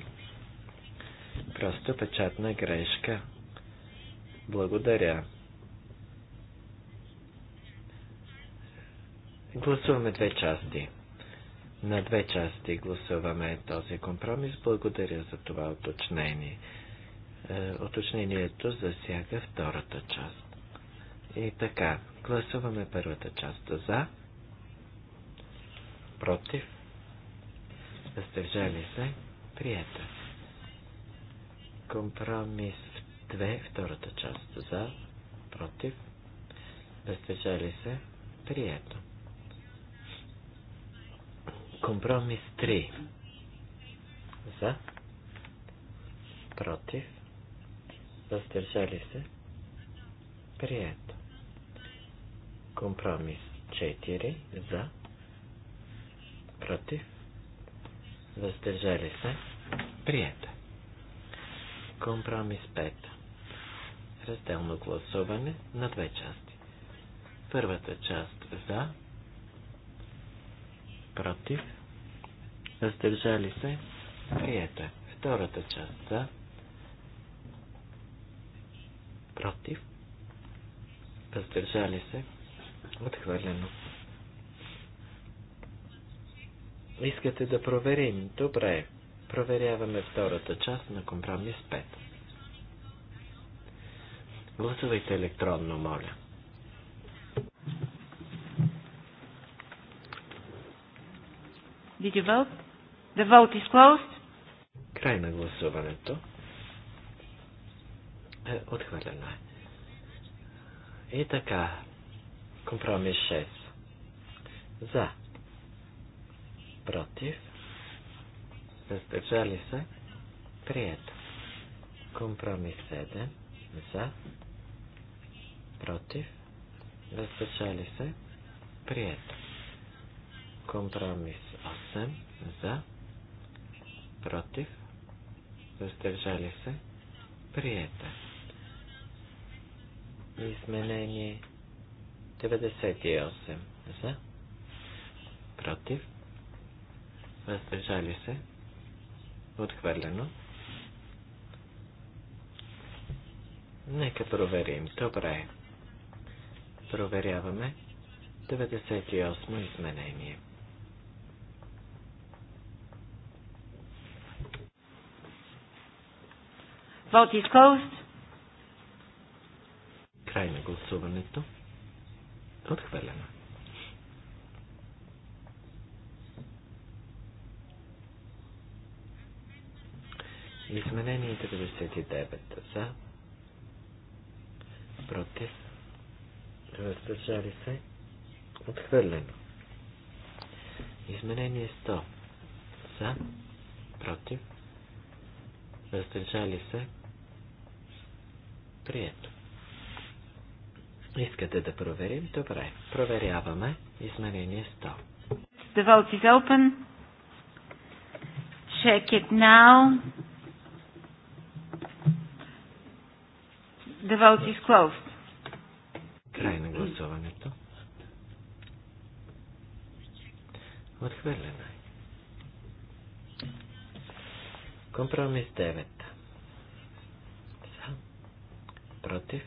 Просто печатна грешка. Благодаря. Гласуваме две части. На две части гласуваме този компромис. Благодаря за това уточнение. Е, уточнението засяга втората част. И така, гласуваме първата част за против, въздържали се, прието. Компромис 2, втората част за, против, въздържали се, прието. Компромис 3 за, против, въздържали се, прието. Компромис 4 за, против, въздържали се, прията. Компромис 5. Разделно гласуване на две части. Първата част за, против, въздържали се, прията. Втората част за, против, въздържали се, отхвърлено. Искате да проверим? Добре. Проверяваме втората част на компромис 5. Гласувайте електронно, моля. Did you vote? The vote is closed. Край на гласуването. Е, отхвърлено е. И така. Компромис 6. За против, въздържали се, прието. Компромис 7, за, против, въздържали се, прието. Компромис 8, за, против, въздържали се, прието. Изменение 98, за, против, въздържали се, отхвърлено. Нека проверим. Добре. Проверяваме 98 изменение. Vote is Край на гласуването. Отхвърлено. Изменение 99 за, против, въздържали се, отхвърлено. Изменение 100 за, против, въздържали се, прието. Искате да проверим? Добре. Проверяваме изменение 100. The vote is open. Check it now. The vote is closed. Край на гласуването. Отхвърлена е. Компромис 9. За. Против.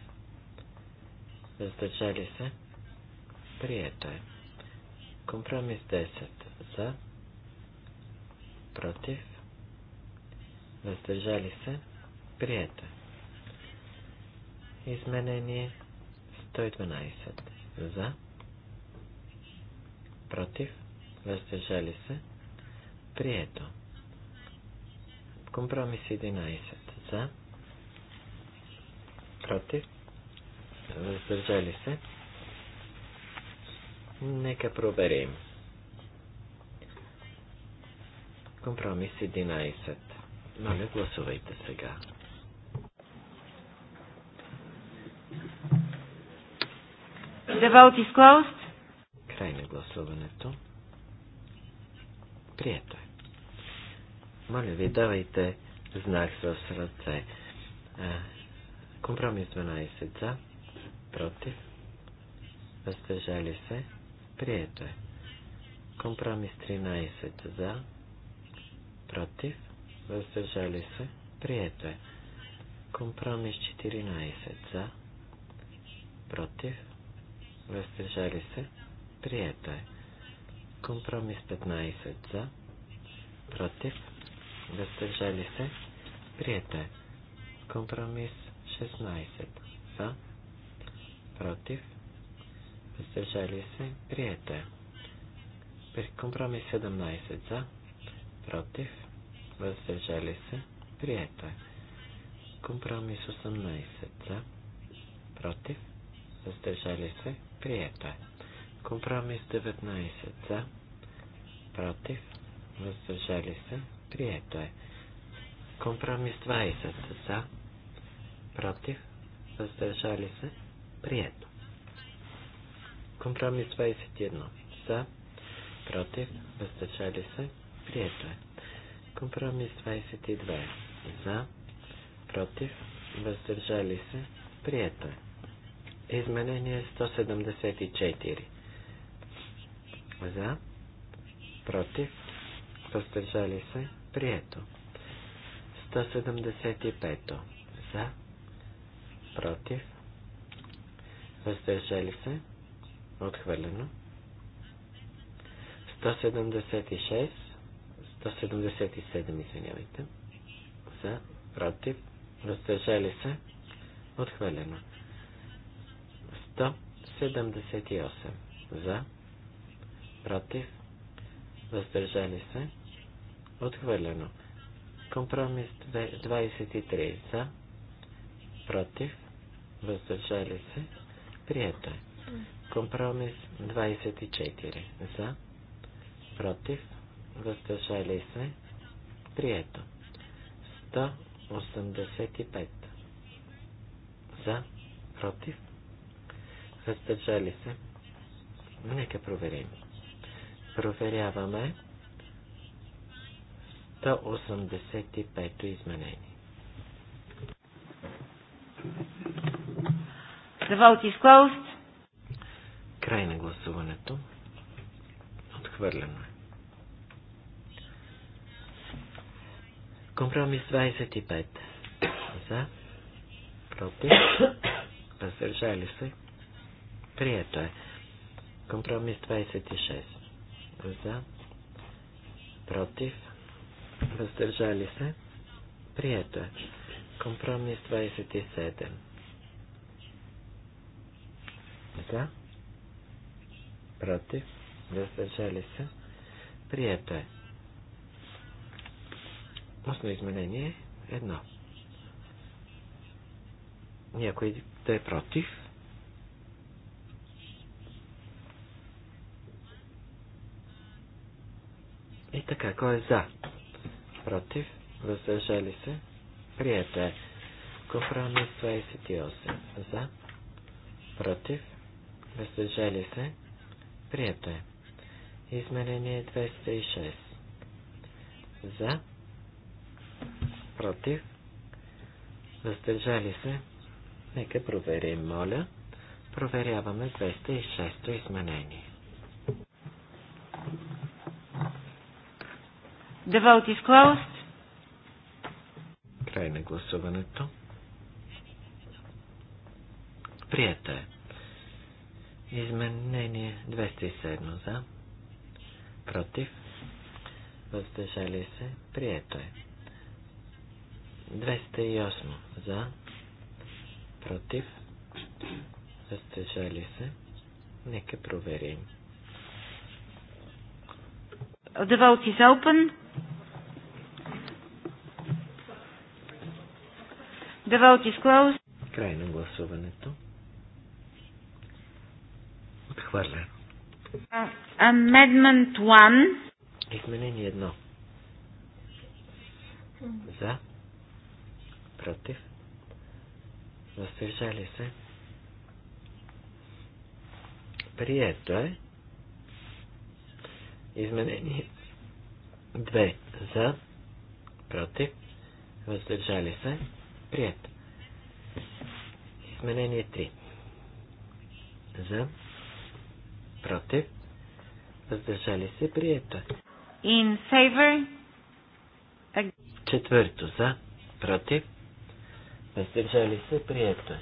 Въздържали се. Прието е. Компромис 10. За. Против. Въздържали се. Прието е. Изменение 112. За. Против. Въздържали се. Прието. Компромис 11. За. Против. Въздържали се. Нека проверим. Компромис 11. Моля, гласувайте сега. The vote is closed. Край на гласуването. Прието е. Моля ви, давайте знак с ръце. Компромис 12 за, против, въздържали се, прието е. Компромис 13 за, против, въздържали се, прието е. Компромис 14 за, против, въздържали се, прието е. Компромис 15 за, против, въздържали се, прието е. Компромис 16 е. за, против, въздържали се, прието е. Компромис 17 за, против, въздържали се, прието е. Компромис 18 за, против, въздържали се, приета. е. Компромис 19 за. Против. Въздържали се. Прието е. Компромис 20 за. Против. Въздържали се. Прието. Компромис 21 за. Против. Въздържали се. Прието е. Компромис 22 за. Против. Въздържали се. Прието е. Изменение 174. За. Против. Въздържали се. Прието. 175. За. Против. Въздържали се. Отхвърлено. 176. 177, извинявайте. За. Против. Въздържали се. Отхвърлено. 178. 178 за, против, въздържали се, отхвърлено. Компромис 23 за, против, въздържали се, прието е. Компромис 24 за, против, въздържали се, прието. 185 за, против, въздържали се. Нека проверим. Проверяваме 185-то изменение. The vote is closed. Край на гласуването. Отхвърлено е. Компромис 25. За. Против. Въздържали се. Прието е. Компромис 26. За. Против. Въздържали се. Прието е. Компромис 27. За. Против. Въздържали се. Прието е. Мостно изменение едно. Някой да е против. И така, кой е за? Против? Въздържали се? Прието е. Кофрана 28. За? Против? Въздържали се? Прието е. Изменение 206. За? Против? Въздържали се? Нека проверим, моля. Проверяваме 206-то изменение. The vote is closed. Край на гласуването. Прията е. Изменение 207 за. Против. Въздържали се. Прието е. 208 за. Против. Въздържали се. Нека проверим. The vote is open. The vote is Край на гласуването. Отхвърля. Uh, 1. Изменение 1. За. Против. Въздържали се. Прието е. Изменение 2. За. Против. Въздържали се прият. Изменение 3. За, против, въздържали се, прието. Е. In favor. Четвърто за, против, въздържали се, прието. Е.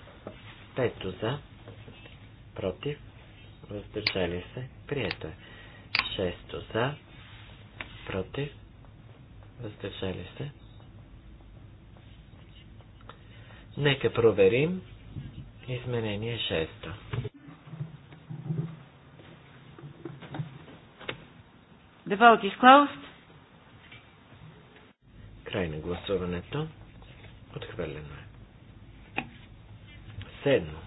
Пето за, против, въздържали се, прието. Е. Шесто за, против, въздържали се, Нека проверим изменение 6. The vote is closed. Край на гласуването. Отхвърлено е. Седмо.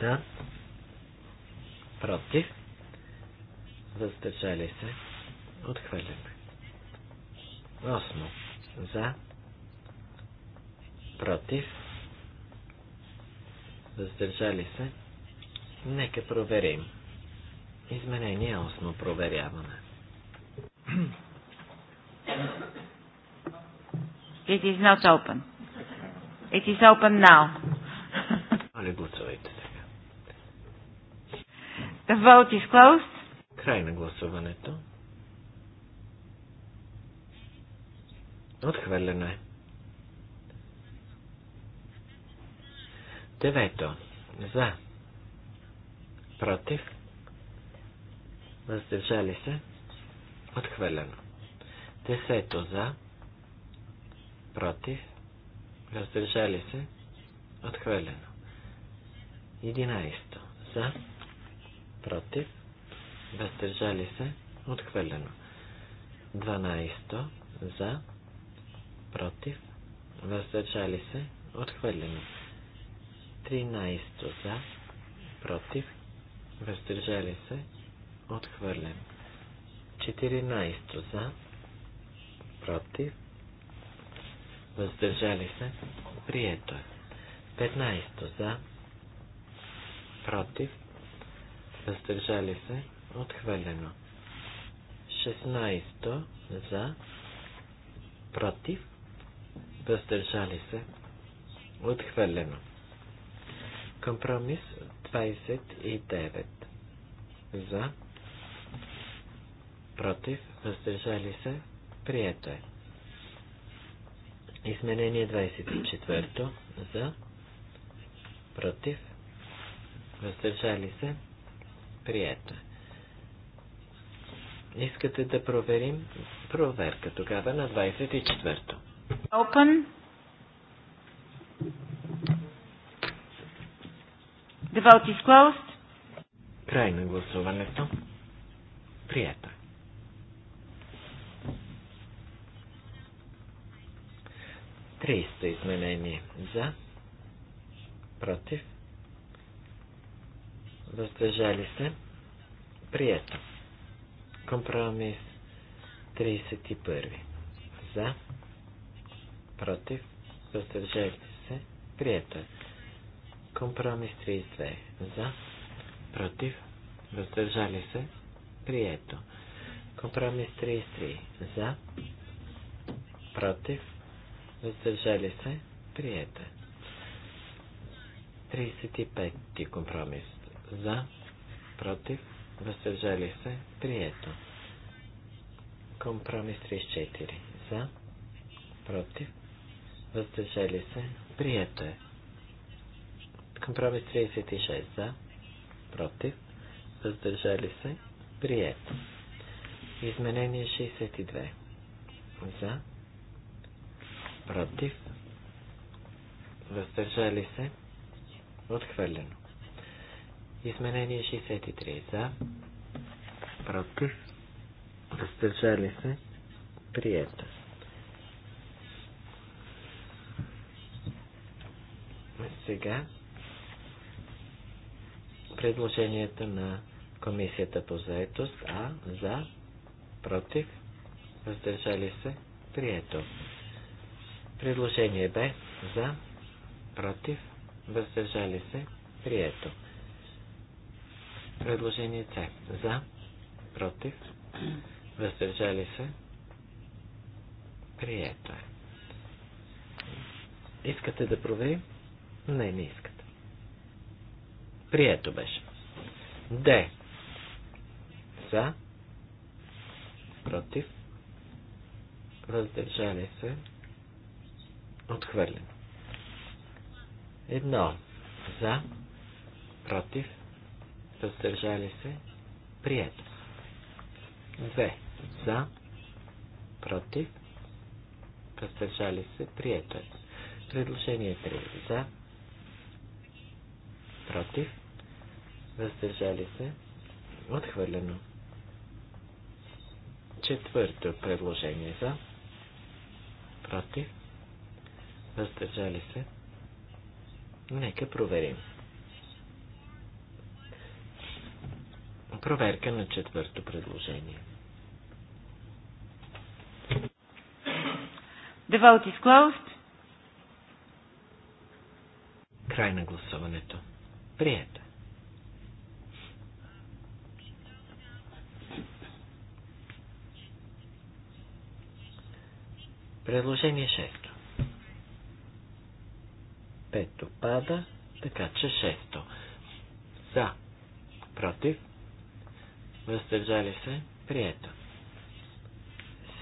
За. Против. Въздържали се. Отхвърлено е. Осмо. За против, въздържали се, нека проверим. Изменение осно проверяваме. It is not open. It is open now. Али гласувайте сега. The vote is closed. Край на гласуването. Отхвърлено е. Девето. За. Против. Въздържали се. Отхвърлено. Десето. За. Против. Въздържали се. Отхвърлено. Единайсто. За. Против. Въздържали се. Отхвърлено. Дванайсто. За. Против. Въздържали се. Отхвърлено. 13 за, против, въздържали се, отхвърлен. 14 за, против, въздържали се, прието е. 15 за, против, въздържали се, отхвърлено. 16 за, против, въздържали се, отхвърлено. Компромис 29. За. Против. Въздържали се. Прието е. Изменение 24. За. Против. Въздържали се. Прието е. Искате да проверим проверка тогава на 24-то. Open. The vote is closed. Край на гласуването. Прието. Е. Триста изменение за, против, въздържали се, прието. Компромис 31. За, против, въздържали се, прието е. Компромис 32. За. Против. Въздържали се. Прието. Компромис 33. За. Против. Въздържали се. Прието. 35. Компромис. За. Против. Въздържали се. Прието. Компромис 34. За. Против. Въздържали се. Прието е. Компромис 36 за, против, въздържали се, прието. Изменение 62 за, против, въздържали се, отхвърлено. Изменение 63 за, против, въздържали се, прието. Сега предложението на Комисията по заетост, а за, против, въздържали се, прието. Предложение Б за, против, въздържали се, прието. Предложение С за, против, въздържали се, прието е. Искате да проверим? Не, не искате. Прието беше. Д. За. Против. Въздържали се. Отхвърлено. Едно. За. Против. Въздържали се. Прието. Две. За. Против. Въздържали се. Прието е. Предложение 3. За. Против въздържали се, отхвърлено. Четвърто предложение за, против, въздържали се. Нека проверим. Проверка на четвърто предложение. The vote is closed. Край на гласуването. Прието. Предложение 6. Пето пада, така че 6. За. Против. Въздържали се. Прието.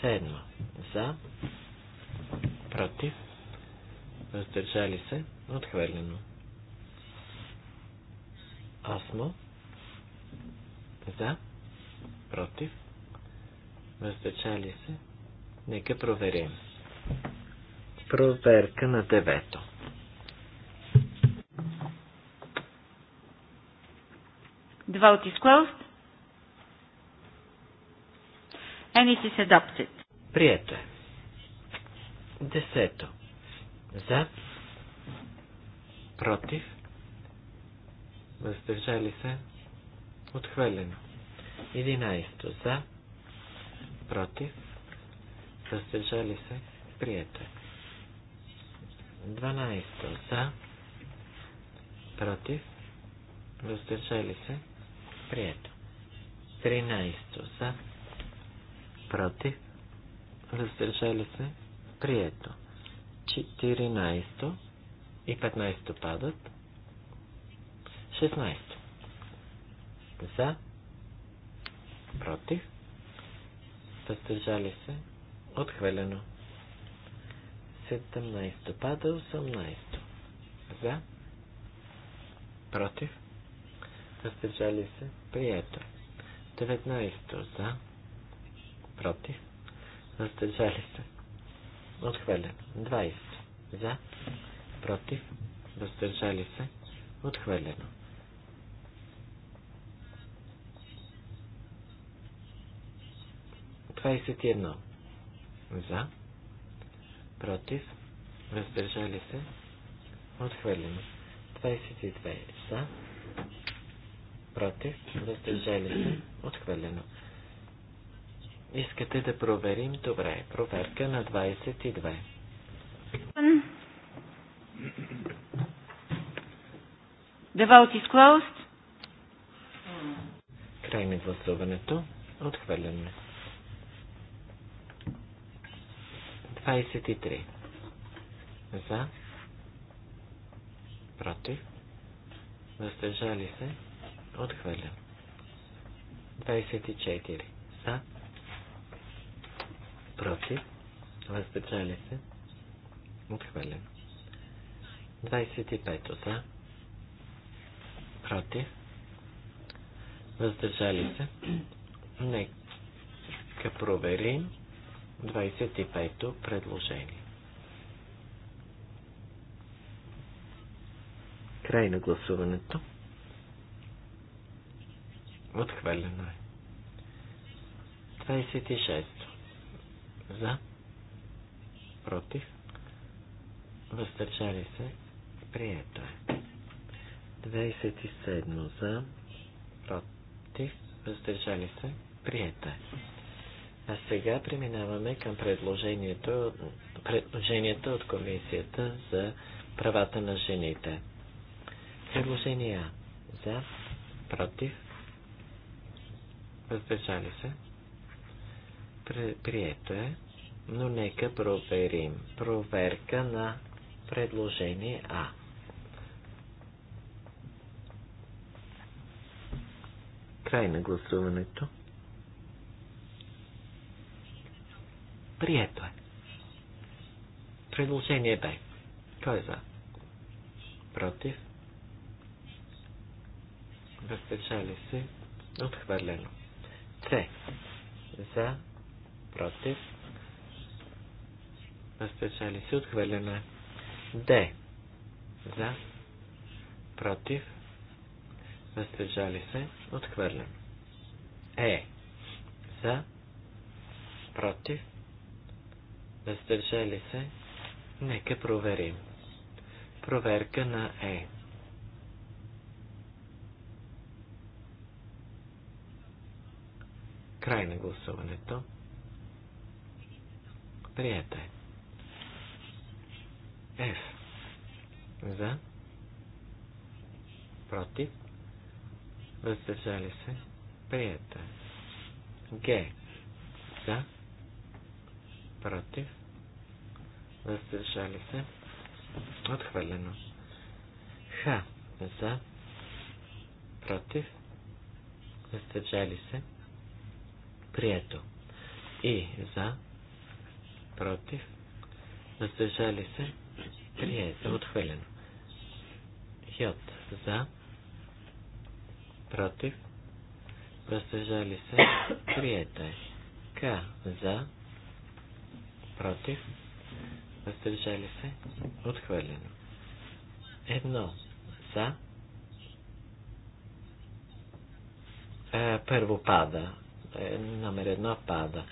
Седмо. За. Против. Въздържали се. Отхвърлено. Осмо. За. Против. Въздържали се. Нека проверим. Проверка на девето. Два от is closed. And it is adopted. Прието е. Десето. За. Против. Въздържали се. Отхвърлено. Единайсто. За. Против. Въздържали се. Прието е. 12 за, против, въздържали се, прието. 13 за, против, въздържали се, прието. 14 и 15 падат. 16 за, против, въздържали се, отхвелено. 17 пада 18 за против Раздържали се прието 19 за против Раздържали се отхвърлено 20 за против въздържали се отхвърлено Двадесет едно. За против, въздържали се, отхвърлено. 22 за, против, въздържали се, отхвърлено. Искате да проверим? Добре, проверка на 22. The vote is closed. Край на гласуването. Отхвърляме. 23. За. Против. Въздържали се. Отхвърлям. 24. За. Против. Въздържали се. Отхвърлям. 25. За. Против. Въздържали се. Нека проверим. 25-то предложение. Край на гласуването. Отхвърлено е. 26. За. Против. Въздържали се. Прието е. 27. За. Против. Въздържали се. Прието е. А сега преминаваме към предложението, предложението от Комисията за правата на жените. Предложения за, против, въздържали се. Прието е, но нека проверим. Проверка на предложение А. Край на гласуването. Прието е. Предложение Б. Кой е за? Против? Въздържали се? Отхвърлено. С. За? Против? Въздържали се? Отхвърлено е. Д. За? Против? Въздържали се? Отхвърлено. Е. За? Против? въздържали се, нека проверим. Проверка на Е. Край на гласуването. Приятел. Ф. За. Против. Въздържали се. Приятел. Г. За против, въздържали се, отхвърлено. Х за, против, въздържали се, прието. И за, против, въздържали се, прието, отхвърлено. Х за, против, въздържали се, прието е. К за, против, въздържали се, отхвърлено. Едно за. Е, първо пада. Е, номер едно пада.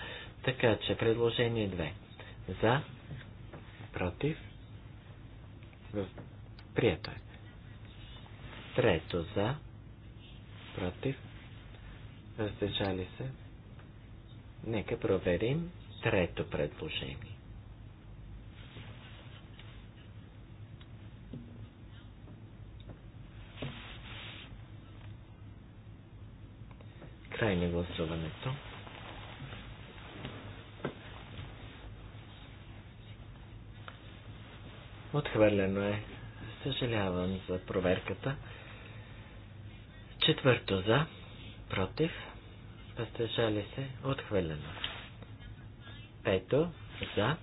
Така че предложение две. За, против, прието е. Трето за, против, въздържали се. Нека проверим Трето предложение. Край на гласуването. Отхвърлено е. Съжалявам за проверката. Четвърто за, против, въздържали се, отхвърлено. Пето за,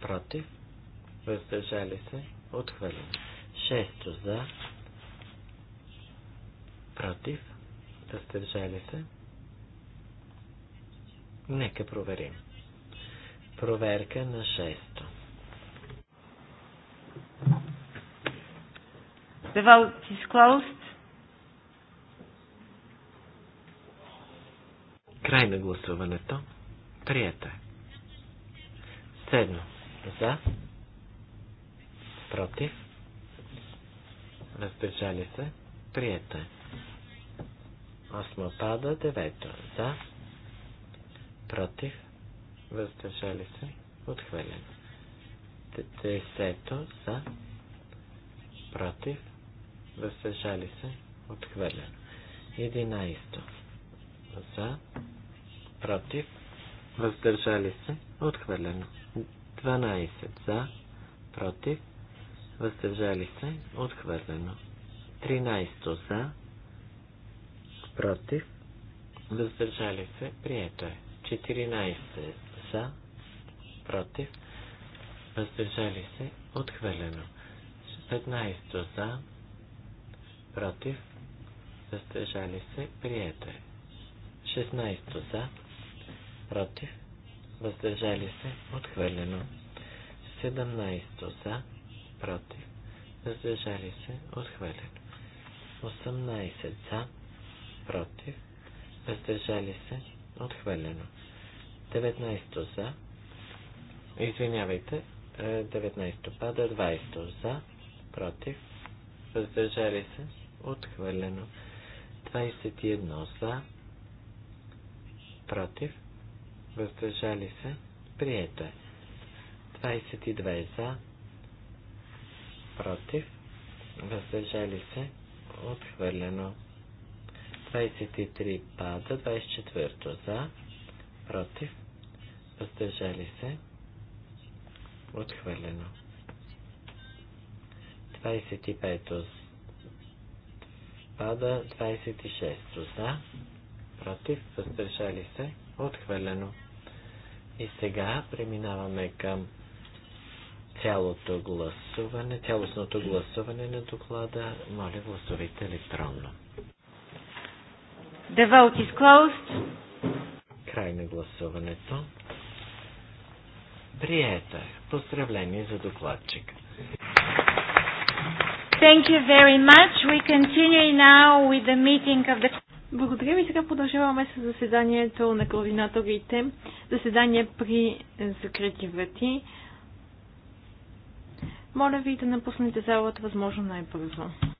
против, въздържали се, отхвърлено. Шесто за, против, въздържали се. Нека проверим. Проверка на шесто. The vote is closed. Край на гласуването. Приета е. Седмо. За. Против. Въздържали се. Прието е. Осмопада, пада. Девето. За. Против. Въздържали се. Отхвърлено. Десето. За. Против. Въздържали се. Отхвърлено. Единайсто. За. Против. Въздържали се. Отхвърлено. 12 за, против, въздържали се, отхвърлено. 13 за, против, въздържали се, прието е. 14 за, против, въздържали се, отхвърлено. 15 за, против, въздържали се, прието е. 16 за, против, въздържали се, отхвърлено. 17 за, против, въздържали се, отхвърлено. 18 за, против, въздържали се, отхвърлено. 19 за, извинявайте, 19 е, пада, 20 за, против, въздържали се, отхвърлено. 21 за, против, въздържали се, прието е. 22 за, против, въздържали се, отхвърлено. 23 пада, 24 за, против, въздържали се, отхвърлено. 25 пада, 26 за, против, въздържали се, отхвърлено. И сега преминаваме към цялото гласуване, цялостното гласуване на доклада. Моля, гласувайте електронно. The vote is closed. Край на гласуването. Приета. Е. Поздравление за докладчик. Thank you very much. We continue now with the meeting of the благодаря ви. Сега продължаваме с заседанието на координаторите. Заседание при закрити врати. Моля ви да напуснете залата възможно най-бързо.